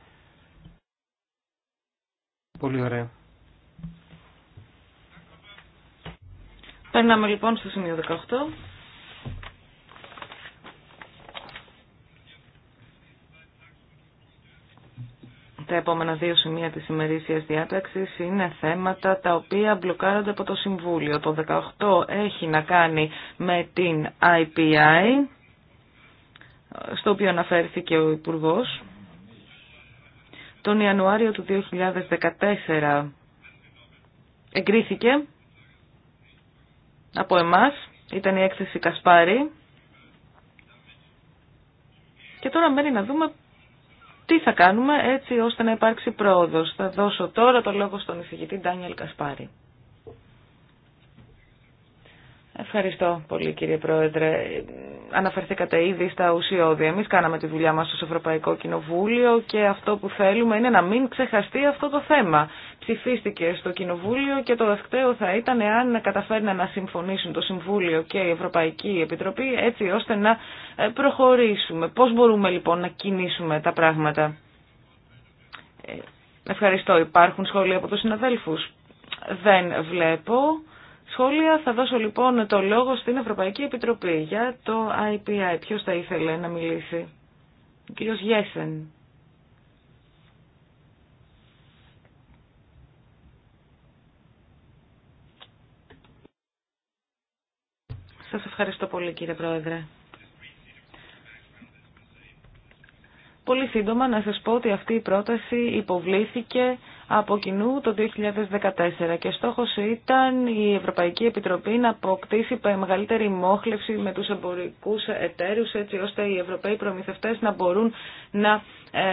Πολύ ωραία. Περνάμε λοιπόν στο σημείο 18. Τα επόμενα δύο σημεία της ημερήσιας διάταξης είναι θέματα τα οποία μπλοκάρονται από το Συμβούλιο. Το 18 έχει να κάνει με την IPI, στο οποίο αναφέρθηκε ο Υπουργός. Τον Ιανουάριο του 2014 εγκρίθηκε από εμάς, ήταν η έκθεση Κασπάρη. Και τώρα μένει να δούμε τι θα κάνουμε έτσι ώστε να υπάρξει πρόοδος. Θα δώσω τώρα το λόγο στον εισηγητή Ντάνιελ Κασπάρη. Ευχαριστώ πολύ κύριε Πρόεδρε. Αναφερθήκατε ήδη στα ουσιώδη. Εμείς κάναμε τη δουλειά μας στο Ευρωπαϊκό Κοινοβούλιο και αυτό που θέλουμε είναι να μην ξεχαστεί αυτό το θέμα. Ψηφίστηκε στο Κοινοβούλιο και το ευκταίο θα ήταν εάν καταφέρνα να συμφωνήσουν το Συμβούλιο και η Ευρωπαϊκή Επιτροπή έτσι ώστε να ε, προχωρήσουμε. Πώς μπορούμε λοιπόν να κινήσουμε τα πράγματα. Ε, ευχαριστώ. Υπάρχουν σχόλια από τους συναδέλφους. Δεν βλέπω σχόλια. Θα δώσω λοιπόν το λόγο στην Ευρωπαϊκή Επιτροπή για το IPI. Ποιος θα ήθελε να μιλήσει. Ο κύριος Γέσεν. Σας ευχαριστώ πολύ κύριε Πρόεδρε. Πολύ σύντομα να σας πω ότι αυτή η πρόταση υποβλήθηκε από κοινού το 2014 και στόχος ήταν η Ευρωπαϊκή Επιτροπή να αποκτήσει μεγαλύτερη μόχλευση με τους εμπορικούς εταίρους έτσι ώστε οι Ευρωπαίοι προμηθευτές να μπορούν να ε,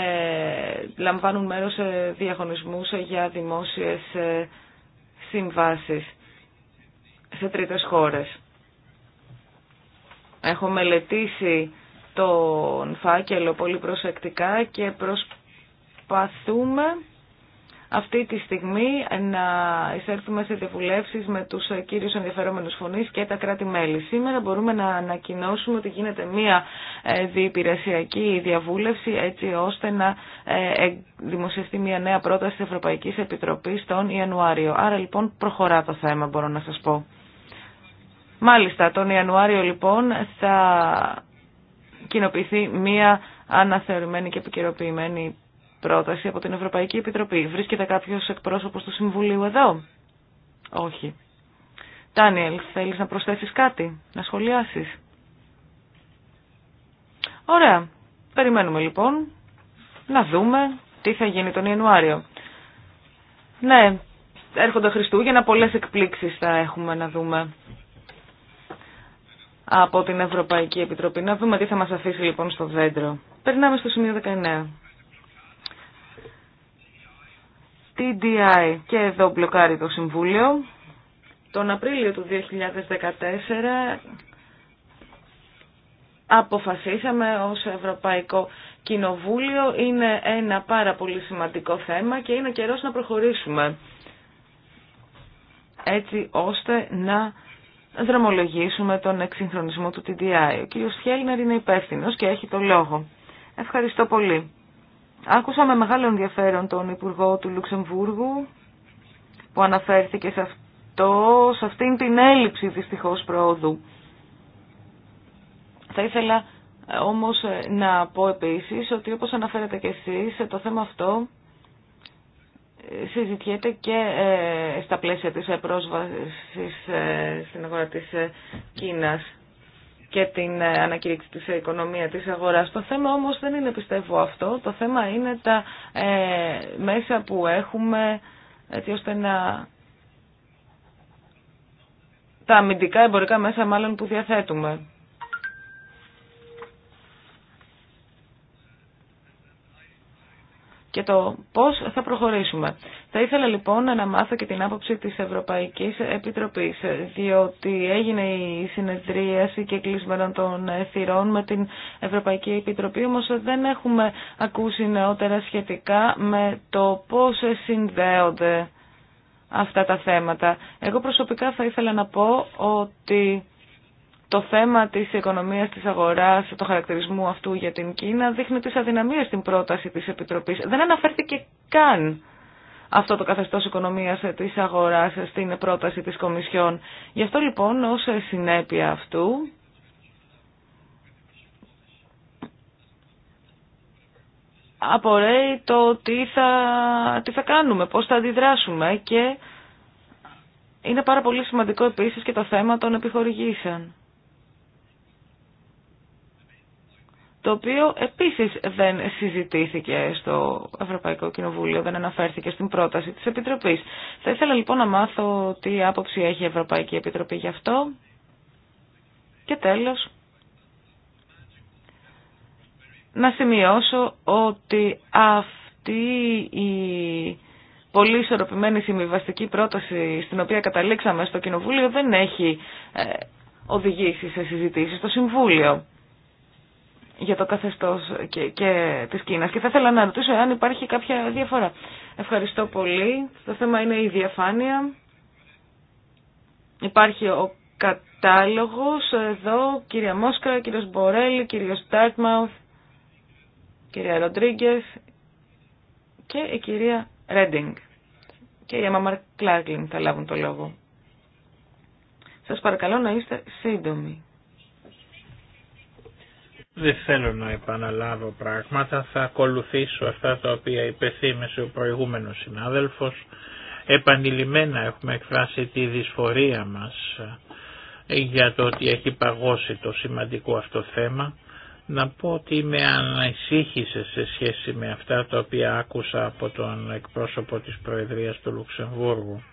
λαμβάνουν μέρος σε διαγωνισμούς για δημόσιες ε, συμβάσεις σε τρίτες χώρες. Έχω μελετήσει τον φάκελο πολύ προσεκτικά και προσπαθούμε αυτή τη στιγμή να εισέλθουμε σε διαβουλεύσεις με τους κύριους ενδιαφερόμενους φωνείς και τα κράτη-μέλη. Σήμερα μπορούμε να ανακοινώσουμε ότι γίνεται μία ε, διυπηρεσιακή διαβούλευση έτσι ώστε να ε, ε, δημοσιευτεί μία νέα πρόταση της Ευρωπαϊκής Επιτροπής τον Ιανουάριο. Άρα λοιπόν προχωρά το θέμα μπορώ να σας πω. Μάλιστα, τον Ιανουάριο λοιπόν θα κοινοποιηθεί μία αναθεωρημένη και επικαιροποιημένη πρόταση από την Ευρωπαϊκή Επιτροπή. Βρίσκεται κάποιος εκπρόσωπος του Συμβουλίου εδώ. Όχι. Τάνιελ, θέλει να προσθέσεις κάτι, να σχολιάσεις. Ωραία. Περιμένουμε λοιπόν να δούμε τι θα γίνει τον Ιανουάριο. Ναι, έρχονται Χριστούγεννα, πολλές εκπλήξεις θα έχουμε να δούμε από την Ευρωπαϊκή Επιτροπή. Να δούμε τι θα μας αφήσει λοιπόν στο δέντρο. Περνάμε στο σημείο 19. TDI και εδώ μπλοκάρει το Συμβούλιο. Τον Απρίλιο του 2014 αποφασίσαμε ως Ευρωπαϊκό Κοινοβούλιο. Είναι ένα πάρα πολύ σημαντικό θέμα και είναι καιρός να προχωρήσουμε έτσι ώστε να δρομολογήσουμε τον εξυγχρονισμό του TDI. Ο κ. Χέλνερ είναι υπεύθυνο και έχει το λόγο. Ευχαριστώ πολύ. Άκουσα με μεγάλο ενδιαφέρον τον Υπουργό του Λουξεμβούργου που αναφέρθηκε σε αυτό, σε αυτήν την έλλειψη δυστυχώς πρόοδου. Θα ήθελα ε, όμως ε, να πω επίσης ότι όπως αναφέρετε και εσείς ε, το θέμα αυτό συζητιέται και στα πλαίσια της πρόσβασης στην αγορά της Κίνας και την ε, ανακήρυξη της οικονομία της αγοράς. Το θέμα όμως δεν είναι πιστεύω αυτό, το θέμα είναι τα ε, μέσα που έχουμε έτσι ώστε να... τα αμυντικά εμπορικά μέσα μάλλον που διαθέτουμε. και το πώς θα προχωρήσουμε. Θα ήθελα λοιπόν να μάθω και την άποψη της Ευρωπαϊκής Επιτροπής, διότι έγινε η συνεδρίαση και κλεισμένων των θυρών με την Ευρωπαϊκή Επιτροπή, όμως δεν έχουμε ακούσει νεότερα σχετικά με το πώς συνδέονται αυτά τα θέματα. Εγώ προσωπικά θα ήθελα να πω ότι το θέμα της οικονομίας της αγοράς, το χαρακτηρισμού αυτού για την Κίνα, δείχνει τις αδυναμίες στην πρόταση της Επιτροπής. Δεν αναφέρθηκε καν αυτό το καθεστώς οικονομίας της αγοράς στην πρόταση της Κομισιόν. Γι' αυτό λοιπόν ως συνέπεια αυτού απορρέει το τι θα, τι θα κάνουμε, πώς θα αντιδράσουμε και είναι πάρα πολύ σημαντικό επίσης και το θέμα των επιχορηγήσεων. το οποίο επίσης δεν συζητήθηκε στο Ευρωπαϊκό Κοινοβούλιο, δεν αναφέρθηκε στην πρόταση της Επιτροπής. Θα ήθελα λοιπόν να μάθω τι άποψη έχει η Ευρωπαϊκή Επιτροπή γι' αυτό. Και τέλος, να σημειώσω ότι αυτή η πολύ ισορροπημένη συμβιβαστική πρόταση στην οποία καταλήξαμε στο Κοινοβούλιο δεν έχει ε, οδηγήσει σε συζητήσεις στο Συμβούλιο για το καθεστώ και, και της Κίνας. Και θα ήθελα να ρωτήσω αν υπάρχει κάποια διαφορά. Ευχαριστώ πολύ. Το θέμα είναι η διαφάνεια. Υπάρχει ο κατάλογος εδώ, κυρία Μόσκα, κύριο Μπορέλη, κύριο Τάρτμαουθ, κυρία Ροντρίγκεφ και η κυρία Ρέντινγκ. Και η Αμαμαρ Κλάγκλιν θα λάβουν το λόγο. Σας παρακαλώ να είστε σύντομοι. Δεν θέλω να επαναλάβω πράγματα, θα ακολουθήσω αυτά τα οποία υπεθύμησε ο προηγούμενος συνάδελφος. Επανειλημμένα έχουμε εκφράσει τη δυσφορία μας ε, για το ότι έχει παγώσει το σημαντικό αυτό θέμα. Να πω ότι με ανασύχησε σε σχέση με αυτά τα οποία άκουσα από τον εκπρόσωπο της Προεδρίας του Λουξεμβούργου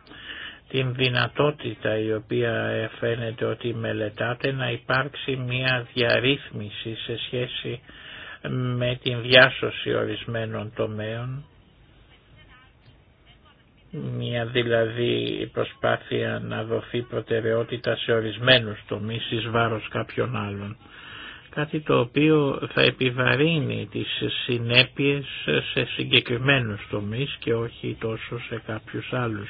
την δυνατότητα η οποία φαίνεται ότι μελετάτε να υπάρξει μια διαρρύθμιση σε σχέση με την διάσωση ορισμένων τομέων, μια δηλαδή προσπάθεια να δοθεί προτεραιότητα σε ορισμένους τομείς εις βάρος κάποιων άλλων. Κάτι το οποίο θα επιβαρύνει τις συνέπειες σε συγκεκριμένους τομείς και όχι τόσο σε κάποιους άλλους.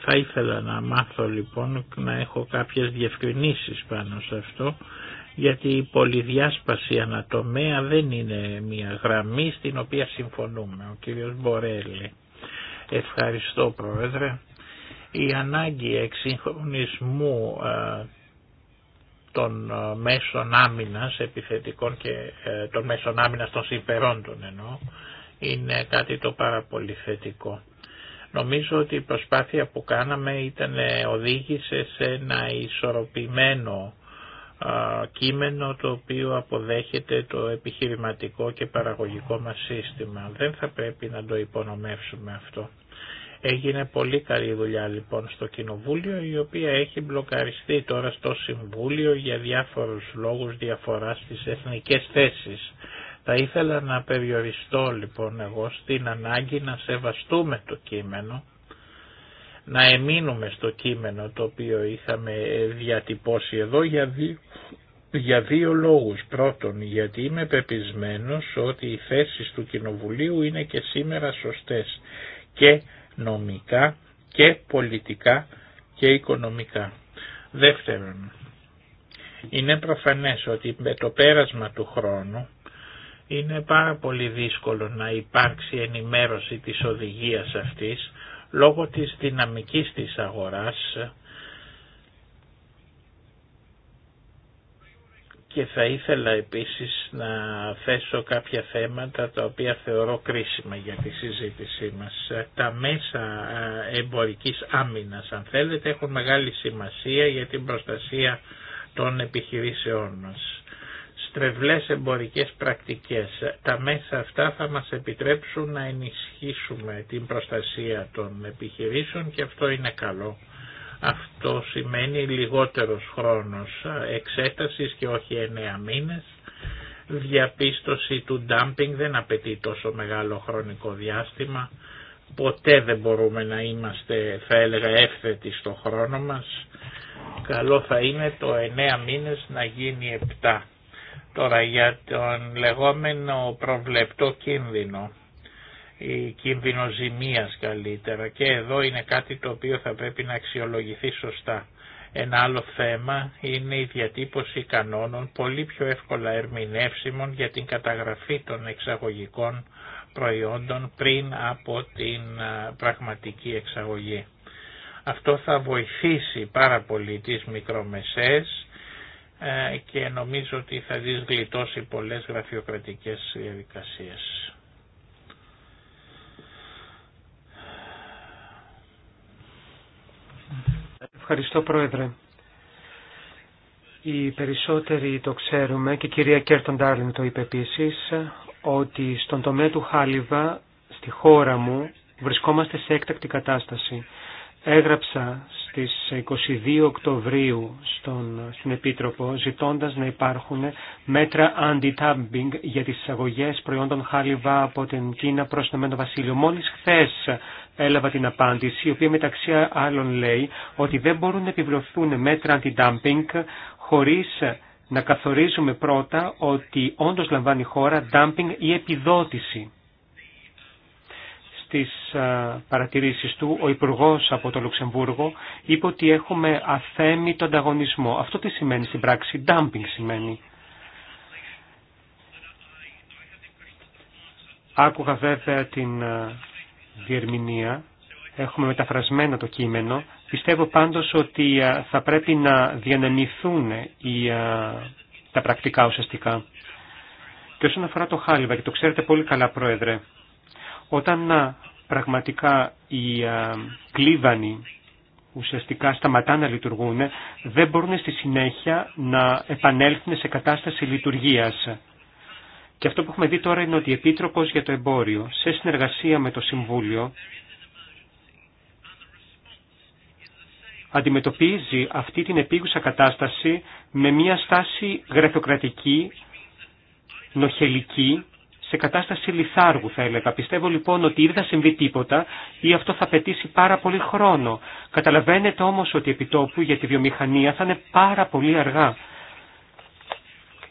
Θα ήθελα να μάθω λοιπόν να έχω κάποιες διευκρινήσεις πάνω σε αυτό γιατί η πολυδιάσπαση ανατομέα δεν είναι μια γραμμή στην οποία συμφωνούμε. Ο κύριος Μπορέλη. Ευχαριστώ Πρόεδρε. Η ανάγκη εξυγχρονισμού των μέσων άμυνας επιθετικών και ε, των μέσων άμυνας των συμπερόντων εννοώ είναι κάτι το πάρα πολύ θετικό. Νομίζω ότι η προσπάθεια που κάναμε ήταν ε, οδήγησε σε ένα ισορροπημένο κείμενο το οποίο αποδέχεται το επιχειρηματικό και παραγωγικό μας σύστημα. Δεν θα πρέπει να το υπονομεύσουμε αυτό. Έγινε πολύ καλή δουλειά λοιπόν στο Κοινοβούλιο η οποία έχει μπλοκαριστεί τώρα στο Συμβούλιο για διάφορους λόγους διαφοράς στις εθνικές θέσεις. Θα ήθελα να περιοριστώ λοιπόν εγώ στην ανάγκη να σεβαστούμε το κείμενο, να εμείνουμε στο κείμενο το οποίο είχαμε διατυπώσει εδώ για δύο, για δύο λόγους. Πρώτον, γιατί είμαι πεπισμένος ότι οι θέσεις του Κοινοβουλίου είναι και σήμερα σωστές και νομικά και πολιτικά και οικονομικά. Δεύτερον, είναι προφανές ότι με το πέρασμα του χρόνου είναι πάρα πολύ δύσκολο να υπάρξει ενημέρωση της οδηγίας αυτής λόγω της δυναμικής της αγοράς και θα ήθελα επίσης να θέσω κάποια θέματα τα οποία θεωρώ κρίσιμα για τη συζήτησή μας. Τα μέσα ε, εμπορικής άμυνας αν θέλετε έχουν μεγάλη σημασία για την προστασία των επιχειρήσεών μας στρεβλές εμπορικές πρακτικές. Τα μέσα αυτά θα μας επιτρέψουν να ενισχύσουμε την προστασία των επιχειρήσεων και αυτό είναι καλό. Αυτό σημαίνει λιγότερος χρόνος εξέτασης και όχι εννέα μήνες. Διαπίστωση του ντάμπινγκ δεν απαιτεί τόσο μεγάλο χρονικό διάστημα. Ποτέ δεν μπορούμε να είμαστε, θα έλεγα, εύθετοι στο χρόνο μας. Καλό θα είναι το εννέα μήνες να γίνει επτά Τώρα για τον λεγόμενο προβλεπτό κίνδυνο ή κίνδυνο ζημίας καλύτερα και εδώ είναι κάτι το οποίο θα πρέπει να αξιολογηθεί σωστά. Ένα άλλο θέμα είναι η διατύπωση κανόνων πολύ πιο εύκολα ερμηνεύσιμων για την καταγραφή των εξαγωγικών προϊόντων πριν από την πραγματική εξαγωγή. Αυτό θα βοηθήσει πάρα πολύ τις μικρομεσές ε, και νομίζω ότι θα δεις γλιτώσει πολλές γραφειοκρατικές διαδικασίες. Ευχαριστώ Πρόεδρε. Οι περισσότεροι το ξέρουμε και η κυρία Κέρτον Ντάρλινγκ το είπε επίση ότι στον τομέα του Χάλιβα στη χώρα μου βρισκόμαστε σε έκτακτη κατάσταση. Έγραψα στις 22 Οκτωβρίου στον, στην Επίτροπο ζητώντας να υπάρχουν μέτρα για τις εισαγωγές προϊόντων χάλιβα από την Κίνα προς το Μέντο Βασίλειο. Μόλις χθες έλαβα την απάντηση, η οποία μεταξύ άλλων λέει ότι δεν μπορούν να επιβληθούν μέτρα αντι-dumping χωρίς να καθορίζουμε πρώτα ότι όντως λαμβάνει η χώρα dumping ή επιδότηση στις παρατηρήσεις του, ο Υπουργός από το Λουξεμβούργο είπε ότι έχουμε αθέμητο ανταγωνισμό. Αυτό τι σημαίνει στην πράξη, dumping σημαίνει. Άκουγα βέβαια την διερμηνία, έχουμε μεταφρασμένο το κείμενο. Πιστεύω πάντως ότι θα πρέπει να διανεμηθούν τα πρακτικά ουσιαστικά. Και όσον αφορά το Χάλιβα, και το ξέρετε πολύ καλά πρόεδρε, όταν πραγματικά οι κλίβανοι ουσιαστικά σταματά να λειτουργούν, δεν μπορούν στη συνέχεια να επανέλθουν σε κατάσταση λειτουργίας. Και αυτό που έχουμε δει τώρα είναι ότι η Επίτροπος για το Εμπόριο, σε συνεργασία με το Συμβούλιο, αντιμετωπίζει αυτή την επίγουσα κατάσταση με μια στάση γραφειοκρατική, νοχελική, σε κατάσταση λιθάργου θα έλεγα. Πιστεύω λοιπόν ότι ή θα συμβεί τίποτα ή αυτό θα πετήσει πάρα πολύ χρόνο. Καταλαβαίνετε όμως ότι επιτόπου για τη βιομηχανία θα είναι πάρα πολύ αργά.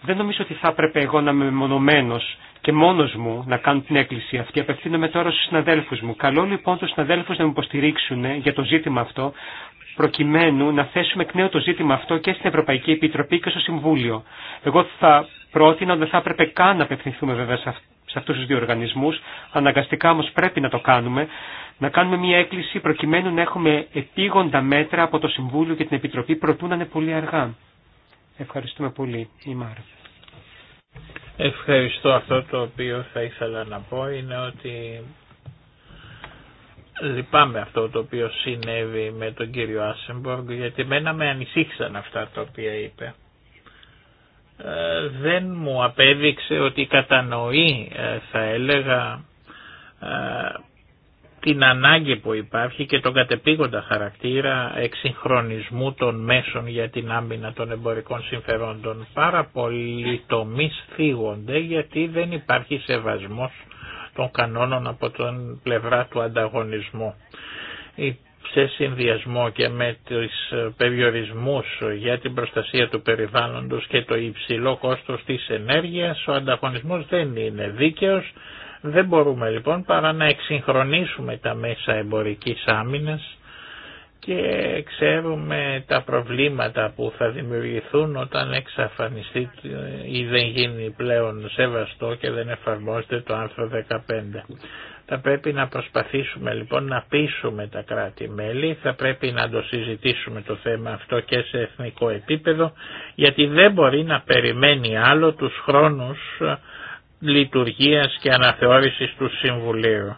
Δεν νομίζω ότι θα έπρεπε εγώ να είμαι μονομένο και μόνος μου να κάνω την έκκληση αυτή. Απευθύνομαι τώρα στους συναδέλφους μου. Καλό λοιπόν τους συναδέλφου να μου υποστηρίξουν για το ζήτημα αυτό, προκειμένου να θέσουμε εκ νέου το ζήτημα αυτό και στην Ευρωπαϊκή Επιτροπή και στο Συμβούλιο. Εγώ θα πρότεινα ότι δεν θα έπρεπε καν να απευθυνθούμε βέβαια σε αυτό σε αυτούς τους δύο οργανισμούς. Αναγκαστικά όμως πρέπει να το κάνουμε, να κάνουμε μια έκκληση προκειμένου να έχουμε επίγοντα μέτρα από το Συμβούλιο και την Επιτροπή προτού να είναι πολύ αργά. Ευχαριστούμε πολύ, Μάρα. Ευχαριστώ. Αυτό το οποίο θα ήθελα να πω είναι ότι λυπάμαι αυτό το οποίο συνέβη με τον κύριο Άσεμποργκ γιατί μένα με ανησύχησαν αυτά τα οποία είπε. Ε, δεν μου απέδειξε ότι κατανοεί ε, θα έλεγα ε, την ανάγκη που υπάρχει και τον κατεπίγοντα χαρακτήρα εξυγχρονισμού των μέσων για την άμυνα των εμπορικών συμφερόντων. Πάρα πολλοί τομεί θίγονται γιατί δεν υπάρχει σεβασμός των κανόνων από τον πλευρά του ανταγωνισμού σε συνδυασμό και με τους ε, περιορισμούς για την προστασία του περιβάλλοντος και το υψηλό κόστος της ενέργειας, ο ανταγωνισμός δεν είναι δίκαιος. Δεν μπορούμε λοιπόν παρά να εξυγχρονίσουμε τα μέσα εμπορικής άμυνας και ξέρουμε τα προβλήματα που θα δημιουργηθούν όταν εξαφανιστεί ή δεν γίνει πλέον σεβαστό και δεν εφαρμόζεται το άρθρο 15. Θα πρέπει να προσπαθήσουμε λοιπόν να πείσουμε τα κράτη-μέλη, θα πρέπει να το συζητήσουμε το θέμα αυτό και σε εθνικό επίπεδο, γιατί δεν μπορεί να περιμένει άλλο τους χρόνους ε, λειτουργίας και αναθεώρησης του Συμβουλίου.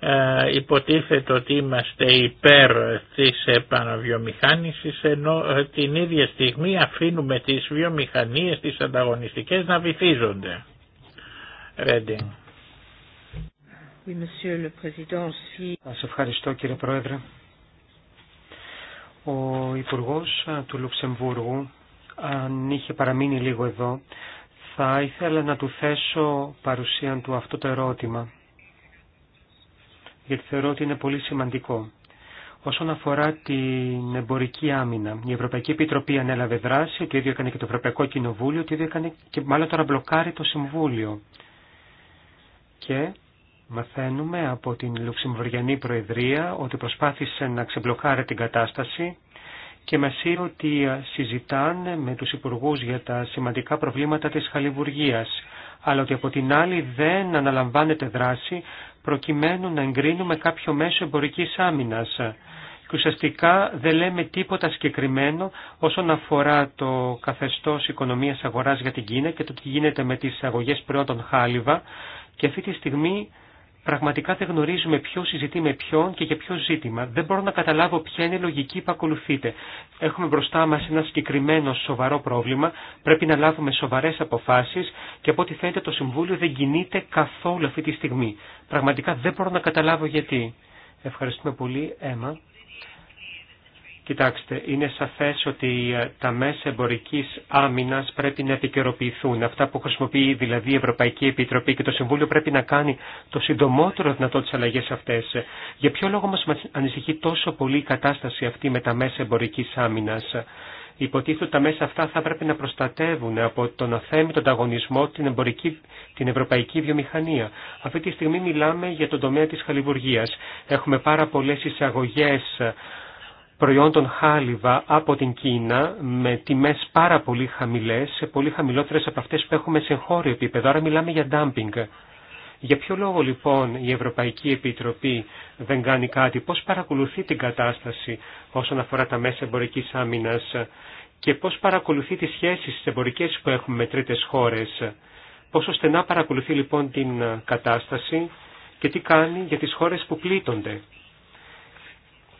Ε, υποτίθεται ότι είμαστε υπέρ της επαναβιομηχάνησης ενώ ε, την ίδια στιγμή αφήνουμε τις βιομηχανίες, τις ανταγωνιστικές να βυθίζονται. Σας ευχαριστώ κύριε Πρόεδρε. Ο Υπουργός του Λουξεμβούργου, αν είχε παραμείνει λίγο εδώ, θα ήθελα να του θέσω παρουσίαν του αυτό το ερώτημα, γιατί θεωρώ ότι είναι πολύ σημαντικό. Όσον αφορά την εμπορική άμυνα, η Ευρωπαϊκή Επιτροπή ανέλαβε δράση, το ίδιο έκανε και το Ευρωπαϊκό Κοινοβούλιο, το ίδιο έκανε και μάλλον τώρα μπλοκάρει το Συμβούλιο. Και Μαθαίνουμε από την Λουξεμβουργιανή Προεδρία ότι προσπάθησε να ξεμπλοκάρει την κατάσταση και μας είπε ότι συζητάνε με τους υπουργούς για τα σημαντικά προβλήματα της χαλιβουργίας, αλλά ότι από την άλλη δεν αναλαμβάνεται δράση προκειμένου να εγκρίνουμε κάποιο μέσο εμπορικής άμυνας. Και ουσιαστικά δεν λέμε τίποτα συγκεκριμένο όσον αφορά το καθεστώς οικονομίας αγοράς για την Κίνα και το τι γίνεται με τις αγωγές πρώτων χάλιβα και αυτή τη στιγμή Πραγματικά δεν γνωρίζουμε ποιο συζητεί με ποιον και για ποιο ζήτημα. Δεν μπορώ να καταλάβω ποια είναι η λογική που ακολουθείτε. Έχουμε μπροστά μα ένα συγκεκριμένο σοβαρό πρόβλημα. Πρέπει να λάβουμε σοβαρέ αποφάσει και από ό,τι φαίνεται το Συμβούλιο δεν κινείται καθόλου αυτή τη στιγμή. Πραγματικά δεν μπορώ να καταλάβω γιατί. Ευχαριστούμε πολύ, Έμα. Κοιτάξτε, είναι σαφές ότι ε, τα μέσα εμπορικής άμυνας πρέπει να επικαιροποιηθούν. Αυτά που χρησιμοποιεί δηλαδή η Ευρωπαϊκή Επιτροπή και το Συμβούλιο πρέπει να κάνει το συντομότερο δυνατό τις αλλαγές αυτές. Για ποιο λόγο μας ανησυχεί τόσο πολύ η κατάσταση αυτή με τα μέσα εμπορικής άμυνας. Υποτίθεται ότι τα μέσα αυτά θα πρέπει να προστατεύουν από τον αθέμητο ανταγωνισμό την, εμπορική, την ευρωπαϊκή βιομηχανία. Αυτή τη στιγμή μιλάμε για τον τομέα της χαλιβουργίας. Έχουμε πάρα πολλέ εισαγωγές προϊόντων χάλιβα από την Κίνα με τιμές πάρα πολύ χαμηλές, σε πολύ χαμηλότερες από αυτές που έχουμε σε χώριο επίπεδο. Άρα μιλάμε για dumping. Για ποιο λόγο λοιπόν η Ευρωπαϊκή Επιτροπή δεν κάνει κάτι, πώς παρακολουθεί την κατάσταση όσον αφορά τα μέσα εμπορικής άμυνας και πώς παρακολουθεί τις σχέσεις τις εμπορικές που έχουμε με τρίτες χώρες. Πόσο στενά παρακολουθεί λοιπόν την κατάσταση και τι κάνει για τις χώρες που πλήττονται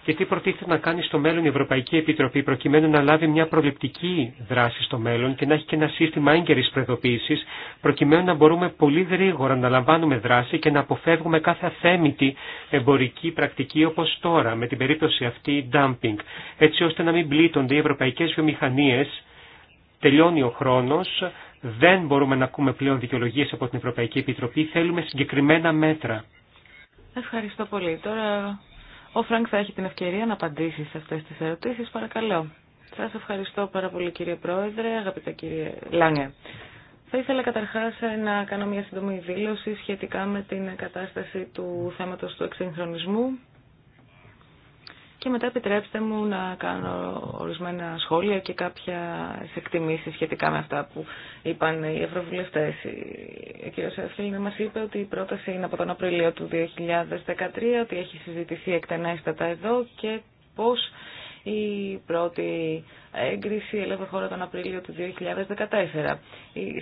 και τι προτίθεται να κάνει στο μέλλον η Ευρωπαϊκή Επιτροπή προκειμένου να λάβει μια προληπτική δράση στο μέλλον και να έχει και ένα σύστημα έγκαιρη προειδοποίηση προκειμένου να μπορούμε πολύ γρήγορα να λαμβάνουμε δράση και να αποφεύγουμε κάθε αθέμητη εμπορική πρακτική όπω τώρα με την περίπτωση αυτή dumping, έτσι ώστε να μην πλήττονται οι ευρωπαϊκέ βιομηχανίε. Τελειώνει ο χρόνο, δεν μπορούμε να ακούμε πλέον δικαιολογίε από την Ευρωπαϊκή Επιτροπή, θέλουμε συγκεκριμένα μέτρα. Ευχαριστώ πολύ. Τώρα ο Φρανκ θα έχει την ευκαιρία να απαντήσει σε αυτές τις ερωτήσεις. Παρακαλώ. Σας ευχαριστώ πάρα πολύ κύριε Πρόεδρε, αγαπητά κύριε Λάνια. Θα ήθελα καταρχάς να κάνω μια σύντομη δήλωση σχετικά με την κατάσταση του θέματος του εξυγχρονισμού και μετά επιτρέψτε μου να κάνω ορισμένα σχόλια και κάποια εκτιμήσει σχετικά με αυτά που είπαν οι ευρωβουλευτέ. Ο κ. Σεφίλνε μα είπε ότι η πρόταση είναι από τον Απριλίο του 2013, ότι έχει συζητηθεί εκτενέστατα εδώ και πώς η πρώτη έγκριση έλαβε χώρα τον Απρίλιο του 2014.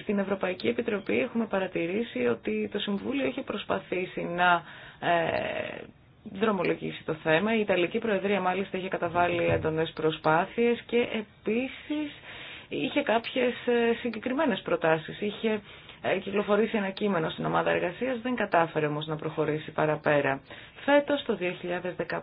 Στην Ευρωπαϊκή Επιτροπή έχουμε παρατηρήσει ότι το Συμβούλιο έχει προσπαθήσει να ε, δρομολογήσει το θέμα. Η Ιταλική Προεδρία μάλιστα είχε καταβάλει έντονες προσπάθειες και επίσης είχε κάποιες ε, συγκεκριμένες προτάσεις. Είχε ε, κυκλοφορήσει ένα κείμενο στην ομάδα εργασίας, δεν κατάφερε όμως να προχωρήσει παραπέρα. Φέτος το 2015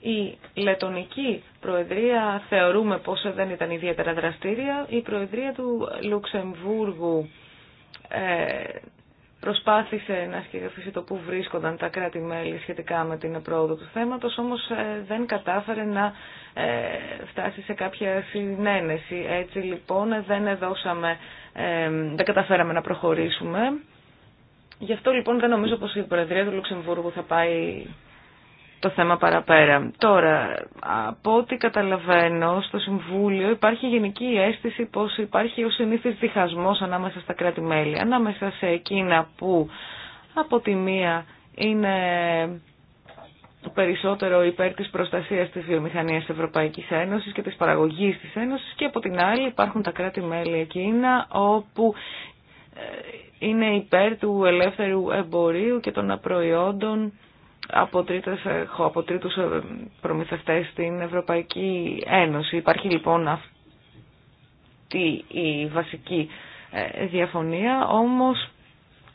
η Λετωνική Προεδρία θεωρούμε πως δεν ήταν ιδιαίτερα δραστήρια. Η Προεδρία του Λουξεμβούργου ε, προσπάθησε να σκεφτεί το που βρίσκονταν τα κράτη-μέλη σχετικά με την πρόοδο του θέματος, όμως ε, δεν κατάφερε να ε, φτάσει σε κάποια συνένεση. Έτσι λοιπόν δεν, ε, δεν καταφέραμε να προχωρήσουμε. Γι' αυτό λοιπόν δεν νομίζω πως η Προεδρία του Λουξεμβούργου θα πάει το θέμα παραπέρα. Τώρα, από ό,τι καταλαβαίνω, στο Συμβούλιο υπάρχει γενική αίσθηση πως υπάρχει ο συνήθις διχασμός ανάμεσα στα κράτη-μέλη, ανάμεσα σε εκείνα που από τη μία είναι περισσότερο υπέρ της προστασίας της βιομηχανίας της Ευρωπαϊκής Ένωσης και της παραγωγής της Ένωσης και από την άλλη υπάρχουν τα κράτη-μέλη εκείνα όπου ε, είναι υπέρ του ελεύθερου εμπορίου και των προϊόντων από, τρίτες, ε, από τρίτους ε, προμηθευτές στην Ευρωπαϊκή Ένωση. Υπάρχει λοιπόν αυτή η βασική ε, διαφωνία, όμως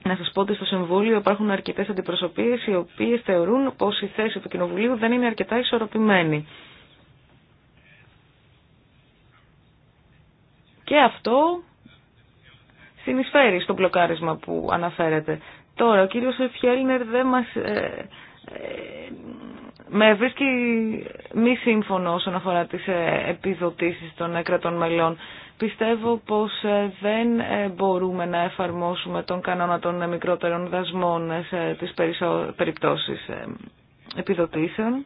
να σας πω ότι στο Συμβούλιο υπάρχουν αρκετές αντιπροσωπείες οι οποίες θεωρούν πως η θέση του Κοινοβουλίου δεν είναι αρκετά ισορροπημένη. Και αυτό συνεισφέρει στο μπλοκάρισμα που αναφέρεται. Τώρα, ο κύριος Φιέλνερ δεν μας ε, με βρίσκει μη σύμφωνο όσον αφορά τις ε, επιδοτήσεις των κρατών μελών. Πιστεύω πως ε, δεν μπορούμε να εφαρμόσουμε τον κανόνα των μικρότερων δασμών σε τις περιπτώσεις επιδοτήσεων.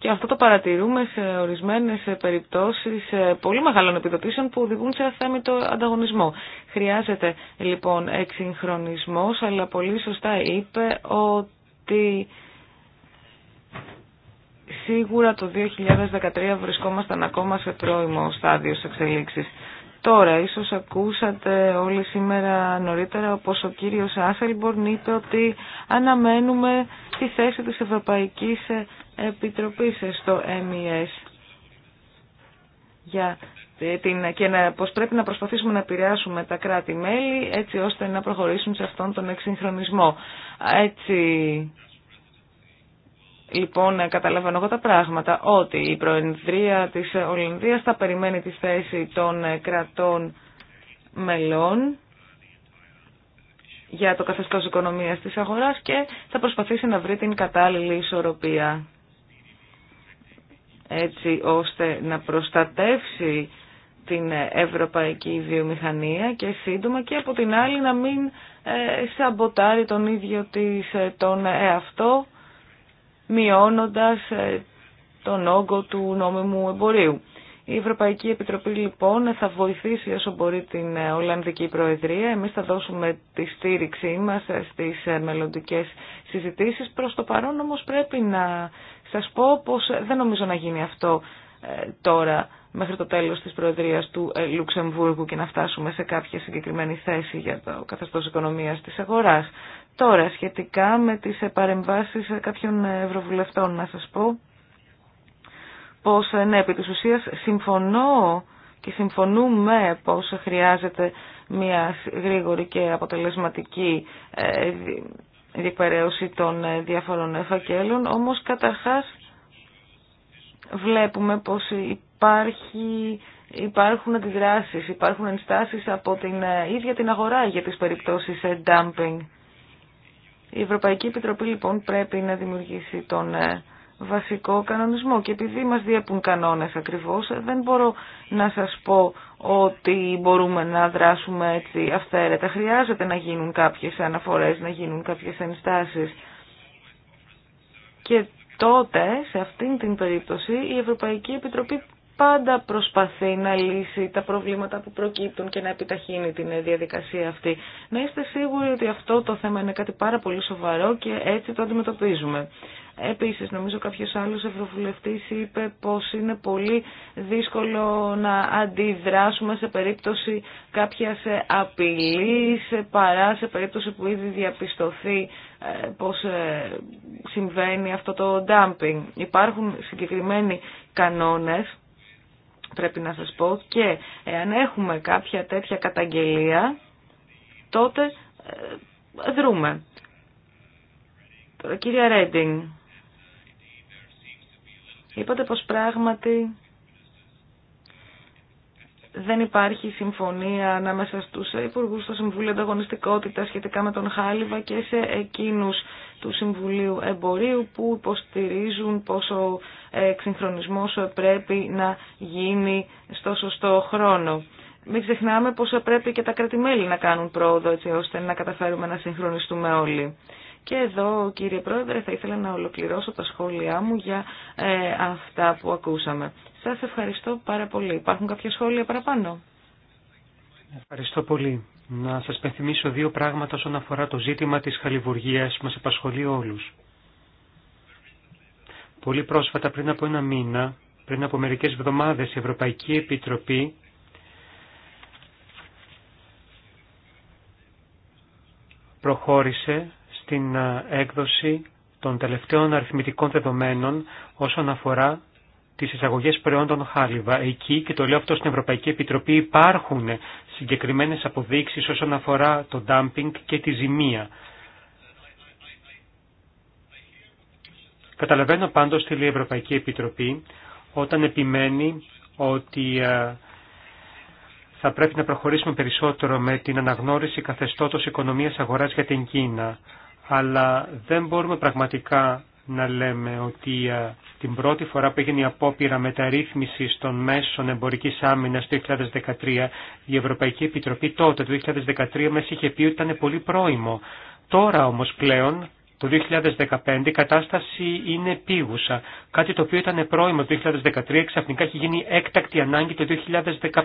Και αυτό το παρατηρούμε σε ορισμένες περιπτώσεις πολύ μεγάλων επιδοτήσεων που οδηγούν σε αθέμητο ανταγωνισμό. Χρειάζεται λοιπόν εξυγχρονισμός, αλλά πολύ σωστά είπε ότι σίγουρα το 2013 βρισκόμασταν ακόμα σε πρώιμο στάδιο της Τώρα, ίσως ακούσατε όλοι σήμερα νωρίτερα πως ο κύριος Άσελμπορν είπε ότι αναμένουμε τη θέση της Ευρωπαϊκής Επιτροπής στο MES για την, και να, πως πρέπει να προσπαθήσουμε να επηρεάσουμε τα κράτη-μέλη έτσι ώστε να προχωρήσουν σε αυτόν τον εξυγχρονισμό. Έτσι λοιπόν καταλαβαίνω εγώ τα πράγματα ότι η Προεδρία της Ολλανδίας θα περιμένει τη θέση των κρατών μελών για το καθεστώς οικονομίας της αγοράς και θα προσπαθήσει να βρει την κατάλληλη ισορροπία έτσι ώστε να προστατεύσει την ευρωπαϊκή βιομηχανία και σύντομα και από την άλλη να μην ε, σαμποτάρει τον ίδιο της ε, τον εαυτό μειώνοντας ε, τον όγκο του νόμιμου εμπορίου. Η Ευρωπαϊκή Επιτροπή λοιπόν θα βοηθήσει όσο μπορεί την Ολλανδική Προεδρία. Εμείς θα δώσουμε τη στήριξή μας στις μελλοντικέ συζητήσεις. Προς το παρόν όμως πρέπει να σας πω πως δεν νομίζω να γίνει αυτό ε, τώρα μέχρι το τέλος της Προεδρίας του ε, Λουξεμβούργου και να φτάσουμε σε κάποια συγκεκριμένη θέση για το καθεστώς οικονομίας της αγοράς. Τώρα, σχετικά με τις ε, παρεμβάσεις κάποιων ευρωβουλευτών, να σας πω πως, ναι, επί της ουσίας συμφωνώ και συμφωνούμε πως χρειάζεται μια γρήγορη και αποτελεσματική διεκπαιρέωση των ε, διάφορων εφακέλων, όμως καταρχάς βλέπουμε πως υπάρχει, υπάρχουν αντιδράσεις, υπάρχουν ενστάσεις από την ε, ίδια την αγορά για τις περιπτώσεις ε, dumping. Η Ευρωπαϊκή Επιτροπή λοιπόν πρέπει να δημιουργήσει τον βασικό κανονισμό και επειδή μας διέπουν κανόνες ακριβώς δεν μπορώ να σας πω ότι μπορούμε να δράσουμε έτσι αυθαίρετα. Χρειάζεται να γίνουν κάποιες αναφορές, να γίνουν κάποιες ενστάσεις. Και τότε, σε αυτήν την περίπτωση, η Ευρωπαϊκή Επιτροπή πάντα προσπαθεί να λύσει τα προβλήματα που προκύπτουν και να επιταχύνει την διαδικασία αυτή. Να είστε σίγουροι ότι αυτό το θέμα είναι κάτι πάρα πολύ σοβαρό και έτσι το αντιμετωπίζουμε. Επίσης, νομίζω κάποιος άλλος ευρωβουλευτής είπε πως είναι πολύ δύσκολο να αντιδράσουμε σε περίπτωση κάποιας απειλής παρά σε περίπτωση που ήδη διαπιστωθεί ε, πως ε, συμβαίνει αυτό το dumping. Υπάρχουν συγκεκριμένοι κανόνες, πρέπει να σας πω, και εάν έχουμε κάποια τέτοια καταγγελία, τότε ε, δρούμε. Τώρα, κύριε Ρέντινγκ, Είπατε πως πράγματι δεν υπάρχει συμφωνία ανάμεσα στους υπουργούς στο Συμβούλιο Ανταγωνιστικότητα σχετικά με τον Χάλιβα και σε εκείνους του Συμβουλίου Εμπορίου που υποστηρίζουν πόσο ε, ο πρέπει να γίνει στο σωστό χρόνο. Μην ξεχνάμε πως πρέπει και τα κρατημέλη να κάνουν πρόοδο έτσι ώστε να καταφέρουμε να συγχρονιστούμε όλοι. Και εδώ, κύριε Πρόεδρε, θα ήθελα να ολοκληρώσω τα σχόλιά μου για ε, αυτά που ακούσαμε. Σας ευχαριστώ πάρα πολύ. Υπάρχουν κάποια σχόλια παραπάνω. Ευχαριστώ πολύ. Να σας πενθυμίσω δύο πράγματα όσον αφορά το ζήτημα της χαλιβουργίας που μας απασχολεί όλους. Πολύ πρόσφατα, πριν από ένα μήνα, πριν από μερικές εβδομάδες, η Ευρωπαϊκή Επιτροπή προχώρησε την ε, έκδοση των τελευταίων αριθμητικών δεδομένων όσον αφορά τι εισαγωγέ προϊόντων χάλιβα. Εκεί, και το λέω αυτό στην Ευρωπαϊκή Επιτροπή, υπάρχουν συγκεκριμένε αποδείξει όσον αφορά το dumping και τη ζημία. Καταλαβαίνω πάντως τη Ευρωπαϊκή Επιτροπή όταν επιμένει ότι ε, θα πρέπει να προχωρήσουμε περισσότερο με την αναγνώριση καθεστώτος οικονομίας αγοράς για την Κίνα αλλά δεν μπορούμε πραγματικά να λέμε ότι ε, την πρώτη φορά που έγινε η απόπειρα μεταρρύθμισης των μέσων εμπορικής άμυνας το 2013, η Ευρωπαϊκή Επιτροπή τότε, το 2013, μας είχε πει ότι ήταν πολύ πρόημο. Τώρα όμως πλέον, το 2015, η κατάσταση είναι επίγουσα. Κάτι το οποίο ήταν πρόημο το 2013, ξαφνικά έχει γίνει έκτακτη ανάγκη το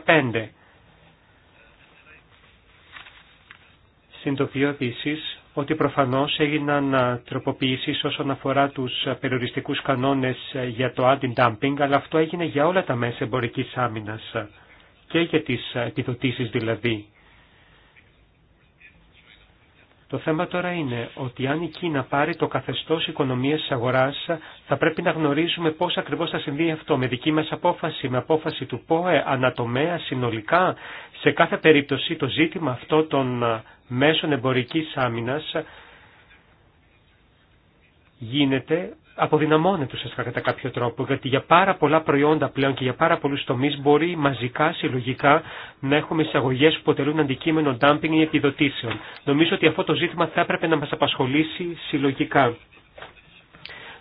2015. Συντοπίω επίσης ότι προφανώς έγιναν τροποποιήσεις όσον αφορά τους περιοριστικούς κανόνες για το anti-dumping, αλλά αυτό έγινε για όλα τα μέσα εμπορικής άμυνας και για τις επιδοτήσεις δηλαδή. Το θέμα τώρα είναι ότι αν η Κίνα πάρει το καθεστώς οικονομίας της αγοράς, θα πρέπει να γνωρίζουμε πώς ακριβώς θα συμβεί αυτό, με δική μας απόφαση, με απόφαση του ΠΟΕ, ανατομέα, συνολικά. Σε κάθε περίπτωση το ζήτημα αυτό των ε, μέσων εμπορικής άμυνας γίνεται αποδυναμώνεται ουσιαστικά κατά κάποιο τρόπο, γιατί για πάρα πολλά προϊόντα πλέον και για πάρα πολλού τομεί μπορεί μαζικά, συλλογικά να έχουμε εισαγωγέ που αποτελούν αντικείμενο dumping ή επιδοτήσεων. Νομίζω ότι αυτό το ζήτημα θα έπρεπε να μα απασχολήσει συλλογικά.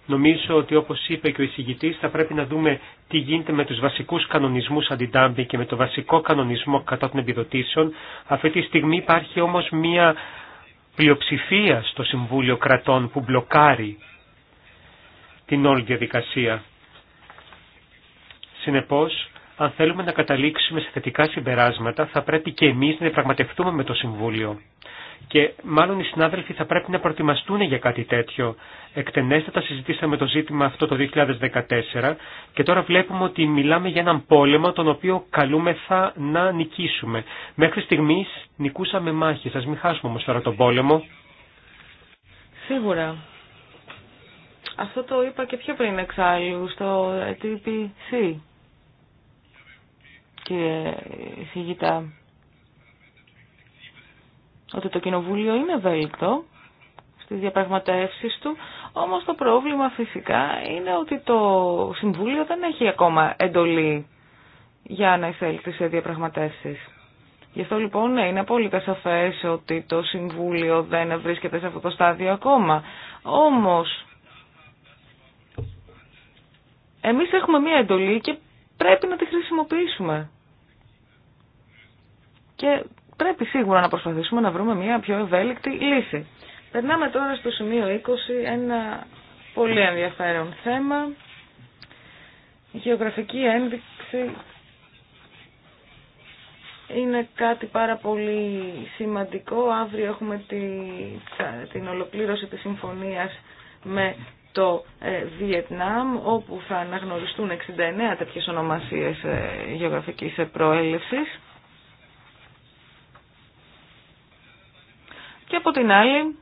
Νομίζω ότι όπως είπε και ο εισηγητή, θα πρέπει να δούμε τι γίνεται με τους βασικούς κανονισμούς αντιντάμπινγκ και με το βασικό κανονισμό κατά των επιδοτήσεων. Αυτή τη στιγμή υπάρχει όμως μία πλειοψηφία στο Συμβούλιο Κρατών που μπλοκάρει την όλη διαδικασία. Συνεπώς, αν θέλουμε να καταλήξουμε σε θετικά συμπεράσματα, θα πρέπει και εμείς να πραγματευτούμε με το Συμβούλιο. Και μάλλον οι συνάδελφοι θα πρέπει να προετοιμαστούν για κάτι τέτοιο. Εκτενέστατα συζητήσαμε το ζήτημα αυτό το 2014 και τώρα βλέπουμε ότι μιλάμε για έναν πόλεμο τον οποίο καλούμεθα να νικήσουμε. Μέχρι στιγμής νικούσαμε μάχη ας μην χάσουμε όμως τώρα τον πόλεμο. Σίγουρα αυτό το είπα και πιο πριν εξάλλου στο TPC, Και Σιγητά, ότι το Κοινοβούλιο είναι ευέλικτο στις διαπραγματεύσεις του, όμως το πρόβλημα φυσικά είναι ότι το Συμβούλιο δεν έχει ακόμα εντολή για να εισέλθει σε διαπραγματεύσεις. Γι' αυτό λοιπόν ναι, είναι απόλυτα σαφές ότι το Συμβούλιο δεν βρίσκεται σε αυτό το στάδιο ακόμα. Όμως εμείς έχουμε μία εντολή και πρέπει να τη χρησιμοποιήσουμε. Και πρέπει σίγουρα να προσπαθήσουμε να βρούμε μία πιο ευέλικτη λύση. Περνάμε τώρα στο σημείο 20, ένα πολύ ενδιαφέρον θέμα. Η Γεωγραφική ένδειξη είναι κάτι πάρα πολύ σημαντικό. Αύριο έχουμε την ολοκλήρωση της συμφωνίας με το ε, Βιετνάμ, όπου θα αναγνωριστούν 69 τέτοιες ονομασίες ε, γεωγραφικής προέλευσης. Και από την άλλη,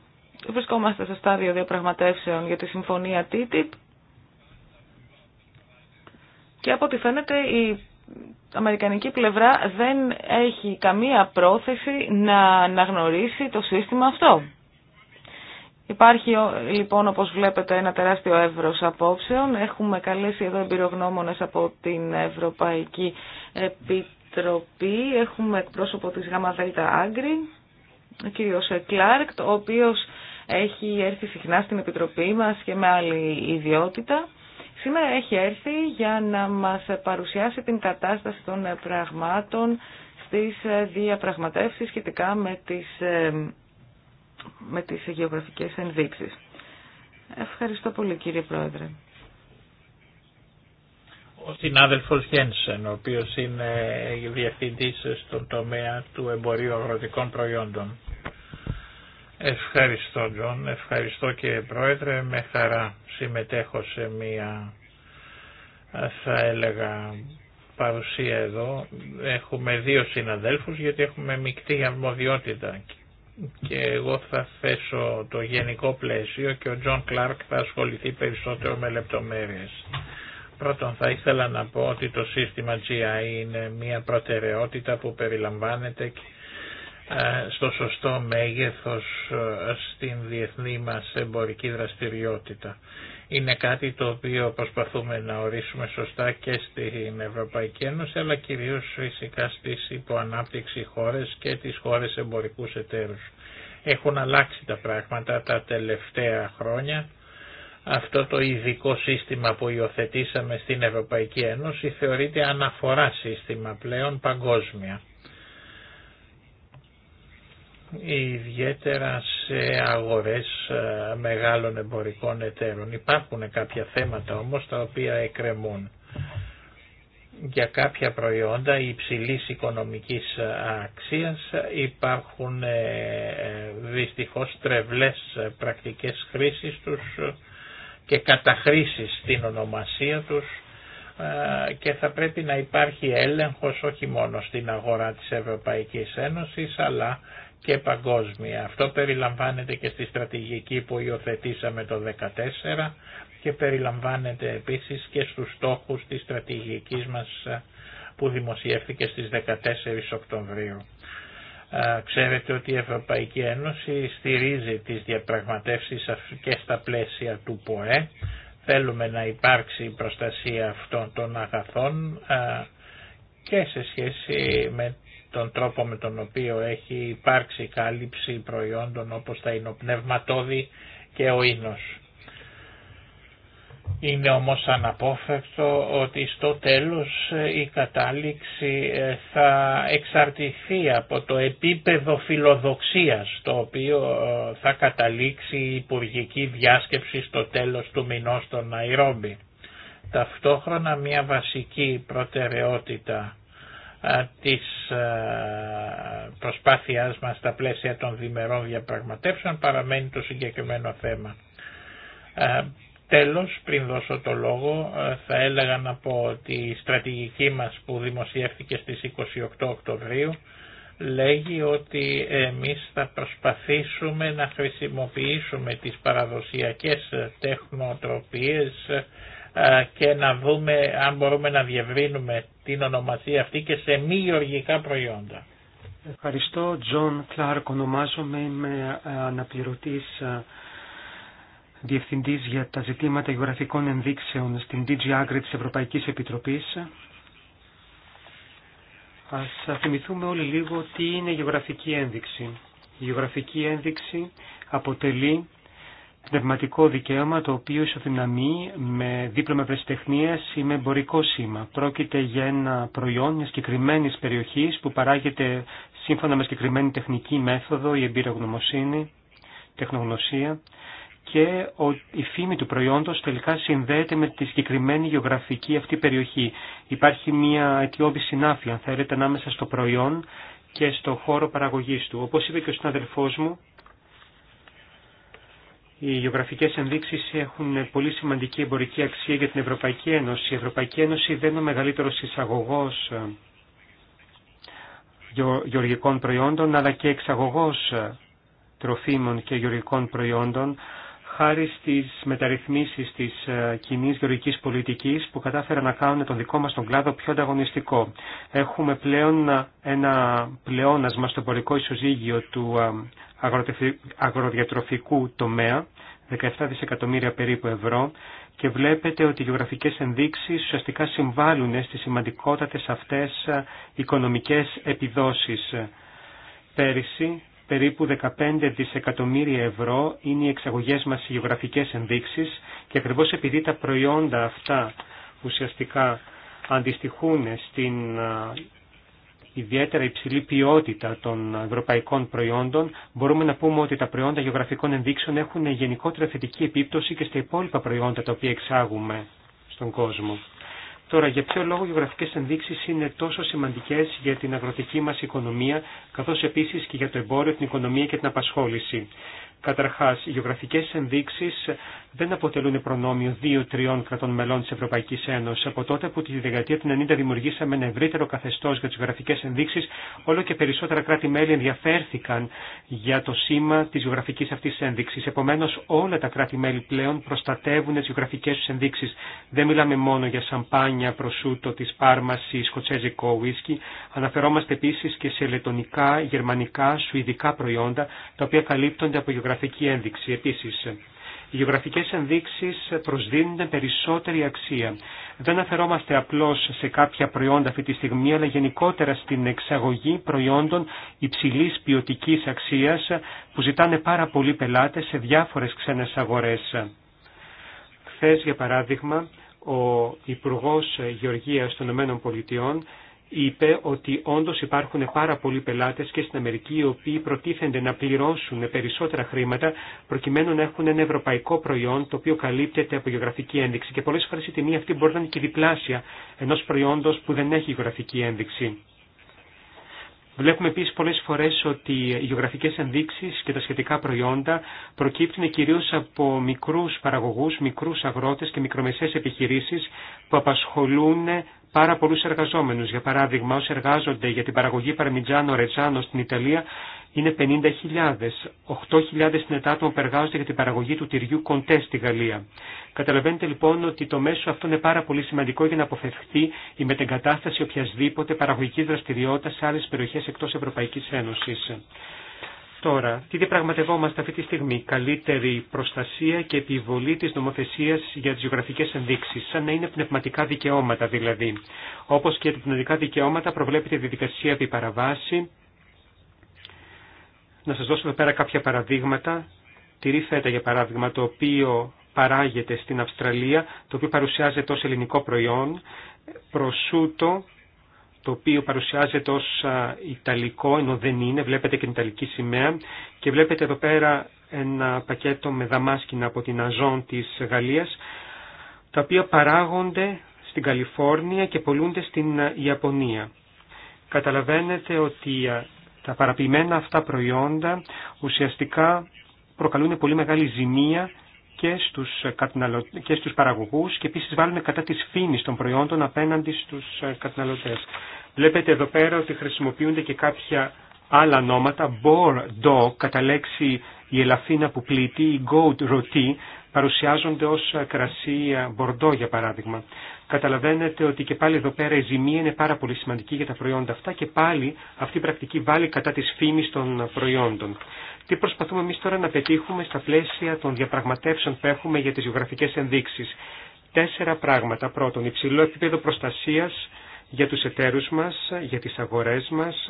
βρισκόμαστε σε στάδιο διαπραγματεύσεων για τη συμφωνία TTIP και από ό,τι φαίνεται η αμερικανική πλευρά δεν έχει καμία πρόθεση να αναγνωρίσει το σύστημα αυτό. Υπάρχει λοιπόν όπως βλέπετε ένα τεράστιο εύρος απόψεων. Έχουμε καλέσει εδώ εμπειρογνώμονες από την Ευρωπαϊκή Επιτροπή. Έχουμε εκπρόσωπο της ΓΔΑ Άγκρι, ο κύριος Κλάρκ, ο οποίος έχει έρθει συχνά στην Επιτροπή μας και με άλλη ιδιότητα. Σήμερα έχει έρθει για να μας παρουσιάσει την κατάσταση των πραγμάτων στις διαπραγματεύσεις σχετικά με τις ε, με τις γεωγραφικές ενδείξεις. Ευχαριστώ πολύ κύριε Πρόεδρε. Ο συνάδελφος Γένσεν, ο οποίος είναι διευθυντής στον τομέα του εμπορίου αγροτικών προϊόντων. Ευχαριστώ Τζον, ευχαριστώ και Πρόεδρε, με χαρά συμμετέχω σε μία θα έλεγα παρουσία εδώ. Έχουμε δύο συναδέλφους γιατί έχουμε μεικτή αρμοδιότητα και εγώ θα θέσω το γενικό πλαίσιο και ο Τζον Κλάρκ θα ασχοληθεί περισσότερο με λεπτομέρειες. Πρώτον θα ήθελα να πω ότι το σύστημα GI είναι μια προτεραιότητα που περιλαμβάνεται στο σωστό μέγεθος στην διεθνή μας εμπορική δραστηριότητα είναι κάτι το οποίο προσπαθούμε να ορίσουμε σωστά και στην Ευρωπαϊκή Ένωση αλλά κυρίως φυσικά στις υποανάπτυξη χώρες και τις χώρες εμπορικούς εταίρους. Έχουν αλλάξει τα πράγματα τα τελευταία χρόνια. Αυτό το ειδικό σύστημα που υιοθετήσαμε στην Ευρωπαϊκή Ένωση θεωρείται αναφορά σύστημα πλέον παγκόσμια ιδιαίτερα σε αγορές ε, μεγάλων εμπορικών εταίρων. Υπάρχουν κάποια θέματα όμως τα οποία εκκρεμούν. Για κάποια προϊόντα υψηλής οικονομικής ε, αξίας υπάρχουν ε, δυστυχώς τρευλές πρακτικές χρήσεις τους και καταχρήσεις στην ονομασία τους και θα πρέπει να υπάρχει έλεγχος όχι μόνο στην αγορά της Ευρωπαϊκής Ένωσης αλλά και παγκόσμια. Αυτό περιλαμβάνεται και στη στρατηγική που υιοθετήσαμε το 2014 και περιλαμβάνεται επίσης και στους στόχους της στρατηγικής μας ε, που δημοσιεύθηκε στις 14 Οκτωβρίου. Ε, ξέρετε ότι η Ευρωπαϊκή Ένωση στηρίζει τις διαπραγματεύσεις και στα πλαίσια του ΠΟΕ. Θέλουμε να υπάρξει προστασία αυτών των αγαθών ε, και σε σχέση με τον τρόπο με τον οποίο έχει υπάρξει κάλυψη προϊόντων όπως τα Πνευματώδη και ο ίνος. Είναι όμως αναπόφευκτο ότι στο τέλος η κατάληξη ε, θα εξαρτηθεί από το επίπεδο φιλοδοξίας το οποίο ε, θα καταλήξει η υπουργική διάσκεψη στο τέλος του μηνός των Ναϊρόμπι. Ταυτόχρονα μια βασική προτεραιότητα ε, της ε, προσπάθειάς μας στα πλαίσια των διμερών διαπραγματεύσεων παραμένει το συγκεκριμένο θέμα. Ε, τέλος, πριν δώσω το λόγο, θα έλεγα να πω ότι η στρατηγική μας που δημοσιεύτηκε στις 28 Οκτωβρίου λέγει ότι εμείς θα προσπαθήσουμε να χρησιμοποιήσουμε τις παραδοσιακές τεχνοτροπίες και να δούμε αν μπορούμε να διευρύνουμε την ονομασία αυτή και σε μη γεωργικά προϊόντα. Ευχαριστώ. Τζον Κλάρκ ονομάζομαι. Είμαι ε, αναπληρωτής ε, διευθυντής για τα ζητήματα γεωγραφικών ενδείξεων στην DG Agri της Ευρωπαϊκής Επιτροπής. Ας θυμηθούμε όλοι λίγο τι είναι η γεωγραφική ένδειξη. Η γεωγραφική ένδειξη αποτελεί πνευματικό δικαίωμα το οποίο ισοδυναμεί με δίπλωμα βρεσιτεχνία ή με εμπορικό σήμα. Πρόκειται για ένα προϊόν ευρεσιτεχνία η εμπειρογνωμοσύνη, τεχνογνωσία και η φήμη του προϊόντος τελικά συνδέεται με τη συγκεκριμένη γεωγραφική αυτή περιοχή. Υπάρχει μια αιτιώδη συνάφεια, αν θέλετε, ανάμεσα στο προϊόν και στο χώρο παραγωγής του. Όπως είπε και ο συναδελφός μου, οι γεωγραφικέ ενδείξει έχουν πολύ σημαντική εμπορική αξία για την Ευρωπαϊκή Ένωση. Η Ευρωπαϊκή Ένωση δεν είναι ο μεγαλύτερο εισαγωγό ε, γεωργικών προϊόντων, αλλά και εξαγωγό ε, τροφίμων και γεωργικών προϊόντων, χάρη στις μεταρρυθμίσεις της ε, κοινή γεωργικής πολιτικής που κατάφεραν να κάνουν τον δικό μας τον κλάδο πιο ανταγωνιστικό. Έχουμε πλέον ένα πλεόνασμα στο εμπορικό ισοζύγιο του ε, αγροδιατροφικού τομέα, 17 δισεκατομμύρια περίπου ευρώ, και βλέπετε ότι οι γεωγραφικές ενδείξεις ουσιαστικά συμβάλλουν στις σημαντικότατες αυτές ε, οικονομικές επιδόσεις. Πέρυσι περίπου 15 δισεκατομμύρια ευρώ είναι οι εξαγωγές μας σε γεωγραφικές ενδείξεις και ακριβώς επειδή τα προϊόντα αυτά ουσιαστικά αντιστοιχούν στην ιδιαίτερα υψηλή ποιότητα των ευρωπαϊκών προϊόντων, μπορούμε να πούμε ότι τα προϊόντα γεωγραφικών ενδείξεων έχουν γενικότερα θετική επίπτωση και στα υπόλοιπα προϊόντα τα οποία εξάγουμε στον κόσμο. Τώρα, για ποιο λόγο οι γεωγραφικές ενδείξεις είναι τόσο σημαντικές για την αγροτική μας οικονομία, καθώς επίσης και για το εμπόριο, την οικονομία και την απασχόληση. Καταρχάς, οι γεωγραφικές ενδείξεις δεν αποτελούν προνόμιο δύο-τριών κρατών μελών τη Ευρωπαϊκή Ένωση. Από τότε που τη δεκαετία του 90 δημιουργήσαμε ένα ευρύτερο καθεστώ για τι γεωγραφικέ ενδείξει, όλο και περισσότερα κράτη-μέλη ενδιαφέρθηκαν για το σήμα τη γεωγραφική αυτή ένδειξη. Επομένω, όλα τα κράτη-μέλη πλέον προστατεύουν τι γεωγραφικέ του ενδείξει. Δεν μιλάμε μόνο για σαμπάνια, προσούτο τη Πάρμα ή σκοτσέζικο ουίσκι. Αναφερόμαστε επίση και σε λετωνικά, γερμανικά, σουηδικά προϊόντα, τα οποία καλύπτονται από γεωγραφική ένδειξη. Επίση, οι γεωγραφικές ενδείξεις προσδίδουν περισσότερη αξία. Δεν αφαιρόμαστε απλώς σε κάποια προϊόντα αυτή τη στιγμή, αλλά γενικότερα στην εξαγωγή προϊόντων υψηλής ποιοτικής αξίας που ζητάνε πάρα πολλοί πελάτες σε διάφορες ξένες αγορές. Χθε, για παράδειγμα, ο Υπουργός Γεωργίας των ΗΠΑ είπε ότι όντως υπάρχουν πάρα πολλοί πελάτες και στην Αμερική οι οποίοι προτίθενται να πληρώσουν περισσότερα χρήματα προκειμένου να έχουν ένα ευρωπαϊκό προϊόν το οποίο καλύπτεται από γεωγραφική ένδειξη και πολλές φορές η τιμή αυτή μπορεί να είναι και διπλάσια ενός προϊόντος που δεν έχει γεωγραφική ένδειξη. Βλέπουμε επίση πολλέ φορέ ότι οι γεωγραφικέ ενδείξει και τα σχετικά προϊόντα προκύπτουν κυρίω από μικρού παραγωγού, μικρού αγρότε και μικρομεσαίε επιχειρήσει που απασχολούν πάρα πολλού εργαζόμενου, Για παράδειγμα, όσοι εργάζονται για την παραγωγή παρμιτζάνο ρετζάνο στην Ιταλία είναι 50.000. 8.000 είναι τα άτομα που εργάζονται για την παραγωγή του τυριού κοντέ στη Γαλλία. Καταλαβαίνετε λοιπόν ότι το μέσο αυτό είναι πάρα πολύ σημαντικό για να αποφευχθεί η μετεγκατάσταση οποιασδήποτε παραγωγική δραστηριότητα σε άλλε περιοχέ εκτό Ευρωπαϊκή Ένωση. Τώρα, τι διαπραγματευόμαστε αυτή τη στιγμή. Καλύτερη προστασία και επιβολή της νομοθεσίας για τις γεωγραφικές ενδείξεις, σαν να είναι πνευματικά δικαιώματα δηλαδή. Όπως και τα πνευματικά δικαιώματα προβλέπεται η διαδικασία επί Να σας δώσω εδώ πέρα κάποια παραδείγματα. Τη φέτα για παράδειγμα, το οποίο παράγεται στην Αυστραλία, το οποίο παρουσιάζεται ως ελληνικό προϊόν, προσούτο το οποίο παρουσιάζεται ως Ιταλικό, ενώ δεν είναι, βλέπετε και την Ιταλική σημαία και βλέπετε εδώ πέρα ένα πακέτο με δαμάσκηνα από την Αζόν της Γαλλίας, τα οποία παράγονται στην Καλιφόρνια και πολλούνται στην Ιαπωνία. Καταλαβαίνετε ότι τα παραποιημένα αυτά προϊόντα ουσιαστικά προκαλούν πολύ μεγάλη ζημία και στους, και στους παραγωγούς και επίσης βάλουμε κατά της φήμη των προϊόντων απέναντι στους ε, καταναλωτές. Βλέπετε εδώ πέρα ότι χρησιμοποιούνται και κάποια άλλα «η ελαφίνα που πλήττει», bore dog, κατά λέξη η ελαφίνα που πλήττει, η goat ρωτή, παρουσιάζονται ως ε, κρασί ε, μπορντό για παράδειγμα. Καταλαβαίνετε ότι και πάλι εδώ πέρα η ζημία είναι πάρα πολύ σημαντική για τα προϊόντα αυτά και πάλι αυτή η πρακτική βάλει κατά της φήμη των προϊόντων τι προσπαθούμε εμεί τώρα να πετύχουμε στα πλαίσια των διαπραγματεύσεων που έχουμε για τι γεωγραφικέ ενδείξει. Τέσσερα πράγματα. Πρώτον, υψηλό επίπεδο προστασία για τους εταίρους μας, για τις αγορές μας,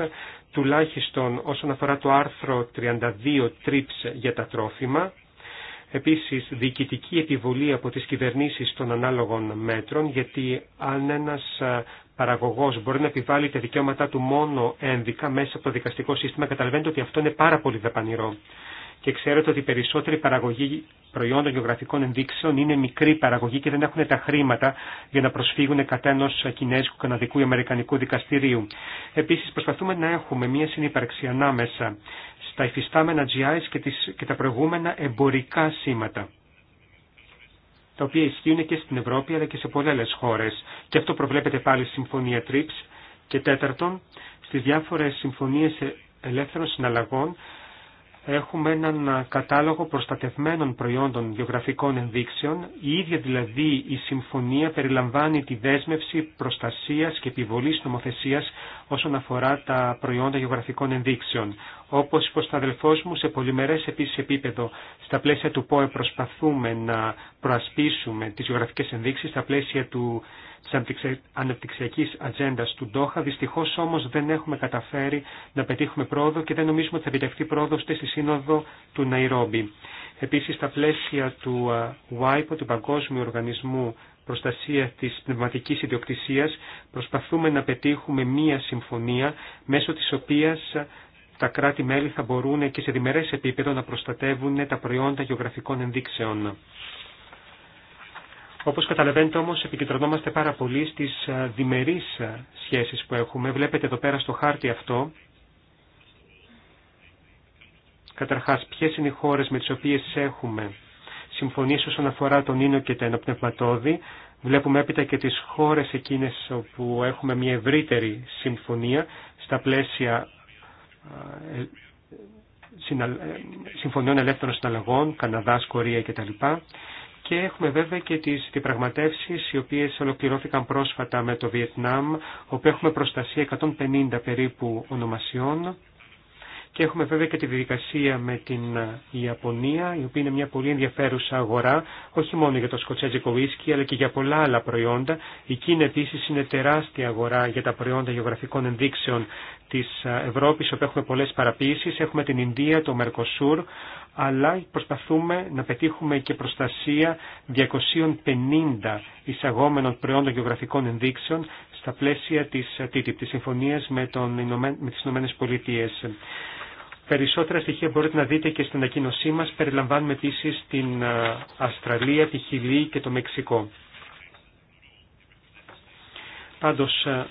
τουλάχιστον όσον αφορά το άρθρο 32 TRIPS για τα τρόφιμα, Επίσης, διοικητική επιβολή από τις κυβερνήσεις των ανάλογων μέτρων, γιατί αν ένας παραγωγός μπορεί να επιβάλλει τα δικαιώματά του μόνο ένδικα μέσα από το δικαστικό σύστημα, καταλαβαίνετε ότι αυτό είναι πάρα πολύ δαπανηρό. Και ξέρετε ότι η περισσότερη παραγωγή προϊόντων γεωγραφικών ενδείξεων είναι μικρή παραγωγή και δεν έχουν τα χρήματα για να προσφύγουν κατά ενό Κινέζικου, Καναδικού ή Αμερικανικού δικαστηρίου. Επίση, προσπαθούμε να έχουμε μια συνύπαρξη ανάμεσα στα υφιστάμενα GIs και τα προηγούμενα εμπορικά σήματα τα οποία ισχύουν και στην Ευρώπη αλλά και σε πολλές άλλες χώρες. Και αυτό προβλέπεται πάλι στη Συμφωνία TRIPS. Και τέταρτον, στις διάφορες συμφωνίες ελεύθερων συναλλαγών έχουμε έναν κατάλογο προστατευμένων προϊόντων βιογραφικών ενδείξεων. Η ίδια δηλαδή η συμφωνία περιλαμβάνει τη δέσμευση προστασίας και επιβολής νομοθεσίας όσον αφορά τα προϊόντα γεωγραφικών ενδείξεων. Όπω είπε ο αδελφό μου, σε πολυμερέ επίση επίπεδο, στα πλαίσια του ΠΟΕ προσπαθούμε να προασπίσουμε τι γεωγραφικέ ενδείξει στα πλαίσια του, της αναπτυξιακής ατζέντα του Ντόχα. Δυστυχώ όμω δεν έχουμε καταφέρει να πετύχουμε πρόοδο και δεν νομίζουμε ότι θα επιτευχθεί πρόοδο στη σύνοδο του Ναϊρόμπι. Επίση, στα πλαίσια του WIPO, του Παγκόσμιου Οργανισμού προστασία της πνευματικής ιδιοκτησίας προσπαθούμε να πετύχουμε μία συμφωνία μέσω της οποίας τα κράτη-μέλη θα μπορούν και σε διμερές επίπεδο να προστατεύουν τα προϊόντα γεωγραφικών ενδείξεων. Όπως καταλαβαίνετε όμως επικεντρωνόμαστε πάρα πολύ στις ε, διμερείς ε, σχέσεις που έχουμε. Βλέπετε εδώ πέρα στο χάρτη αυτό καταρχάς ποιες είναι οι χώρες με τις οποίες έχουμε συμφωνίες όσον αφορά τον ίνο και τα ενοπνευματόδη. Βλέπουμε έπειτα και τις χώρες εκείνες όπου έχουμε μια ευρύτερη συμφωνία στα πλαίσια ε, ε, συμφωνιών ελεύθερων συναλλαγών, Καναδάς, Κορία κτλ. Και έχουμε βέβαια και τις διαπραγματεύσεις οι οποίες ολοκληρώθηκαν πρόσφατα με το Βιετνάμ, όπου έχουμε προστασία 150 περίπου ονομασιών. Και έχουμε βέβαια και τη διαδικασία με την Ιαπωνία, η οποία είναι μια πολύ ενδιαφέρουσα αγορά, όχι μόνο για το σκοτσέζικο ουίσκι, αλλά και για πολλά άλλα προϊόντα. Η Κίνα επίση είναι τεράστια αγορά για τα προϊόντα γεωγραφικών ενδείξεων τη Ευρώπη, όπου έχουμε πολλέ παραποίησει. Έχουμε την Ινδία, το Μερκοσούρ, αλλά προσπαθούμε να πετύχουμε και προστασία 250 εισαγόμενων προϊόντων γεωγραφικών ενδείξεων στα πλαίσια της TTIP, συμφωνίας με, τον, με τις Περισσότερα στοιχεία μπορείτε να δείτε και στην ανακοίνωσή μας. Περιλαμβάνουμε επίσης την ε, Αυστραλία, τη Χιλή και το Μεξικό. Πάντως ε,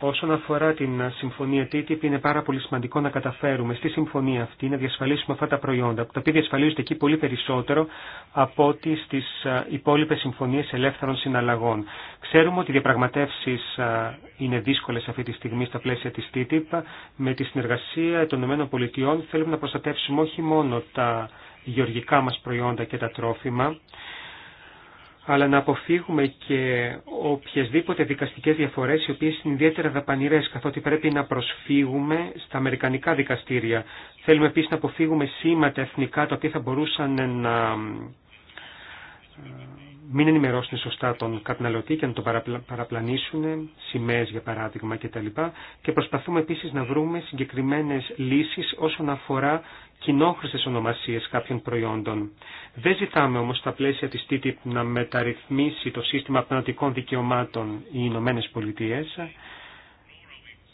Όσον αφορά την συμφωνία TTIP, είναι πάρα πολύ σημαντικό να καταφέρουμε στη συμφωνία αυτή να διασφαλίσουμε αυτά τα προϊόντα, τα οποία διασφαλίζονται εκεί πολύ περισσότερο από ό,τι στι υπόλοιπε συμφωνίε ελεύθερων συναλλαγών. Ξέρουμε ότι οι διαπραγματεύσει είναι δύσκολε αυτή τη στιγμή στα πλαίσια τη TTIP. Με τη συνεργασία των ΗΠΑ θέλουμε να προστατεύσουμε όχι μόνο τα γεωργικά μα προϊόντα και τα τρόφιμα, αλλά να αποφύγουμε και οποιασδήποτε δικαστικές διαφορές οι οποίες είναι ιδιαίτερα δαπανηρές καθότι πρέπει να προσφύγουμε στα αμερικανικά δικαστήρια. Θέλουμε επίσης να αποφύγουμε σήματα εθνικά τα οποία θα μπορούσαν να μην ενημερώσουν σωστά τον καταναλωτή και να τον παραπλανήσουν, σημαίε για παράδειγμα κτλ. Και προσπαθούμε επίση να βρούμε συγκεκριμένε λύσει όσον αφορά κοινόχρηστε ονομασίες κάποιων προϊόντων. Δεν ζητάμε όμω στα πλαίσια τη TTIP να μεταρρυθμίσει το σύστημα πνευματικών δικαιωμάτων οι Ηνωμένε Πολιτείε,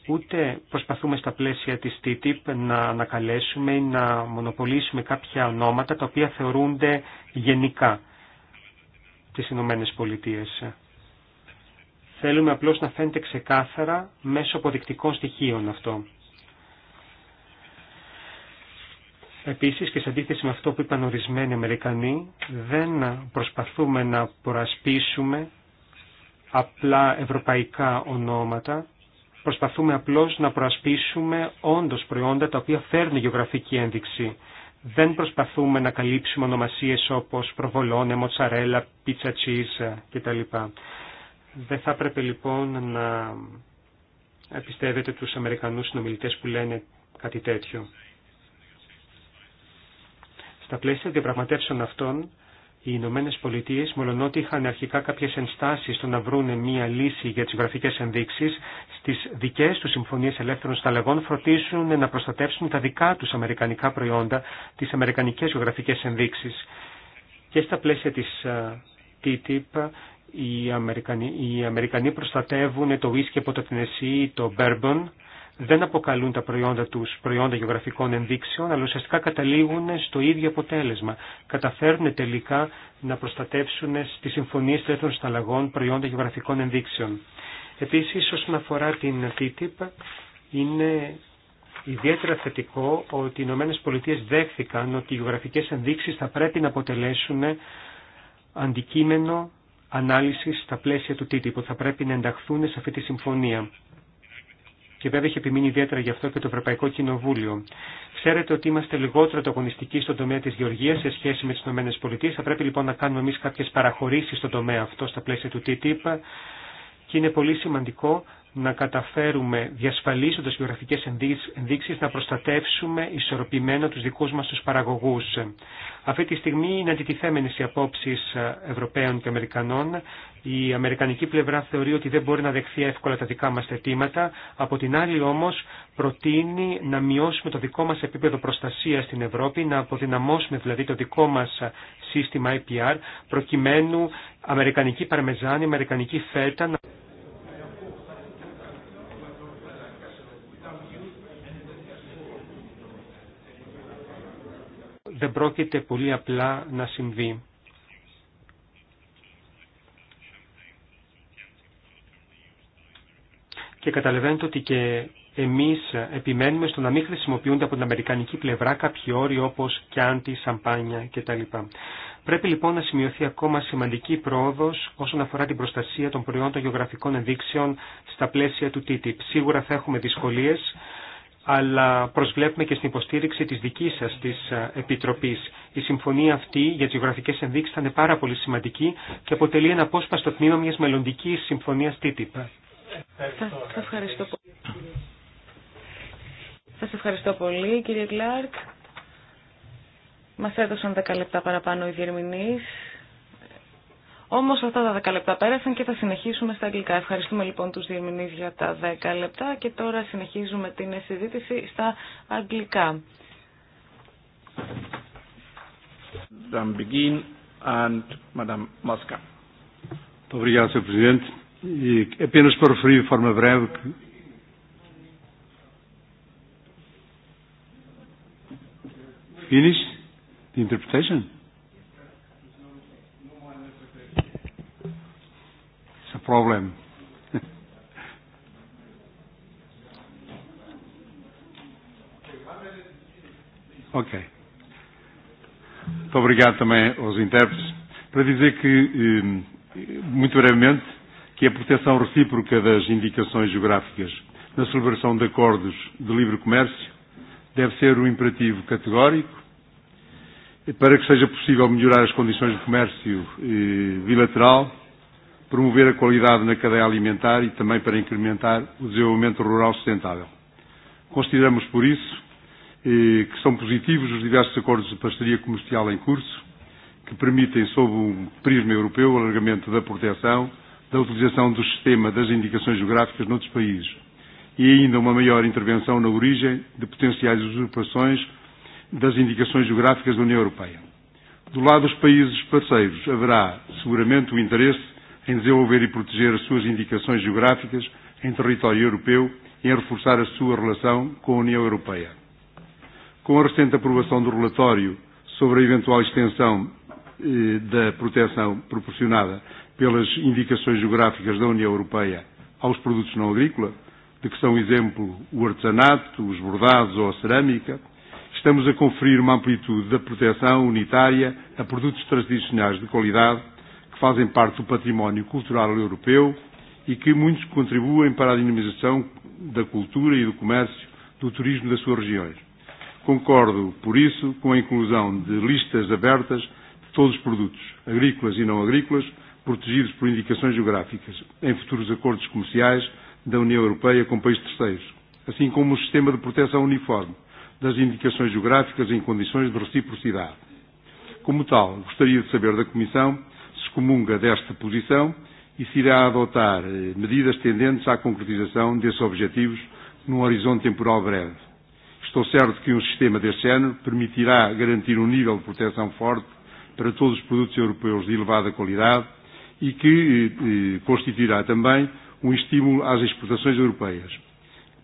ούτε προσπαθούμε στα πλαίσια της TTIP να ανακαλέσουμε ή να μονοπολίσουμε κάποια ονόματα τα οποία θεωρούνται γενικά τις Ηνωμένες Πολιτείες. Θέλουμε απλώς να φαίνεται ξεκάθαρα μέσω αποδεικτικών στοιχείων αυτό. Επίσης και σε αντίθεση με αυτό που είπαν ορισμένοι Αμερικανοί, δεν προσπαθούμε να προασπίσουμε απλά ευρωπαϊκά ονόματα, προσπαθούμε απλώς να προασπίσουμε όντως προϊόντα τα οποία φέρνουν γεωγραφική ένδειξη. Δεν προσπαθούμε να καλύψουμε ονομασίες όπως προβολόνε, μοτσαρέλα, πίτσα τσίζα ε, κτλ. Δεν θα έπρεπε λοιπόν να πιστεύετε τους Αμερικανούς συνομιλητές που λένε κάτι τέτοιο. Στα πλαίσια διαπραγματεύσεων αυτών οι Ηνωμένε Πολιτείε, μολονότι είχαν αρχικά κάποιε ενστάσει στο να βρουν μία λύση για τι γραφικέ ενδείξει, στι δικέ του συμφωνίε ελεύθερων σταλεγών φροντίσουν να προστατεύσουν τα δικά του αμερικανικά προϊόντα, τι αμερικανικέ γεωγραφικέ ενδείξει. Και στα πλαίσια τη TTIP, οι Αμερικανοί, προστατεύουν το whisky το το bourbon, δεν αποκαλούν τα προϊόντα τους προϊόντα γεωγραφικών ενδείξεων, αλλά ουσιαστικά καταλήγουν στο ίδιο αποτέλεσμα. Καταφέρνουν τελικά να προστατεύσουν στις συμφωνίες τέτοιων Σταλλαγών προϊόντα γεωγραφικών ενδείξεων. Επίσης, όσον αφορά την TTIP, είναι ιδιαίτερα θετικό ότι οι ΗΠΑ δέχθηκαν ότι οι γεωγραφικές ενδείξεις θα πρέπει να αποτελέσουν αντικείμενο ανάλυσης στα πλαίσια του TTIP, που θα πρέπει να ενταχθούν σε αυτή τη συμφωνία και βέβαια έχει επιμείνει ιδιαίτερα γι' αυτό και το Ευρωπαϊκό Κοινοβούλιο. Ξέρετε ότι είμαστε λιγότερο ανταγωνιστικοί στον τομέα τη γεωργία σε σχέση με τι ΗΠΑ. Θα πρέπει λοιπόν να κάνουμε εμεί κάποιε παραχωρήσει στον τομέα αυτό στα πλαίσια του TTIP και είναι πολύ σημαντικό να καταφέρουμε, διασφαλίσοντα γεωγραφικές ενδείξει να προστατεύσουμε ισορροπημένα του δικού μα του παραγωγού. Αυτή τη στιγμή είναι αντιτιθέμενε οι απόψει ε, Ευρωπαίων και Αμερικανών. Η Αμερικανική πλευρά θεωρεί ότι δεν μπορεί να δεχθεί εύκολα τα δικά μα αιτήματα. Από την άλλη όμω, προτείνει να μειώσουμε το δικό μα επίπεδο προστασία στην Ευρώπη, να αποδυναμώσουμε δηλαδή το δικό μα ε, σύστημα IPR, προκειμένου Αμερικανική παρμεζάνη, Αμερικανική φέτα... Να... δεν πρόκειται πολύ απλά να συμβεί. Και καταλαβαίνετε ότι και εμείς επιμένουμε στο να μην χρησιμοποιούνται από την αμερικανική πλευρά κάποιοι όροι όπως κιάντι, σαμπάνια κτλ. Πρέπει λοιπόν να σημειωθεί ακόμα σημαντική πρόοδος όσον αφορά την προστασία των προϊόντων γεωγραφικών ενδείξεων στα πλαίσια του TTIP. Σίγουρα θα έχουμε δυσκολίες αλλά προσβλέπουμε και στην υποστήριξη της δικής σας της ε, Επιτροπής. Η συμφωνία αυτή για τις γεωγραφικές ενδείξεις θα είναι πάρα πολύ σημαντική και αποτελεί ένα απόσπαστο τμήμα μιας μελλοντικής συμφωνίας TTIP. Σας ευχαριστώ πολύ. ευχαριστώ πολύ κύριε Κλάρκ. Μας έδωσαν 10 λεπτά παραπάνω οι διερμηνείς. Όμω αυτά τα 10 λεπτά πέρασαν και θα συνεχίσουμε στα αγγλικά. Ευχαριστούμε λοιπόν του διερμηνείς για τα 10 λεπτά και τώρα συνεχίζουμε την συζήτηση στα αγγλικά. Begin and Madame e Finish the interpretation. problem. ok. Muito obrigado também aos intérpretes. Para dizer que, muito brevemente, que a proteção recíproca das indicações geográficas na celebração de acordos de livre comércio deve ser um imperativo categórico para que seja possível melhorar as condições de comércio bilateral promover a qualidade na cadeia alimentar e também para incrementar o desenvolvimento rural sustentável. Consideramos, por isso, que são positivos os diversos acordos de parceria comercial em curso, que permitem, sob um prisma europeu, o alargamento da proteção, da utilização do sistema das indicações geográficas noutros países e ainda uma maior intervenção na origem de potenciais usurpações das indicações geográficas da União Europeia. Do lado dos países parceiros, haverá seguramente o interesse em desenvolver e proteger as suas indicações geográficas em território europeu e em reforçar a sua relação com a União Europeia. Com a recente aprovação do relatório sobre a eventual extensão da proteção proporcionada pelas indicações geográficas da União Europeia aos produtos não agrícola, de que são exemplo o artesanato, os bordados ou a cerâmica, estamos a conferir uma amplitude da proteção unitária a produtos tradicionais de qualidade fazem parte do património cultural europeu e que muitos contribuem para a dinamização da cultura e do comércio, do turismo das suas regiões. Concordo, por isso, com a inclusão de listas abertas de todos os produtos, agrícolas e não agrícolas, protegidos por indicações geográficas, em futuros acordos comerciais da União Europeia com países terceiros, assim como o sistema de proteção uniforme das indicações geográficas em condições de reciprocidade. Como tal, gostaria de saber da Comissão excomunga desta posição e se irá adotar medidas tendentes à concretização desses objetivos num horizonte temporal breve. Estou certo que um sistema deste género permitirá garantir um nível de proteção forte para todos os produtos europeus de elevada qualidade e que constituirá também um estímulo às exportações europeias.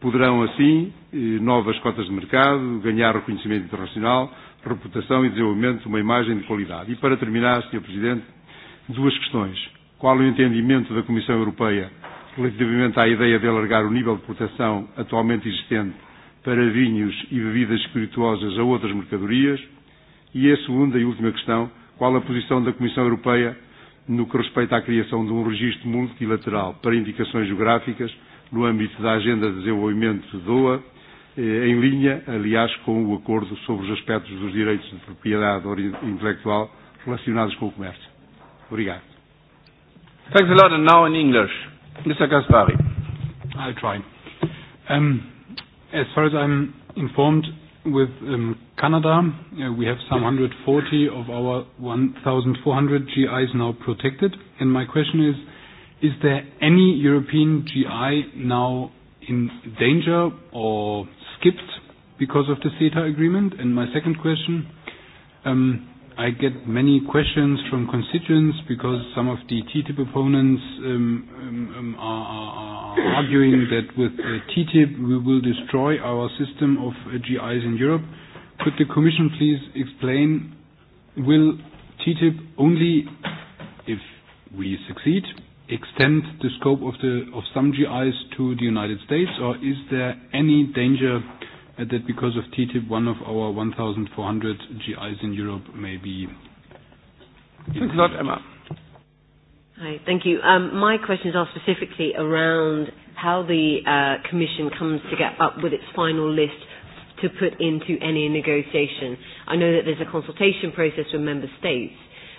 Poderão, assim, novas cotas de mercado, ganhar reconhecimento internacional, reputação e desenvolvimento de uma imagem de qualidade. E para terminar, Sr. Presidente, duas questões. Qual o entendimento da Comissão Europeia relativamente à ideia de alargar o nível de proteção atualmente existente para vinhos e bebidas espirituosas a outras mercadorias? E a segunda e última questão, qual a posição da Comissão Europeia no que respeita à criação de um registro multilateral para indicações geográficas no âmbito da Agenda de Desenvolvimento de Doa, em linha, aliás, com o acordo sobre os aspectos dos direitos de propriedade intelectual relacionados com o comércio. Obrigado. Thanks a lot. And now in English, Mr. Gaspari. I'll try. Um, as far as I'm informed, with um, Canada, uh, we have some 140 of our 1,400 GIs now protected. And my question is, is there any European GI now in danger or skipped because of the CETA agreement? And my second question, um, I get many questions from constituents because some of the TTIP opponents are, arguing that with TTIP we will destroy our system of GIs in Europe. Could the Commission please explain, will TTIP only, if we succeed, extend the scope of, the, of some GIs to the United States or is there any danger that because of TTIP, one of our 1,400 GIs in Europe may be. Thanks a Emma. Hi, thank you. Um, my questions are specifically around how the Commission comes to get up with its final list to put into any negotiation. I know that there's a consultation process with Member States,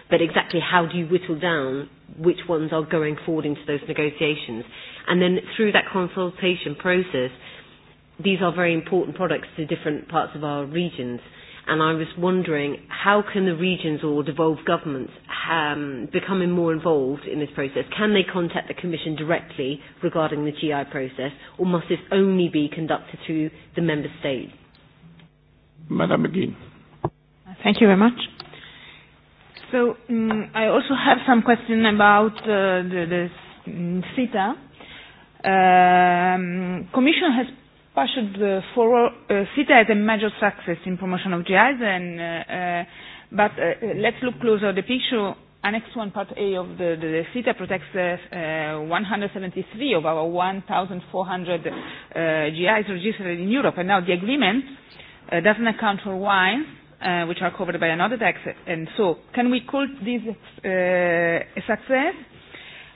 but exactly how do you whittle down which ones are going forward into those negotiations? And then through that consultation process, these are very important products to different parts of our regions. And I was wondering, how can the regions or devolved governments um, more involved in this process? Can they contact the Commission directly regarding the GI process, or must this only be conducted through the Member states? Madam McGee. Thank you very much. So I also have some questions about the, the CETA. Um, Commission has PA should follow CETA as a major success in promotion of GIs, and, but let's look closer at the picture. Annex 1 Part A of the, the, CETA protects uh, 173 of our 1,400 uh, GIs registered in Europe, and now the agreement uh, doesn't account for wines, uh, which are covered by another tax. And so, can we call this uh, a success?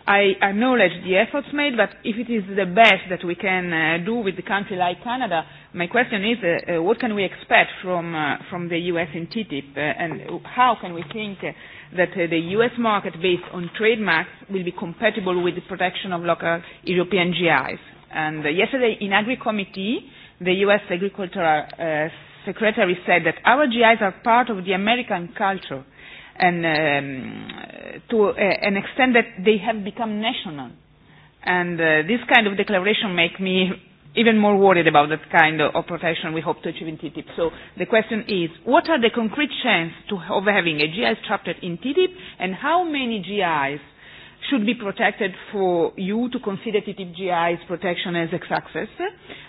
I acknowledge the efforts made, but if it is the best that we can do with a country like Canada, my question is what can we expect from from the US in TTIP and how can we think that the US market based on trademarks will be compatible with the protection of local European GIs? And yesterday in Agri Committee, the US Agricultural Secretary said that our GIs are part of the American culture and um, to an extent that they have become national. And this kind of declaration makes me even more worried about that kind of protection we hope to achieve in TTIP. So the question is, what are the concrete chances of having a GI structure in TTIP, and how many GIs should be protected for you to consider GIs protection as ex access.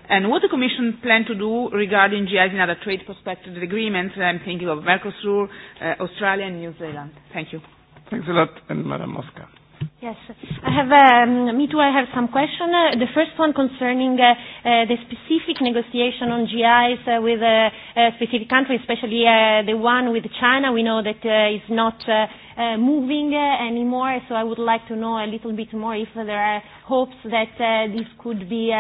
And what the Commission plans to do regarding GIs in other trade prospective agreements, I'm thinking of Mercosur, Australia and New Zealand. Thank you. Thanks a lot, and Madam Mosca. Yes, I have. me too. I have some questions. the first one concerning the specific negotiation on GIs with a, specific country, especially the one with China. We know that uh, is not moving anymore. So I would like to know a little bit more if there are hopes that this could be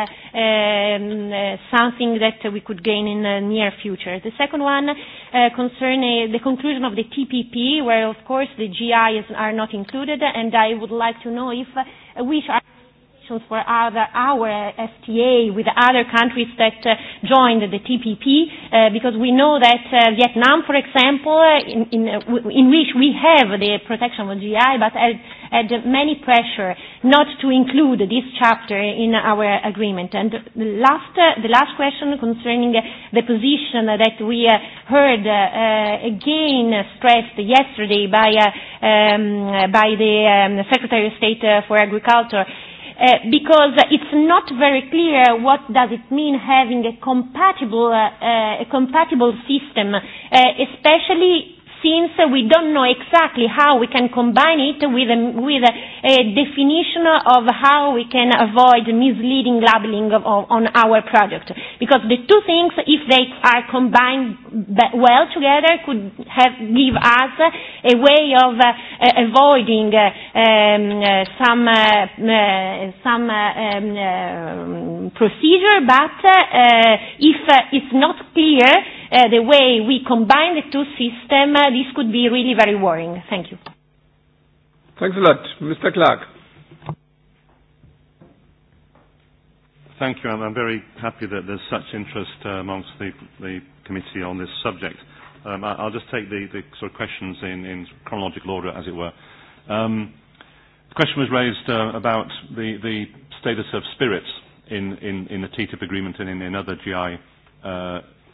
something that we could gain in the near future. The second one concerns the conclusion of the TPP, where of course the GIs are not included, and I would like to know if we are for our FTA with other countries that joined the TPP, because we know that Vietnam, for example, in, in, which we have the protection of GI, but had many pressure not to include this chapter in our agreement. And the last, the last question concerning the position that we heard again stressed yesterday by, by the Secretary of State for Agriculture because it's not very clear what does it mean having a compatible, a compatible system, especially since we don't know exactly how we can combine it with a, with a, definition of how we can avoid misleading labeling of, on our product. Because the two things, if they are combined well together, could have, give us a way of avoiding um, some, uh, some um, uh, procedure, but uh, if uh, it's not clear, the way we combine the two systems, this could be really very worrying. Thank you. Thanks a lot. Mr. Clark. Thank you. I'm very happy that there's such interest amongst the, the committee on this subject. Um, I'll just take the, the sort of questions in, in chronological order, as it were. Um, the question was raised about the, the status of spirits in, in, in the TTIP agreement and in, in other GI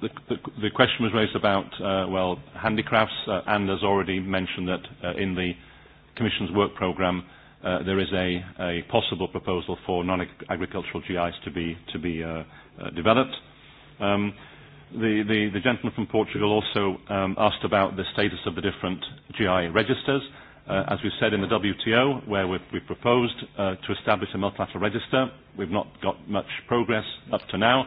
The question was raised about, well, handicrafts. and as already mentioned that in the Commission's work programme there is a possible proposal for non-agricultural GIs to be to be developed. The gentleman from Portugal also asked about the status of the different GI registers. As we said in the WTO, where we've proposed to establish a multilateral register, we've not got much progress up to now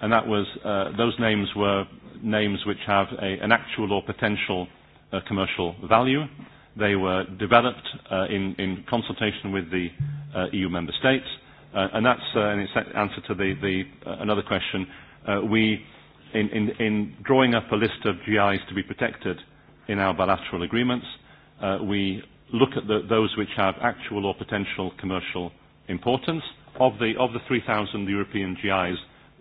and that was those names were names which have an actual or potential commercial value. They were developed in consultation with the EU member states, and that's an answer to the another question. We, in drawing up a list of GIs to be protected in our bilateral agreements, we look at those which have actual or potential commercial importance. Of the 3,000 European GIs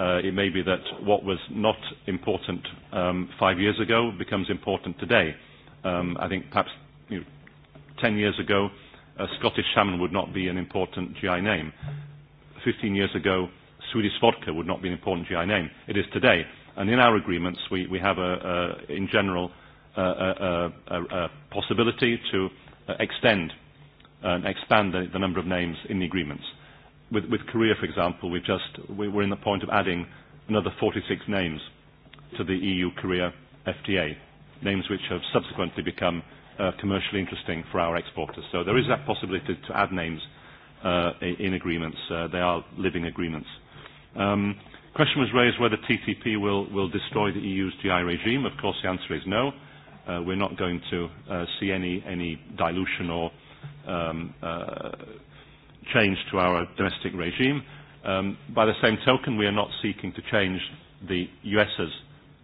It may be that what was not important five years ago becomes important today. I think perhaps ten years ago, a Scottish salmon would not be an important GI name. Fifteen years ago, Swedish vodka would not be an important GI name. It is today. And in our agreements, we we have, in general, a possibility to extend and expand the number of names in the agreements with, with Korea, for example, just, we we're in the point of adding another 46 names to the EU-Korea FTA, names which have subsequently become commercially interesting for our exporters. So there is that possibility to add names in agreements. They are living agreements. Um, question was raised whether TTP will, will destroy the EU's GI regime. Of course, the answer is no. we're not going to see any, any dilution or um, change to our domestic regime. by the same token, we are not seeking to change the US's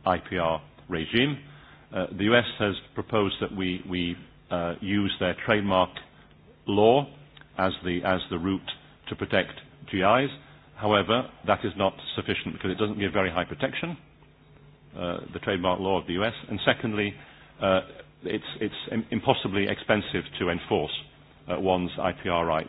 IPR regime. the US has proposed that we, we uh, use their trademark law as the, as the route to protect GIs. However, that is not sufficient because it doesn't give very high protection, the trademark law of the US. And secondly, it's, it's impossibly expensive to enforce one's IPR right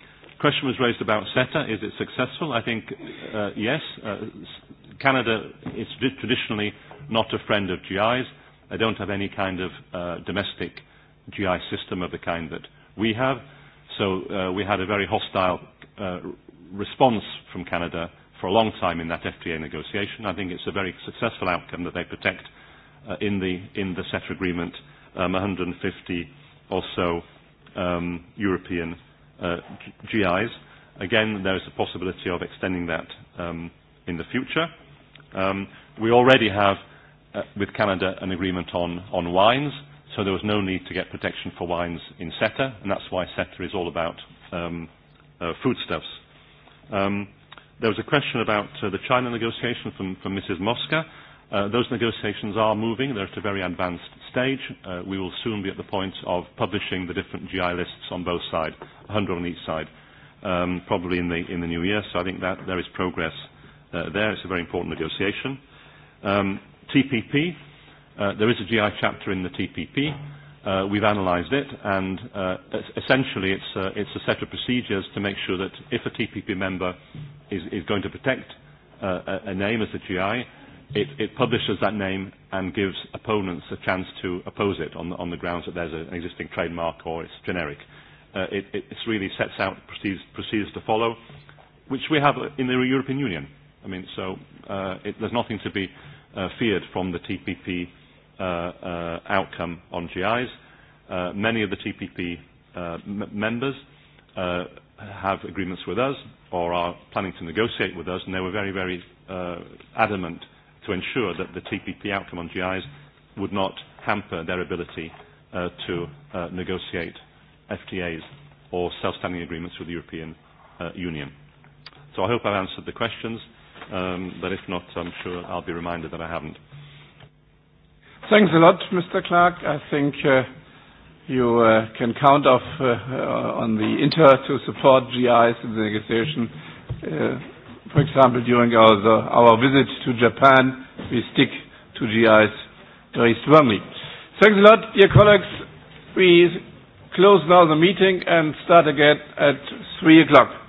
question was raised about CETA. Is it successful? I think yes. Canada is traditionally not a friend of GIs. They don't have any kind of domestic GI system of the kind that we have. So we had a very hostile response from Canada for a long time in that FTA negotiation. I think it's a very successful outcome that they protect in the in the CETA agreement 150 or so European GIs. Again, there is a possibility of extending that in the future. We already have with Canada an agreement on wines, so there was no need to get protection for wines in CETA, and that's why CETA is all about foodstuffs. There was a question about the China negotiation from Mrs. Mosca. Those negotiations are moving. They're at a very advanced stage. We will soon be at the point of publishing the different GI lists on both sides, 100 on each side, probably in the in the new year. So I think that there is progress there. It's a very important negotiation. TPP. There is a GI chapter in the TPP. We've analysed it, and essentially it's it's a set of procedures to make sure that if a TPP member is is going to protect a name as a GI, it, it publishes that name and gives opponents a chance to oppose it on the, on the grounds that there's an existing trademark or it's generic. Uh, it, it really sets out procedures, to follow, which we have in the European Union. I mean, so uh, there's nothing to be feared from the TPP uh, uh, outcome on GIs. many of the TPP uh, members uh, have agreements with us or are planning to negotiate with us, and they were very, very uh, adamant to ensure that the TPP outcome on GIs would not hamper their ability to negotiate FTAs or self-standing agreements with the European Union. So I hope I've answered the questions, but if not, I'm sure I'll be reminded that I haven't. Thanks a lot, Mr. Clark. I think you can count off on the Inter to support GIs in the negotiation. For example, during our, our visit to Japan, we stick to GIs very strongly. Thanks a lot, dear colleagues. We close now the meeting and start again at 3 o'clock.